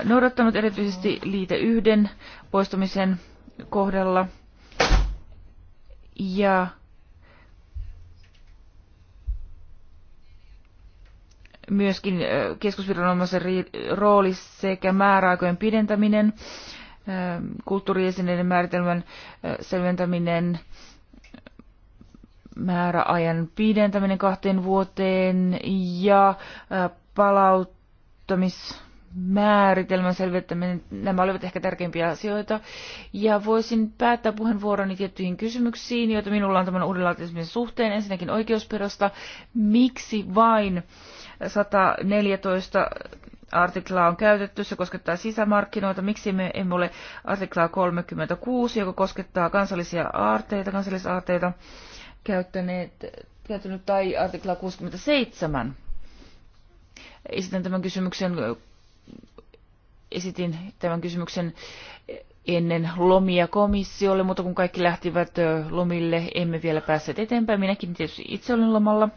noudattanut erityisesti liite yhden poistumisen kohdalla. Ja myöskin keskusviranomaisen rooli sekä määräaikojen pidentäminen, kulttuuriesineiden määritelmän selventäminen, määräajan pidentäminen kahteen vuoteen ja palauttamis määritelmän selvittäminen, nämä olivat ehkä tärkeimpiä asioita. Ja voisin päättää puheenvuoroni tiettyihin kysymyksiin, joita minulla on tämän uudenlaatimisen suhteen. Ensinnäkin oikeusperosta, miksi vain 114 artiklaa on käytetty, se koskettaa sisämarkkinoita, miksi me emme ole artiklaa 36, joka koskettaa kansallisia aarteita, kansallisaarteita käyttäneet, käyttänyt, tai artiklaa 67. Esitän tämän kysymyksen esitin tämän kysymyksen ennen lomia komissiolle, mutta kun kaikki lähtivät lomille, emme vielä päässeet eteenpäin. Minäkin tietysti itse olin lomalla.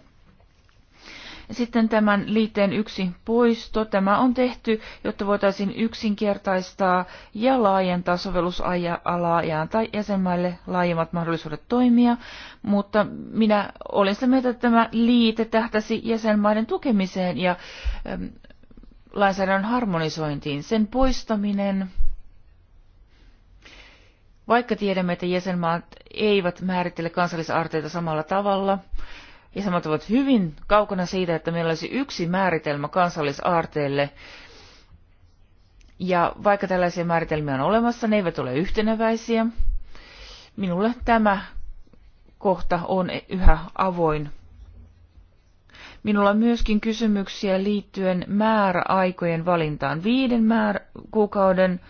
Sitten tämän liitteen yksi poisto. Tämä on tehty, jotta voitaisiin yksinkertaistaa ja laajentaa sovellusalaa ja antaa jäsenmaille laajemmat mahdollisuudet toimia, mutta minä olen sitä mieltä, että tämä liite tähtäsi jäsenmaiden tukemiseen ja lainsäädännön harmonisointiin. Sen poistaminen, vaikka tiedämme, että jäsenmaat eivät määrittele kansallisarteita samalla tavalla, jäsenmaat ovat hyvin kaukana siitä, että meillä olisi yksi määritelmä kansallisarteelle, ja vaikka tällaisia määritelmiä on olemassa, ne eivät ole yhteneväisiä. Minulle tämä kohta on yhä avoin Minulla on myöskin kysymyksiä liittyen määräaikojen valintaan. Viiden määrä, kuukauden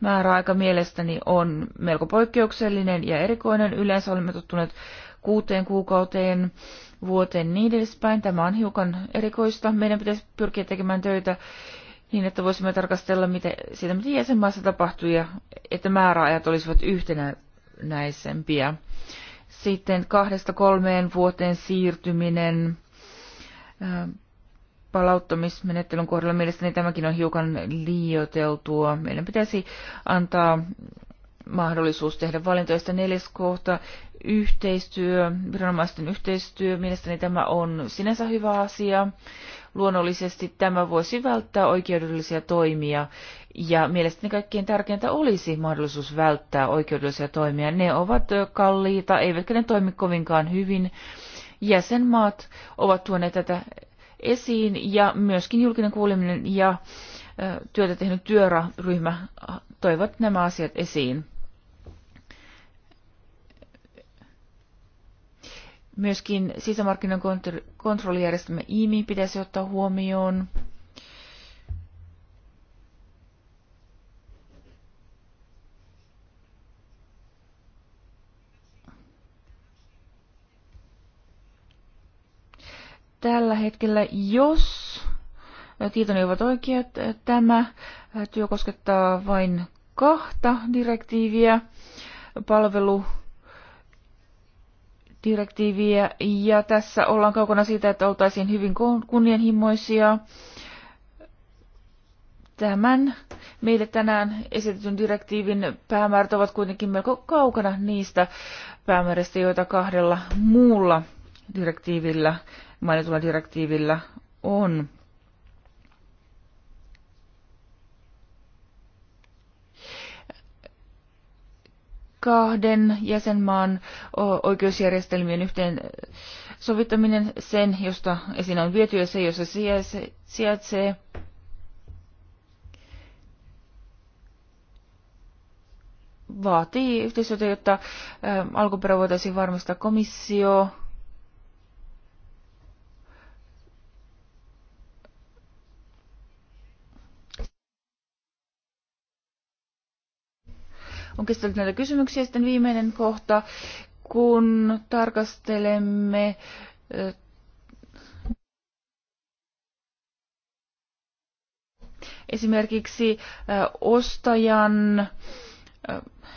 määräaika mielestäni on melko poikkeuksellinen ja erikoinen. Yleensä olemme tottuneet kuuteen kuukauteen, vuoteen niin edespäin. Tämä on hiukan erikoista. Meidän pitäisi pyrkiä tekemään töitä niin, että voisimme tarkastella mitä, sitä, mitä jäsenmaassa tapahtuu ja että määräajat olisivat yhtenäisempiä. Sitten kahdesta kolmeen vuoteen siirtyminen Äh, palauttamismenettelyn kohdalla mielestäni tämäkin on hiukan liioteltua. Meidän pitäisi antaa mahdollisuus tehdä valintoista neljäs kohta. Yhteistyö, viranomaisten yhteistyö, mielestäni tämä on sinänsä hyvä asia. Luonnollisesti tämä voisi välttää oikeudellisia toimia ja mielestäni kaikkein tärkeintä olisi mahdollisuus välttää oikeudellisia toimia. Ne ovat kalliita, eivätkä ne toimi kovinkaan hyvin jäsenmaat ovat tuoneet tätä esiin ja myöskin julkinen kuuleminen ja työtä tehnyt työryhmä toivat nämä asiat esiin. Myöskin sisämarkkinan kontrollijärjestelmä IMI pitäisi ottaa huomioon. tällä hetkellä, jos tietoni ovat oikeat, tämä työ koskettaa vain kahta direktiiviä, palvelu direktiiviä ja tässä ollaan kaukana siitä, että oltaisiin hyvin kunnianhimoisia. Tämän meille tänään esitetyn direktiivin päämäärät ovat kuitenkin melko kaukana niistä päämääristä, joita kahdella muulla direktiivillä mainitulla direktiivillä on. kahden jäsenmaan oikeusjärjestelmien yhteen sovittaminen sen, josta esinä on viety ja se, jossa sijaitsee. vaatii yhteistyötä, jotta alkuperä voitaisiin varmistaa komissio on käsitelty näitä kysymyksiä. Sitten viimeinen kohta, kun tarkastelemme eh, esimerkiksi eh, ostajan eh,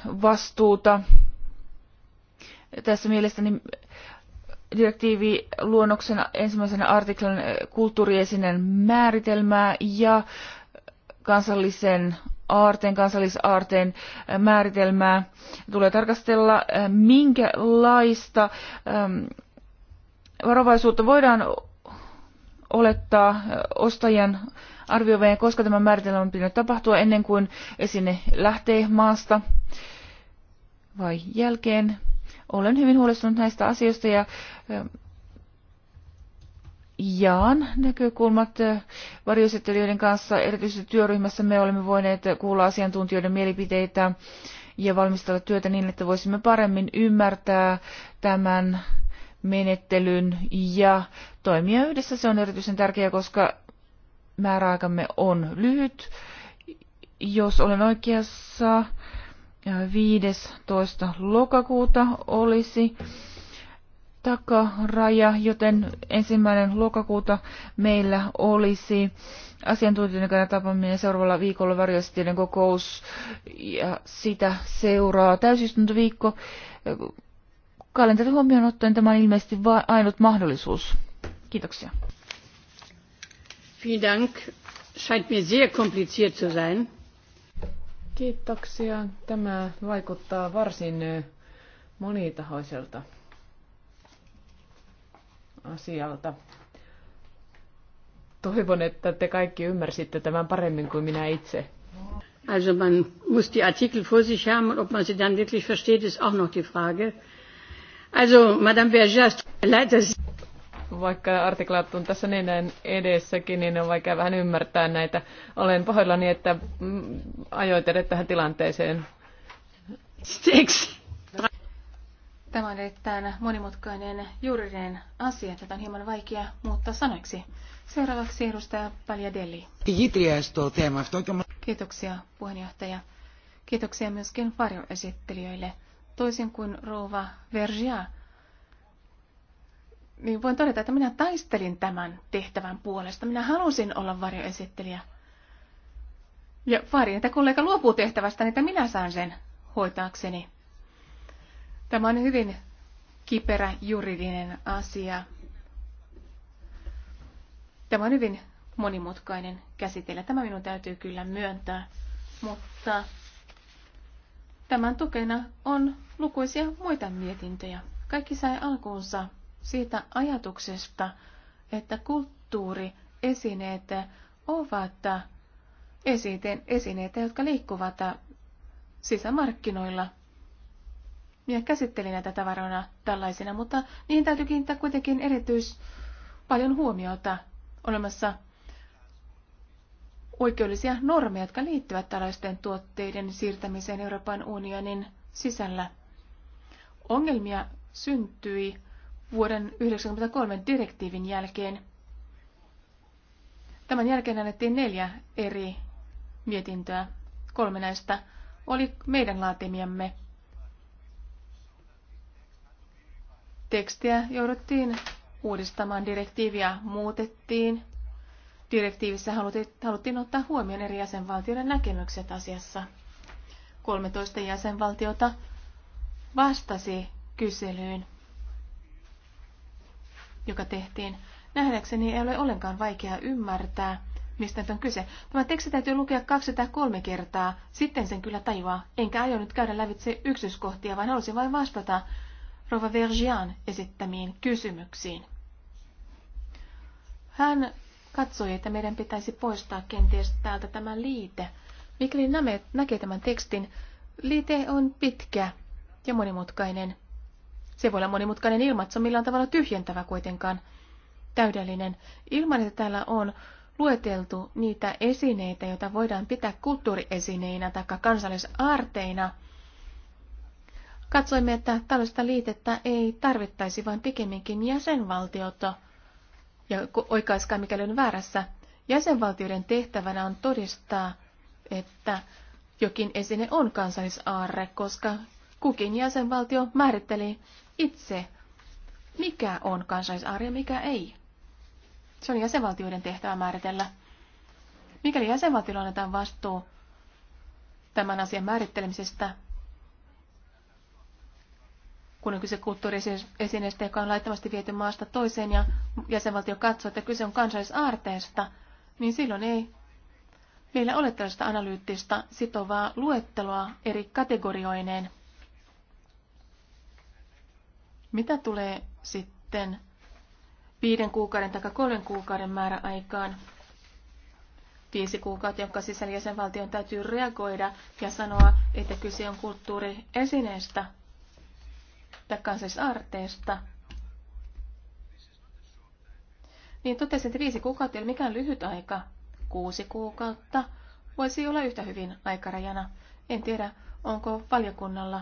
vastuuta. Tässä mielestäni direktiivi luonnoksen ensimmäisen artiklan kulttuuriesineen määritelmää ja kansallisen aarteen, kansallisaarteen äh, määritelmää. Tulee tarkastella, äh, minkälaista ähm, varovaisuutta voidaan olettaa äh, ostajan arvioiveen, koska tämä määritelmä on pitänyt tapahtua ennen kuin esine lähtee maasta vai jälkeen. Olen hyvin huolestunut näistä asioista ja ähm, jaan näkökulmat eh, varjoesittelijöiden kanssa. Erityisesti työryhmässä me olemme voineet kuulla asiantuntijoiden mielipiteitä ja valmistella työtä niin, että voisimme paremmin ymmärtää tämän menettelyn ja toimia yhdessä. Se on erityisen tärkeää, koska määräaikamme on lyhyt. Jos olen oikeassa, 15. Eh, lokakuuta olisi takaraja, joten ensimmäinen lokakuuta meillä olisi asiantuntijoiden kanssa tapaaminen seuraavalla viikolla varjoisteiden kokous ja sitä seuraa täysistuntoviikko. Kalenteri huomioon ottaen tämä on ilmeisesti ainut mahdollisuus. Kiitoksia. Vielen Dank. Scheint mir sehr kompliziert zu sein. Kiitoksia. Tämä vaikuttaa varsin monitahoiselta asialta. Toivon, että te kaikki ymmärsitte tämän paremmin kuin minä itse. Also man muss die Artikel vor sich haben und ob man sie dann wirklich versteht, ist auch noch die Frage. Also, Madame Berger, leid, dass vaikka artiklaat on tässä nenän niin edessäkin, niin on vaikea vähän ymmärtää näitä. Olen pahoillani, että mm, ajoin tähän tilanteeseen. Six. Tämä on erittäin monimutkainen juridinen asia. Tätä on hieman vaikea muuttaa sanoiksi. Seuraavaksi edustaja Deli. Kiitoksia puheenjohtaja. Kiitoksia myöskin varjoesittelijöille. Toisin kuin rouva Vergia, niin voin todeta, että minä taistelin tämän tehtävän puolesta. Minä halusin olla varjoesittelijä. Ja vaadin, että kollega luopuu tehtävästä, niin että minä saan sen hoitaakseni. Tämä on hyvin kiperä juridinen asia. Tämä on hyvin monimutkainen käsitellä. Tämä minun täytyy kyllä myöntää, mutta tämän tukena on lukuisia muita mietintöjä. Kaikki sai alkuunsa siitä ajatuksesta, että kulttuuriesineet ovat esineitä, jotka liikkuvat sisämarkkinoilla ja käsittelin näitä tavaroina tällaisina, mutta niihin täytyy kiinnittää kuitenkin erityis paljon huomiota olemassa oikeudellisia normeja, jotka liittyvät tällaisten tuotteiden siirtämiseen Euroopan unionin sisällä. Ongelmia syntyi vuoden 1993 direktiivin jälkeen. Tämän jälkeen annettiin neljä eri mietintöä. Kolme näistä oli meidän laatimiamme Tekstiä jouduttiin uudistamaan, direktiiviä muutettiin. Direktiivissä haluttiin ottaa huomioon eri jäsenvaltioiden näkemykset asiassa. 13 jäsenvaltiota vastasi kyselyyn, joka tehtiin. Nähdäkseni ei ole ollenkaan vaikea ymmärtää, mistä nyt on kyse. Tämä teksti täytyy lukea kaksi tai kolme kertaa, sitten sen kyllä tajuaa. Enkä aio nyt käydä lävitse yksityiskohtia, vaan halusin vain vastata Rova Vergian esittämiin kysymyksiin. Hän katsoi, että meidän pitäisi poistaa kenties täältä tämä liite. Mikäli näme, näkee tämän tekstin, liite on pitkä ja monimutkainen. Se voi olla monimutkainen ilman, että se on millään tavalla tyhjentävä kuitenkaan täydellinen. Ilman, että täällä on lueteltu niitä esineitä, joita voidaan pitää kulttuuriesineinä tai kansallisaarteina – Katsoimme, että tällaista liitettä ei tarvittaisi, vain pikemminkin jäsenvaltiota, ja oikaiskaa mikäli on väärässä, jäsenvaltioiden tehtävänä on todistaa, että jokin esine on kansallisaarre, koska kukin jäsenvaltio määritteli itse, mikä on kansallisaarre ja mikä ei. Se on jäsenvaltioiden tehtävä määritellä. Mikäli jäsenvaltiolla annetaan vastuu tämän asian määrittelemisestä, kun on kyse kulttuuriesineestä, joka on laittomasti viety maasta toiseen ja jäsenvaltio katsoo, että kyse on kansallisaarteesta, niin silloin ei meillä ole tällaista analyyttistä sitovaa luetteloa eri kategorioineen. Mitä tulee sitten viiden kuukauden tai kolmen kuukauden määräaikaan? Viisi kuukautta, jonka sisällä jäsenvaltion täytyy reagoida ja sanoa, että kyse on kulttuuriesineestä – tai arteesta. niin totesin, että viisi kuukautta ei ole mikään lyhyt aika. Kuusi kuukautta voisi olla yhtä hyvin aikarajana. En tiedä, onko valiokunnalla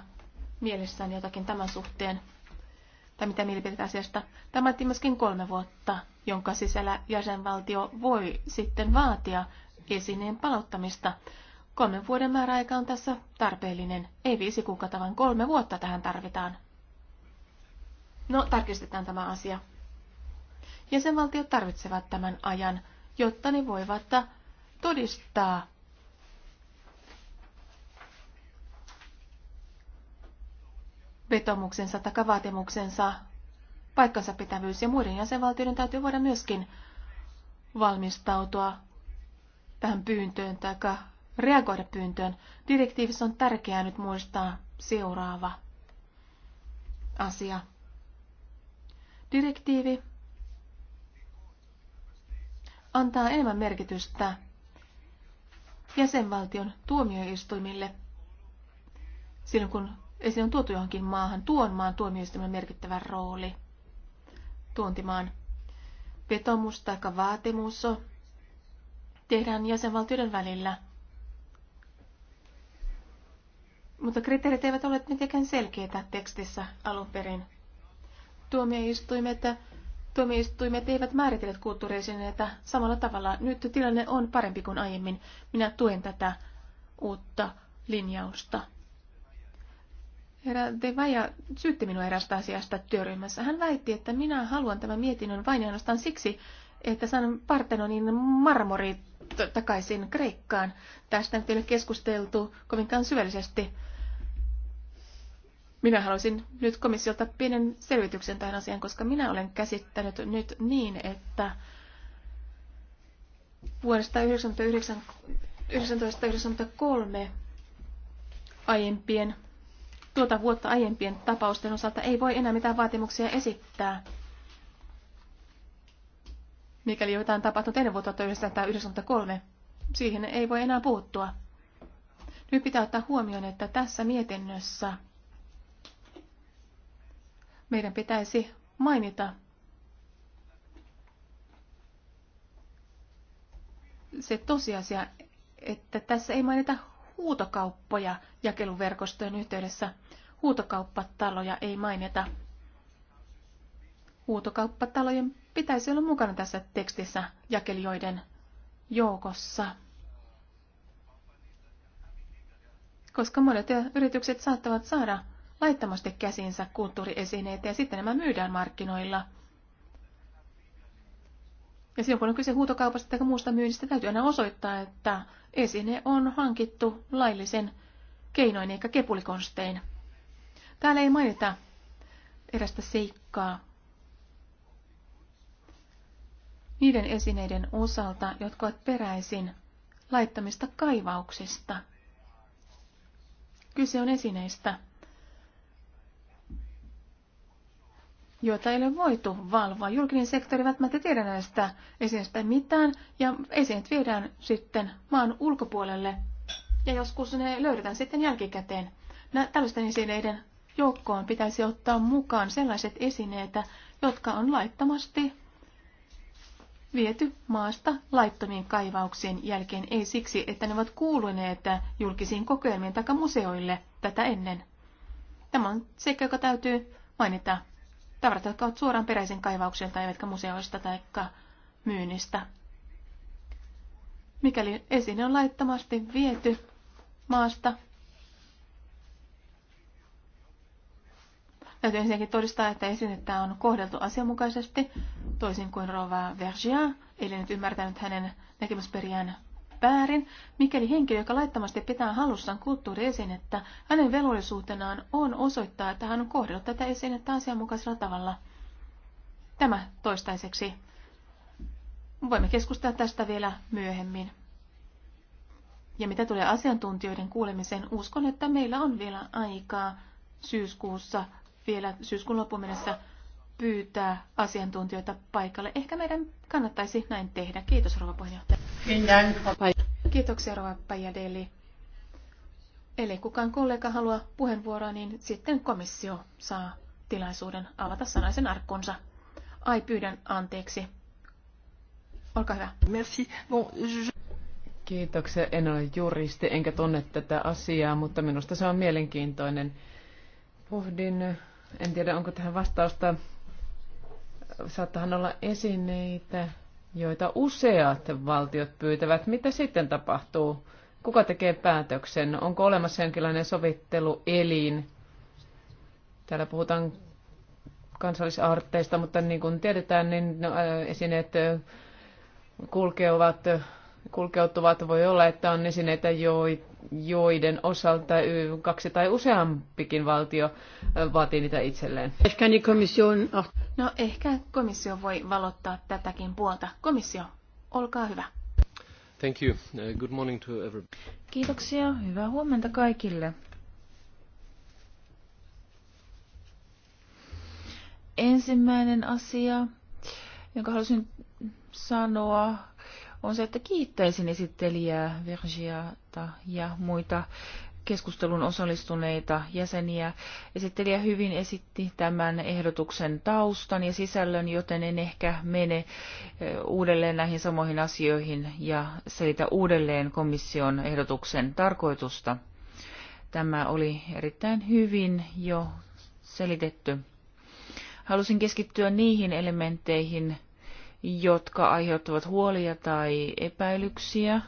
mielessään jotakin tämän suhteen, tai mitä mielipiteitä asiasta. Tämä otti myöskin kolme vuotta, jonka sisällä jäsenvaltio voi sitten vaatia esineen palauttamista. Kolmen vuoden määräaika on tässä tarpeellinen. Ei viisi kuukautta, vaan kolme vuotta tähän tarvitaan. No, tarkistetaan tämä asia. Jäsenvaltiot tarvitsevat tämän ajan, jotta ne voivat todistaa vetomuksensa tai vaatimuksensa paikkansa pitävyys ja muiden jäsenvaltioiden täytyy voida myöskin valmistautua tähän pyyntöön tai reagoida pyyntöön. Direktiivissä on tärkeää nyt muistaa seuraava asia. Direktiivi antaa enemmän merkitystä jäsenvaltion tuomioistuimille silloin, kun esiin on tuotu johonkin maahan tuon maan tuomioistuimen merkittävä rooli. Tuontimaan vetomus tai vaatimus tehdään jäsenvaltioiden välillä. Mutta kriteerit eivät ole mitenkään selkeitä tekstissä alun perin tuomioistuimet, tuomioistuimet eivät määritelleet kulttuuriesineitä samalla tavalla. Nyt tilanne on parempi kuin aiemmin. Minä tuen tätä uutta linjausta. Herra De Vaja syytti minua erästä asiasta työryhmässä. Hän väitti, että minä haluan tämän mietinnön vain ainoastaan siksi, että saan Partenonin marmorit takaisin Kreikkaan. Tästä nyt ei ole keskusteltu kovinkaan syvällisesti minä haluaisin nyt komissiolta pienen selvityksen tähän asiaan, koska minä olen käsittänyt nyt niin, että vuodesta 1993 aiempien, tuota vuotta aiempien tapausten osalta ei voi enää mitään vaatimuksia esittää. Mikäli jotain tapahtunut ennen vuotta 1993, siihen ei voi enää puuttua. Nyt pitää ottaa huomioon, että tässä mietinnössä meidän pitäisi mainita se tosiasia, että tässä ei mainita huutokauppoja jakeluverkostojen yhteydessä. Huutokauppataloja ei mainita. Huutokauppatalojen pitäisi olla mukana tässä tekstissä jakelijoiden joukossa. Koska monet yritykset saattavat saada laittomasti käsinsä kulttuuriesineitä ja sitten nämä myydään markkinoilla. Ja silloin kun on kyse huutokaupasta tai muusta myynnistä, täytyy aina osoittaa, että esine on hankittu laillisen keinoin eikä kepulikonstein. Täällä ei mainita erästä seikkaa niiden esineiden osalta, jotka ovat peräisin laittamista kaivauksista. Kyse on esineistä, joita ei ole voitu valvoa. Julkinen sektori välttämättä tiedä näistä esineistä mitään, ja esineet viedään sitten maan ulkopuolelle, ja joskus ne löydetään sitten jälkikäteen. Nä, tällaisten esineiden joukkoon pitäisi ottaa mukaan sellaiset esineet, jotka on laittomasti viety maasta laittomien kaivauksiin jälkeen, ei siksi, että ne ovat kuuluneet julkisiin kokoelmiin tai museoille tätä ennen. Tämä on seikka, joka täytyy mainita Tavarat, jotka ovat suoraan peräisen kaivauksen tai eivätkä museoista tai myynnistä. Mikäli esine on laittomasti viety maasta, Täytyy ensinnäkin todistaa, että esinettä on kohdeltu asianmukaisesti, toisin kuin Rova Vergia, eli nyt ymmärtänyt hänen näkemysperiään väärin, mikäli henkilö, joka laittomasti pitää halussaan kulttuuriesinettä, hänen velvollisuutenaan on osoittaa, että hän on kohdellut tätä esinettä asianmukaisella tavalla. Tämä toistaiseksi. Voimme keskustella tästä vielä myöhemmin. Ja mitä tulee asiantuntijoiden kuulemiseen, uskon, että meillä on vielä aikaa syyskuussa, vielä syyskuun loppuun mennessä pyytää asiantuntijoita paikalle. Ehkä meidän kannattaisi näin tehdä. Kiitos, rouva puheenjohtaja. Kiitoksia, rouva Päijädeli. Eli kukaan kollega haluaa puheenvuoroa, niin sitten komissio saa tilaisuuden avata sanaisen arkkunsa. Ai, pyydän anteeksi. Olkaa hyvä. Merci. Bon, je... Kiitoksia. En ole juristi enkä tunne tätä asiaa, mutta minusta se on mielenkiintoinen. Pohdin, en tiedä onko tähän vastausta saattahan olla esineitä, joita useat valtiot pyytävät. Mitä sitten tapahtuu? Kuka tekee päätöksen? Onko olemassa jonkinlainen sovitteluelin? Täällä puhutaan kansallisarteista, mutta niin kuin tiedetään, niin no, esineet kulkeutuvat. Voi olla, että on esineitä, joiden osalta kaksi tai useampikin valtio vaatii niitä itselleen. Niin no ehkä komissio voi valottaa tätäkin puolta. Komissio, olkaa hyvä. Thank you. Uh, good morning to everybody. Kiitoksia. Hyvää huomenta kaikille. Ensimmäinen asia, jonka halusin sanoa, on se, että kiittäisin esittelijää Virgia Karimasta ja muita keskustelun osallistuneita jäseniä. Esittelijä hyvin esitti tämän ehdotuksen taustan ja sisällön, joten en ehkä mene uudelleen näihin samoihin asioihin ja selitä uudelleen komission ehdotuksen tarkoitusta. Tämä oli erittäin hyvin jo selitetty. Halusin keskittyä niihin elementteihin, jotka aiheuttavat huolia tai epäilyksiä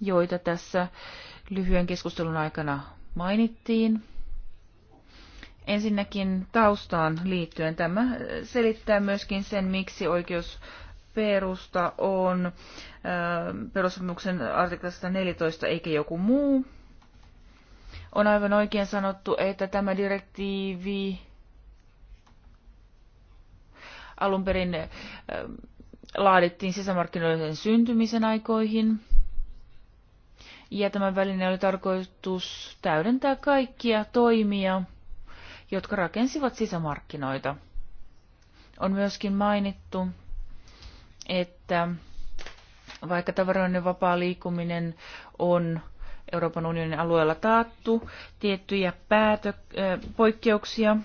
joita tässä lyhyen keskustelun aikana mainittiin. Ensinnäkin taustaan liittyen tämä selittää myöskin sen, miksi oikeusperusta on äh, perussopimuksen artiklasta 14 eikä joku muu. On aivan oikein sanottu, että tämä direktiivi alun perin äh, laadittiin sisämarkkinoiden syntymisen aikoihin – ja tämä väline oli tarkoitus täydentää kaikkia toimia, jotka rakensivat sisämarkkinoita. On myöskin mainittu, että vaikka tavaroiden vapaa liikkuminen on Euroopan unionin alueella taattu, tiettyjä päätö, poikkeuksia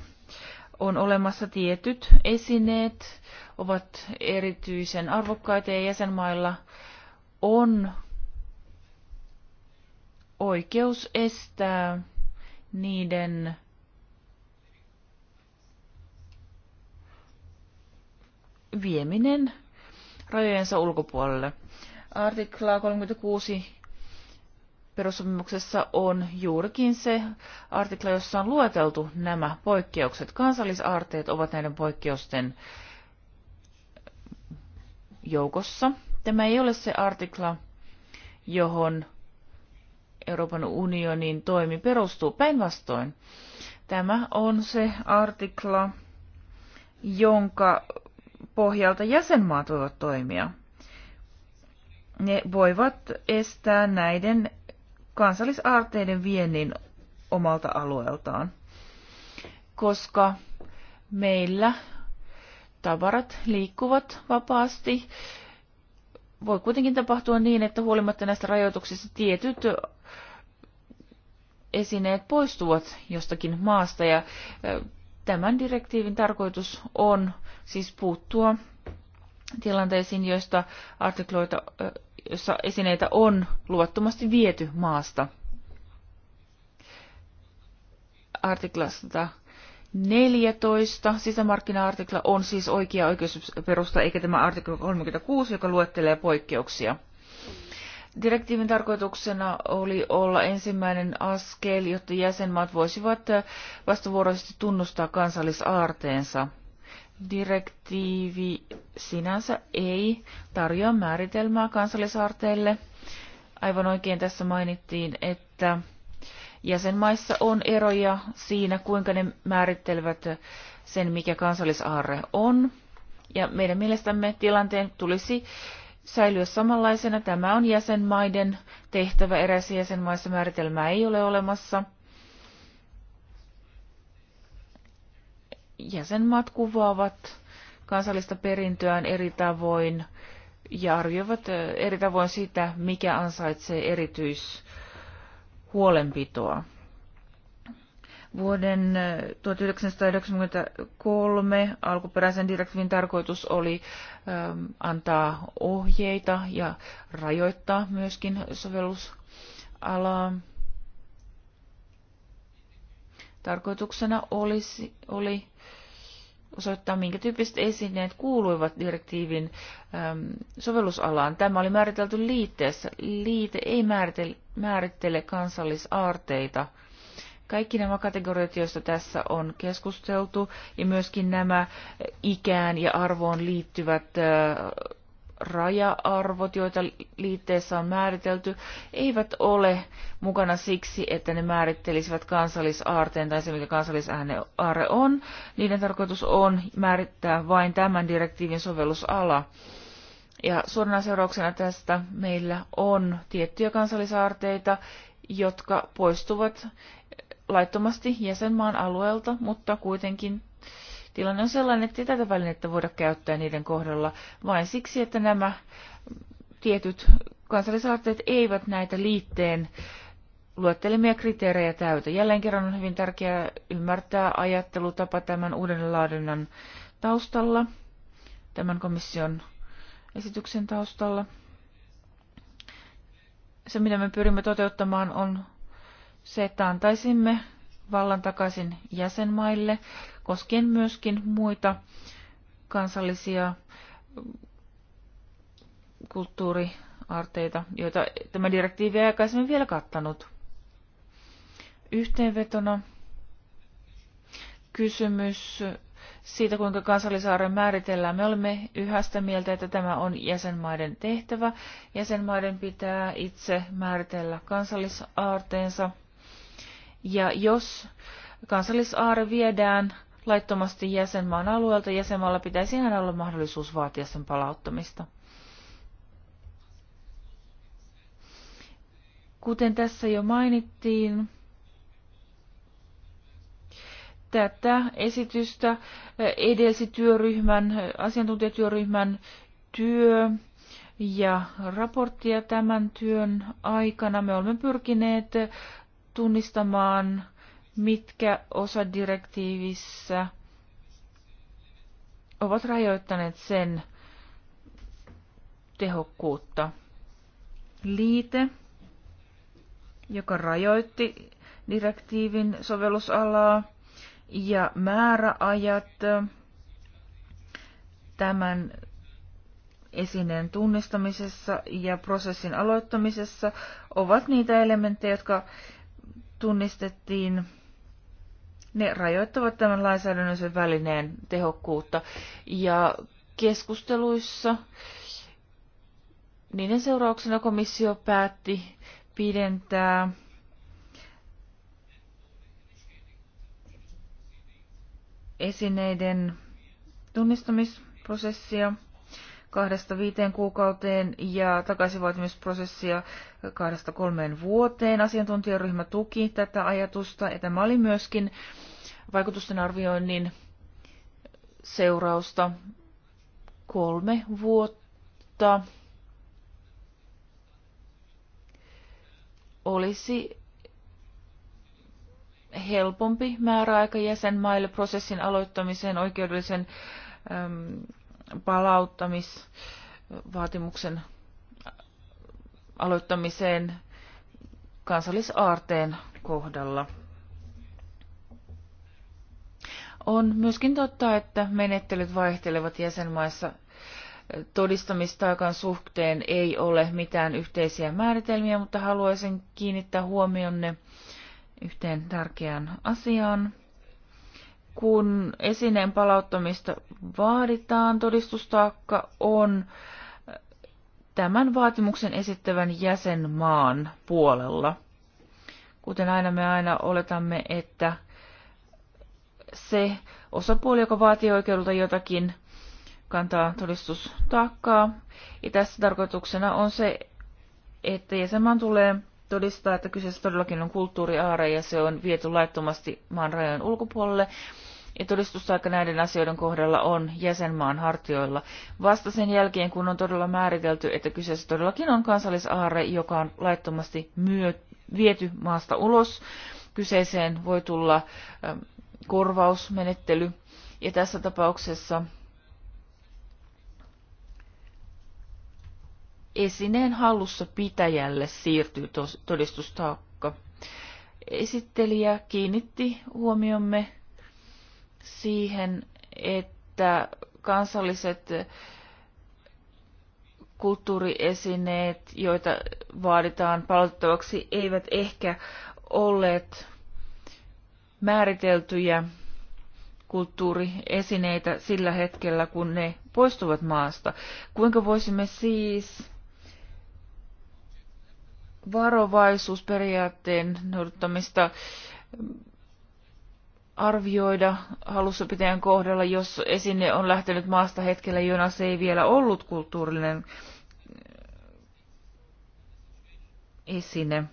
on olemassa tietyt esineet, ovat erityisen arvokkaita ja jäsenmailla on oikeus estää niiden vieminen rajojensa ulkopuolelle. Artikla 36 perussopimuksessa on juurikin se artikla, jossa on lueteltu nämä poikkeukset. Kansallisaarteet ovat näiden poikkeusten joukossa. Tämä ei ole se artikla, johon Euroopan unionin toimi perustuu. Päinvastoin tämä on se artikla, jonka pohjalta jäsenmaat voivat toimia. Ne voivat estää näiden kansallisaarteiden viennin omalta alueeltaan, koska meillä tavarat liikkuvat vapaasti. Voi kuitenkin tapahtua niin, että huolimatta näistä rajoituksista tietyt esineet poistuvat jostakin maasta ja tämän direktiivin tarkoitus on siis puuttua tilanteisiin, joista artikloita, joissa esineitä on luvattomasti viety maasta. Artikla 14 sisämarkkina-artikla on siis oikea oikeusperusta, eikä tämä artikla 36, joka luettelee poikkeuksia. Direktiivin tarkoituksena oli olla ensimmäinen askel, jotta jäsenmaat voisivat äh, vastavuoroisesti tunnustaa kansallisaarteensa. Direktiivi sinänsä ei tarjoa määritelmää kansallisaarteille. Aivan oikein tässä mainittiin, että jäsenmaissa on eroja siinä, kuinka ne määrittelevät sen, mikä kansallisaarre on. Ja meidän mielestämme tilanteen tulisi säilyä samanlaisena. Tämä on jäsenmaiden tehtävä. eräs jäsenmaissa määritelmää ei ole olemassa. Jäsenmaat kuvaavat kansallista perintöään eri tavoin ja arvioivat eri tavoin sitä, mikä ansaitsee erityishuolenpitoa. Vuoden 1993 alkuperäisen direktiivin tarkoitus oli antaa ohjeita ja rajoittaa myöskin sovellusalaa. Tarkoituksena olisi, oli osoittaa, minkä tyyppiset esineet kuuluivat direktiivin äm, sovellusalaan. Tämä oli määritelty liitteessä. Liite ei määrittele, määrittele kansallisaarteita. Kaikki nämä kategoriat, joista tässä on keskusteltu, ja myöskin nämä ikään ja arvoon liittyvät raja-arvot, joita liitteessä on määritelty, eivät ole mukana siksi, että ne määrittelisivät kansallisaarteen tai se, mikä kansallisaare on. Niiden tarkoitus on määrittää vain tämän direktiivin sovellusala. Ja suorana seurauksena tästä meillä on tiettyjä kansallisaarteita, jotka poistuvat laittomasti jäsenmaan alueelta, mutta kuitenkin tilanne on sellainen, että tätä välinettä voida käyttää niiden kohdalla vain siksi, että nämä tietyt kansallisaarteet eivät näitä liitteen luettelemia kriteerejä täytä. Jälleen kerran on hyvin tärkeää ymmärtää ajattelutapa tämän uuden laadinnan taustalla, tämän komission esityksen taustalla. Se, mitä me pyrimme toteuttamaan, on se, että antaisimme vallan takaisin jäsenmaille, koskien myöskin muita kansallisia kulttuuriarteita, joita tämä direktiivi ei aikaisemmin vielä kattanut. Yhteenvetona kysymys siitä, kuinka kansallisaaren määritellään. Me olemme yhä sitä mieltä, että tämä on jäsenmaiden tehtävä. Jäsenmaiden pitää itse määritellä kansallisaarteensa – ja jos kansallisaare viedään laittomasti jäsenmaan alueelta, jäsenmaalla pitäisi aina olla mahdollisuus vaatia sen palauttamista. Kuten tässä jo mainittiin, tätä esitystä edelsi työryhmän, asiantuntijatyöryhmän työ ja raporttia tämän työn aikana. Me olemme pyrkineet tunnistamaan, mitkä osa direktiivissä ovat rajoittaneet sen tehokkuutta. Liite, joka rajoitti direktiivin sovellusalaa ja määräajat tämän esineen tunnistamisessa ja prosessin aloittamisessa ovat niitä elementtejä, jotka tunnistettiin, ne rajoittavat tämän lainsäädännöllisen välineen tehokkuutta. Ja keskusteluissa niiden seurauksena komissio päätti pidentää esineiden tunnistamisprosessia – kahdesta viiteen kuukauteen ja takaisinvaatimisprosessia kahdesta kolmeen vuoteen. Asiantuntijaryhmä tuki tätä ajatusta ja tämä oli myöskin vaikutusten arvioinnin seurausta kolme vuotta. Olisi helpompi määräaika jäsenmaille prosessin aloittamiseen oikeudellisen äm, palauttamisvaatimuksen aloittamiseen kansallisaarteen kohdalla. On myöskin totta, että menettelyt vaihtelevat jäsenmaissa. Todistamistaakan suhteen ei ole mitään yhteisiä määritelmiä, mutta haluaisin kiinnittää huomionne yhteen tärkeään asiaan kun esineen palauttamista vaaditaan, todistustaakka on tämän vaatimuksen esittävän jäsenmaan puolella. Kuten aina me aina oletamme, että se osapuoli, joka vaatii oikeudelta jotakin, kantaa todistustaakkaa. Ja tässä tarkoituksena on se, että jäsenmaan tulee todistaa, että kyseessä todellakin on kulttuuriaare ja se on viety laittomasti maan rajojen ulkopuolelle ja todistusaika näiden asioiden kohdalla on jäsenmaan hartioilla. Vasta sen jälkeen, kun on todella määritelty, että kyseessä todellakin on kansallisaare, joka on laittomasti myö- viety maasta ulos, kyseeseen voi tulla ähm, korvausmenettely. Ja tässä tapauksessa esineen hallussa pitäjälle siirtyy todistustaakka. Esittelijä kiinnitti huomiomme siihen, että kansalliset kulttuuriesineet, joita vaaditaan palautettavaksi, eivät ehkä olleet määriteltyjä kulttuuriesineitä sillä hetkellä, kun ne poistuvat maasta. Kuinka voisimme siis varovaisuusperiaatteen noudattamista arvioida halussapitäjän kohdalla, jos esine on lähtenyt maasta hetkellä, jona se ei vielä ollut kulttuurinen äh, esine.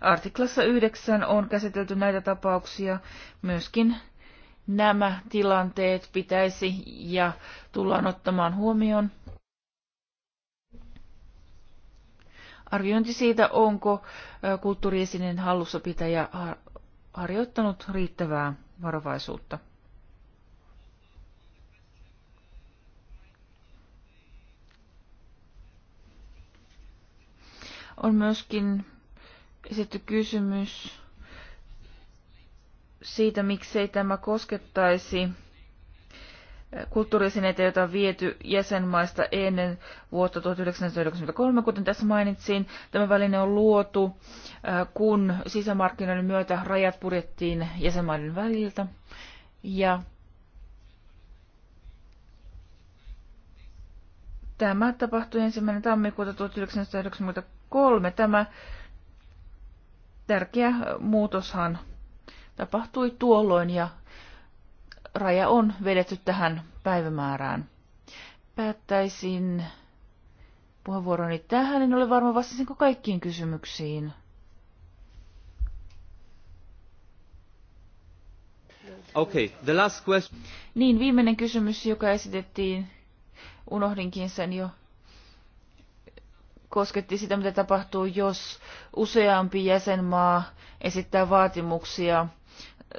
Artiklassa 9 on käsitelty näitä tapauksia. Myöskin nämä tilanteet pitäisi ja tullaan ottamaan huomioon. Arviointi siitä, onko äh, kulttuuriesineen hallussapitäjä harjoittanut riittävää varovaisuutta. On myöskin esitetty kysymys siitä, miksei tämä koskettaisi kulttuurisineitä, joita on viety jäsenmaista ennen vuotta 1993, kuten tässä mainitsin. Tämä väline on luotu, äh, kun sisämarkkinoiden myötä rajat purjettiin jäsenmaiden väliltä. Ja tämä tapahtui ensimmäinen tammikuuta 1993. Tämä tärkeä muutoshan tapahtui tuolloin ja raja on vedetty tähän päivämäärään. Päättäisin puheenvuoroni tähän, en ole varma vastasinko kaikkiin kysymyksiin. Okay, the last question. Niin, viimeinen kysymys, joka esitettiin, unohdinkin sen jo, kosketti sitä, mitä tapahtuu, jos useampi jäsenmaa esittää vaatimuksia –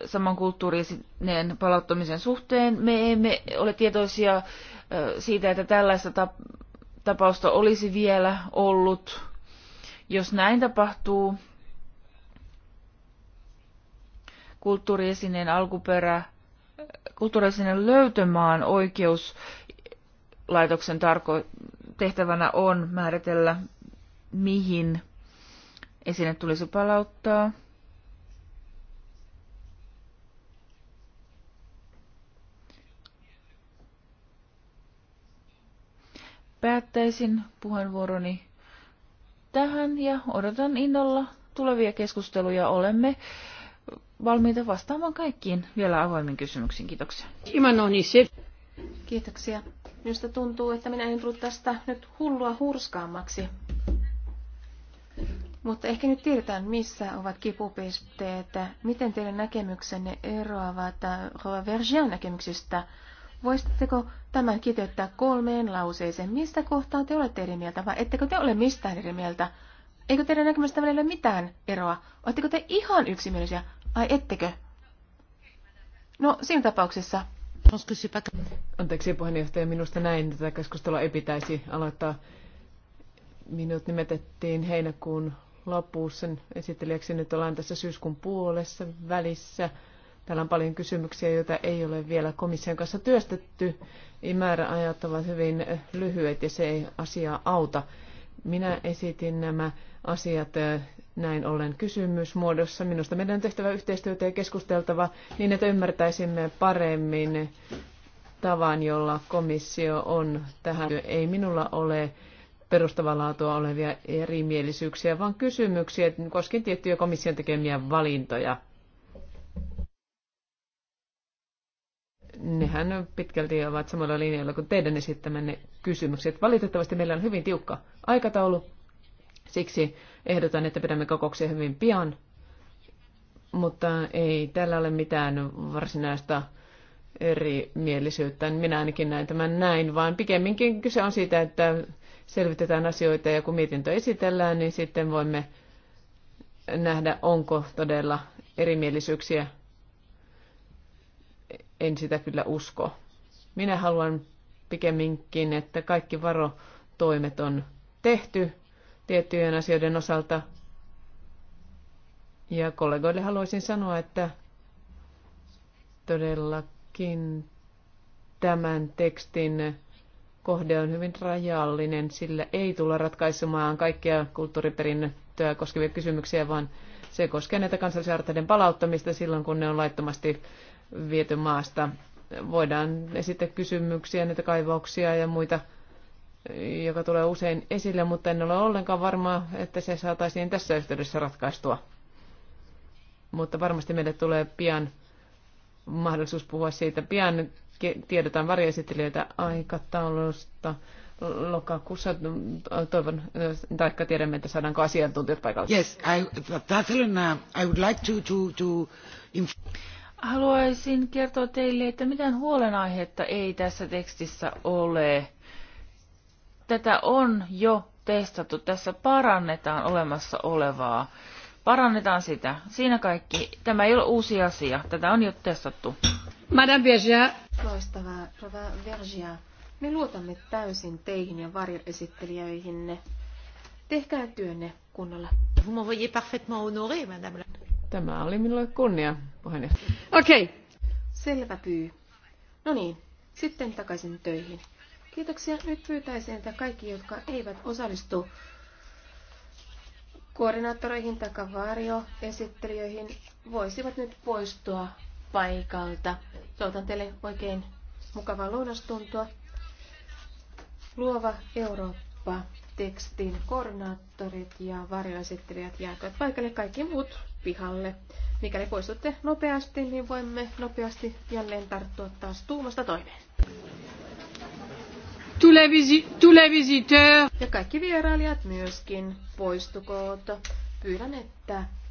samankulttuurisen palauttamisen suhteen. Me emme ole tietoisia siitä, että tällaista tapausta olisi vielä ollut. Jos näin tapahtuu, kulttuuriesineen alkuperä, kulttuuriesineen löytömaan oikeuslaitoksen tarko- tehtävänä on määritellä, mihin esine tulisi palauttaa. päättäisin puheenvuoroni tähän ja odotan innolla tulevia keskusteluja. Olemme valmiita vastaamaan kaikkiin vielä avoimin kysymyksiin. Kiitoksia. Kiitoksia. Minusta tuntuu, että minä en tullut tästä nyt hullua hurskaammaksi. Mutta ehkä nyt tiedetään, missä ovat kipupisteet, miten teidän näkemyksenne eroavat äh, Rova Vergian näkemyksistä Voisitteko tämän kiteyttää kolmeen lauseeseen? Mistä kohtaa te olette eri mieltä vai ettekö te ole mistään eri mieltä? Eikö teidän näkemystä välillä mitään eroa? Oletteko te ihan yksimielisiä? vai ettekö? No, siinä tapauksessa. Anteeksi puheenjohtaja, minusta näin tätä keskustelua ei pitäisi aloittaa. Minut nimetettiin heinäkuun lopussa esittelijäksi. Nyt ollaan tässä syyskuun puolessa välissä. Täällä on paljon kysymyksiä, joita ei ole vielä komission kanssa työstetty. Niin määräajat ovat hyvin lyhyet ja se ei asiaa auta. Minä esitin nämä asiat näin ollen kysymysmuodossa. Minusta meidän on tehtävä yhteistyötä ja keskusteltava niin, että ymmärtäisimme paremmin tavan, jolla komissio on tähän. Ei minulla ole perustavanlaatua olevia erimielisyyksiä, vaan kysymyksiä koskien tiettyjä komission tekemiä valintoja. nehän pitkälti ovat samalla linjalla kuin teidän esittämänne kysymykset. Valitettavasti meillä on hyvin tiukka aikataulu, siksi ehdotan, että pidämme kokouksia hyvin pian, mutta ei tällä ole mitään varsinaista erimielisyyttä. Minä ainakin näin tämän näin, vaan pikemminkin kyse on siitä, että selvitetään asioita ja kun mietintö esitellään, niin sitten voimme nähdä, onko todella erimielisyyksiä en sitä kyllä usko. Minä haluan pikemminkin, että kaikki varotoimet on tehty tiettyjen asioiden osalta. Ja kollegoille haluaisin sanoa, että todellakin tämän tekstin kohde on hyvin rajallinen, sillä ei tulla ratkaisemaan kaikkia kulttuuriperintöä, koskevia kysymyksiä, vaan se koskee näitä kansallisen palauttamista silloin, kun ne on laittomasti viety maasta. Voidaan esittää kysymyksiä, näitä kaivauksia ja muita, joka tulee usein esille, mutta en ole ollenkaan varma, että se saataisiin tässä yhteydessä ratkaistua. Mutta varmasti meille tulee pian mahdollisuus puhua siitä. Pian tiedetään varjoesittelijöitä aikataulusta lokakuussa. Toivon, taikka tiedämme, että saadaanko asiantuntijat paikalle. Yes, I, uh, I would like to, to, to... Haluaisin kertoa teille, että mitään huolenaihetta ei tässä tekstissä ole. Tätä on jo testattu. Tässä parannetaan olemassa olevaa. Parannetaan sitä. Siinä kaikki. Tämä ei ole uusi asia. Tätä on jo testattu. Madame Berger. Loistavaa, Rova Vergia. Me luotamme täysin teihin ja varjoesittelijöihinne. Tehkää työnne kunnolla. Vous m'envoyez parfaitement honoré, madame. Tämä oli minulle kunnia puheenjohtaja. Okei. Okay. Selvä pyy. No niin, sitten takaisin töihin. Kiitoksia. Nyt pyytäisin, että kaikki, jotka eivät osallistu koordinaattoreihin tai varjoesittelijöihin, voisivat nyt poistua paikalta. Toivotan teille oikein mukavaa lounastuntoa. Luova Eurooppa tekstin koordinaattorit ja varjoesittelijät jääkööt paikalle. Kaikki muut pihalle. Mikäli poistutte nopeasti, niin voimme nopeasti jälleen tarttua taas tuumasta toimeen. Ja kaikki vierailijat myöskin poistukoota. Pyydän, että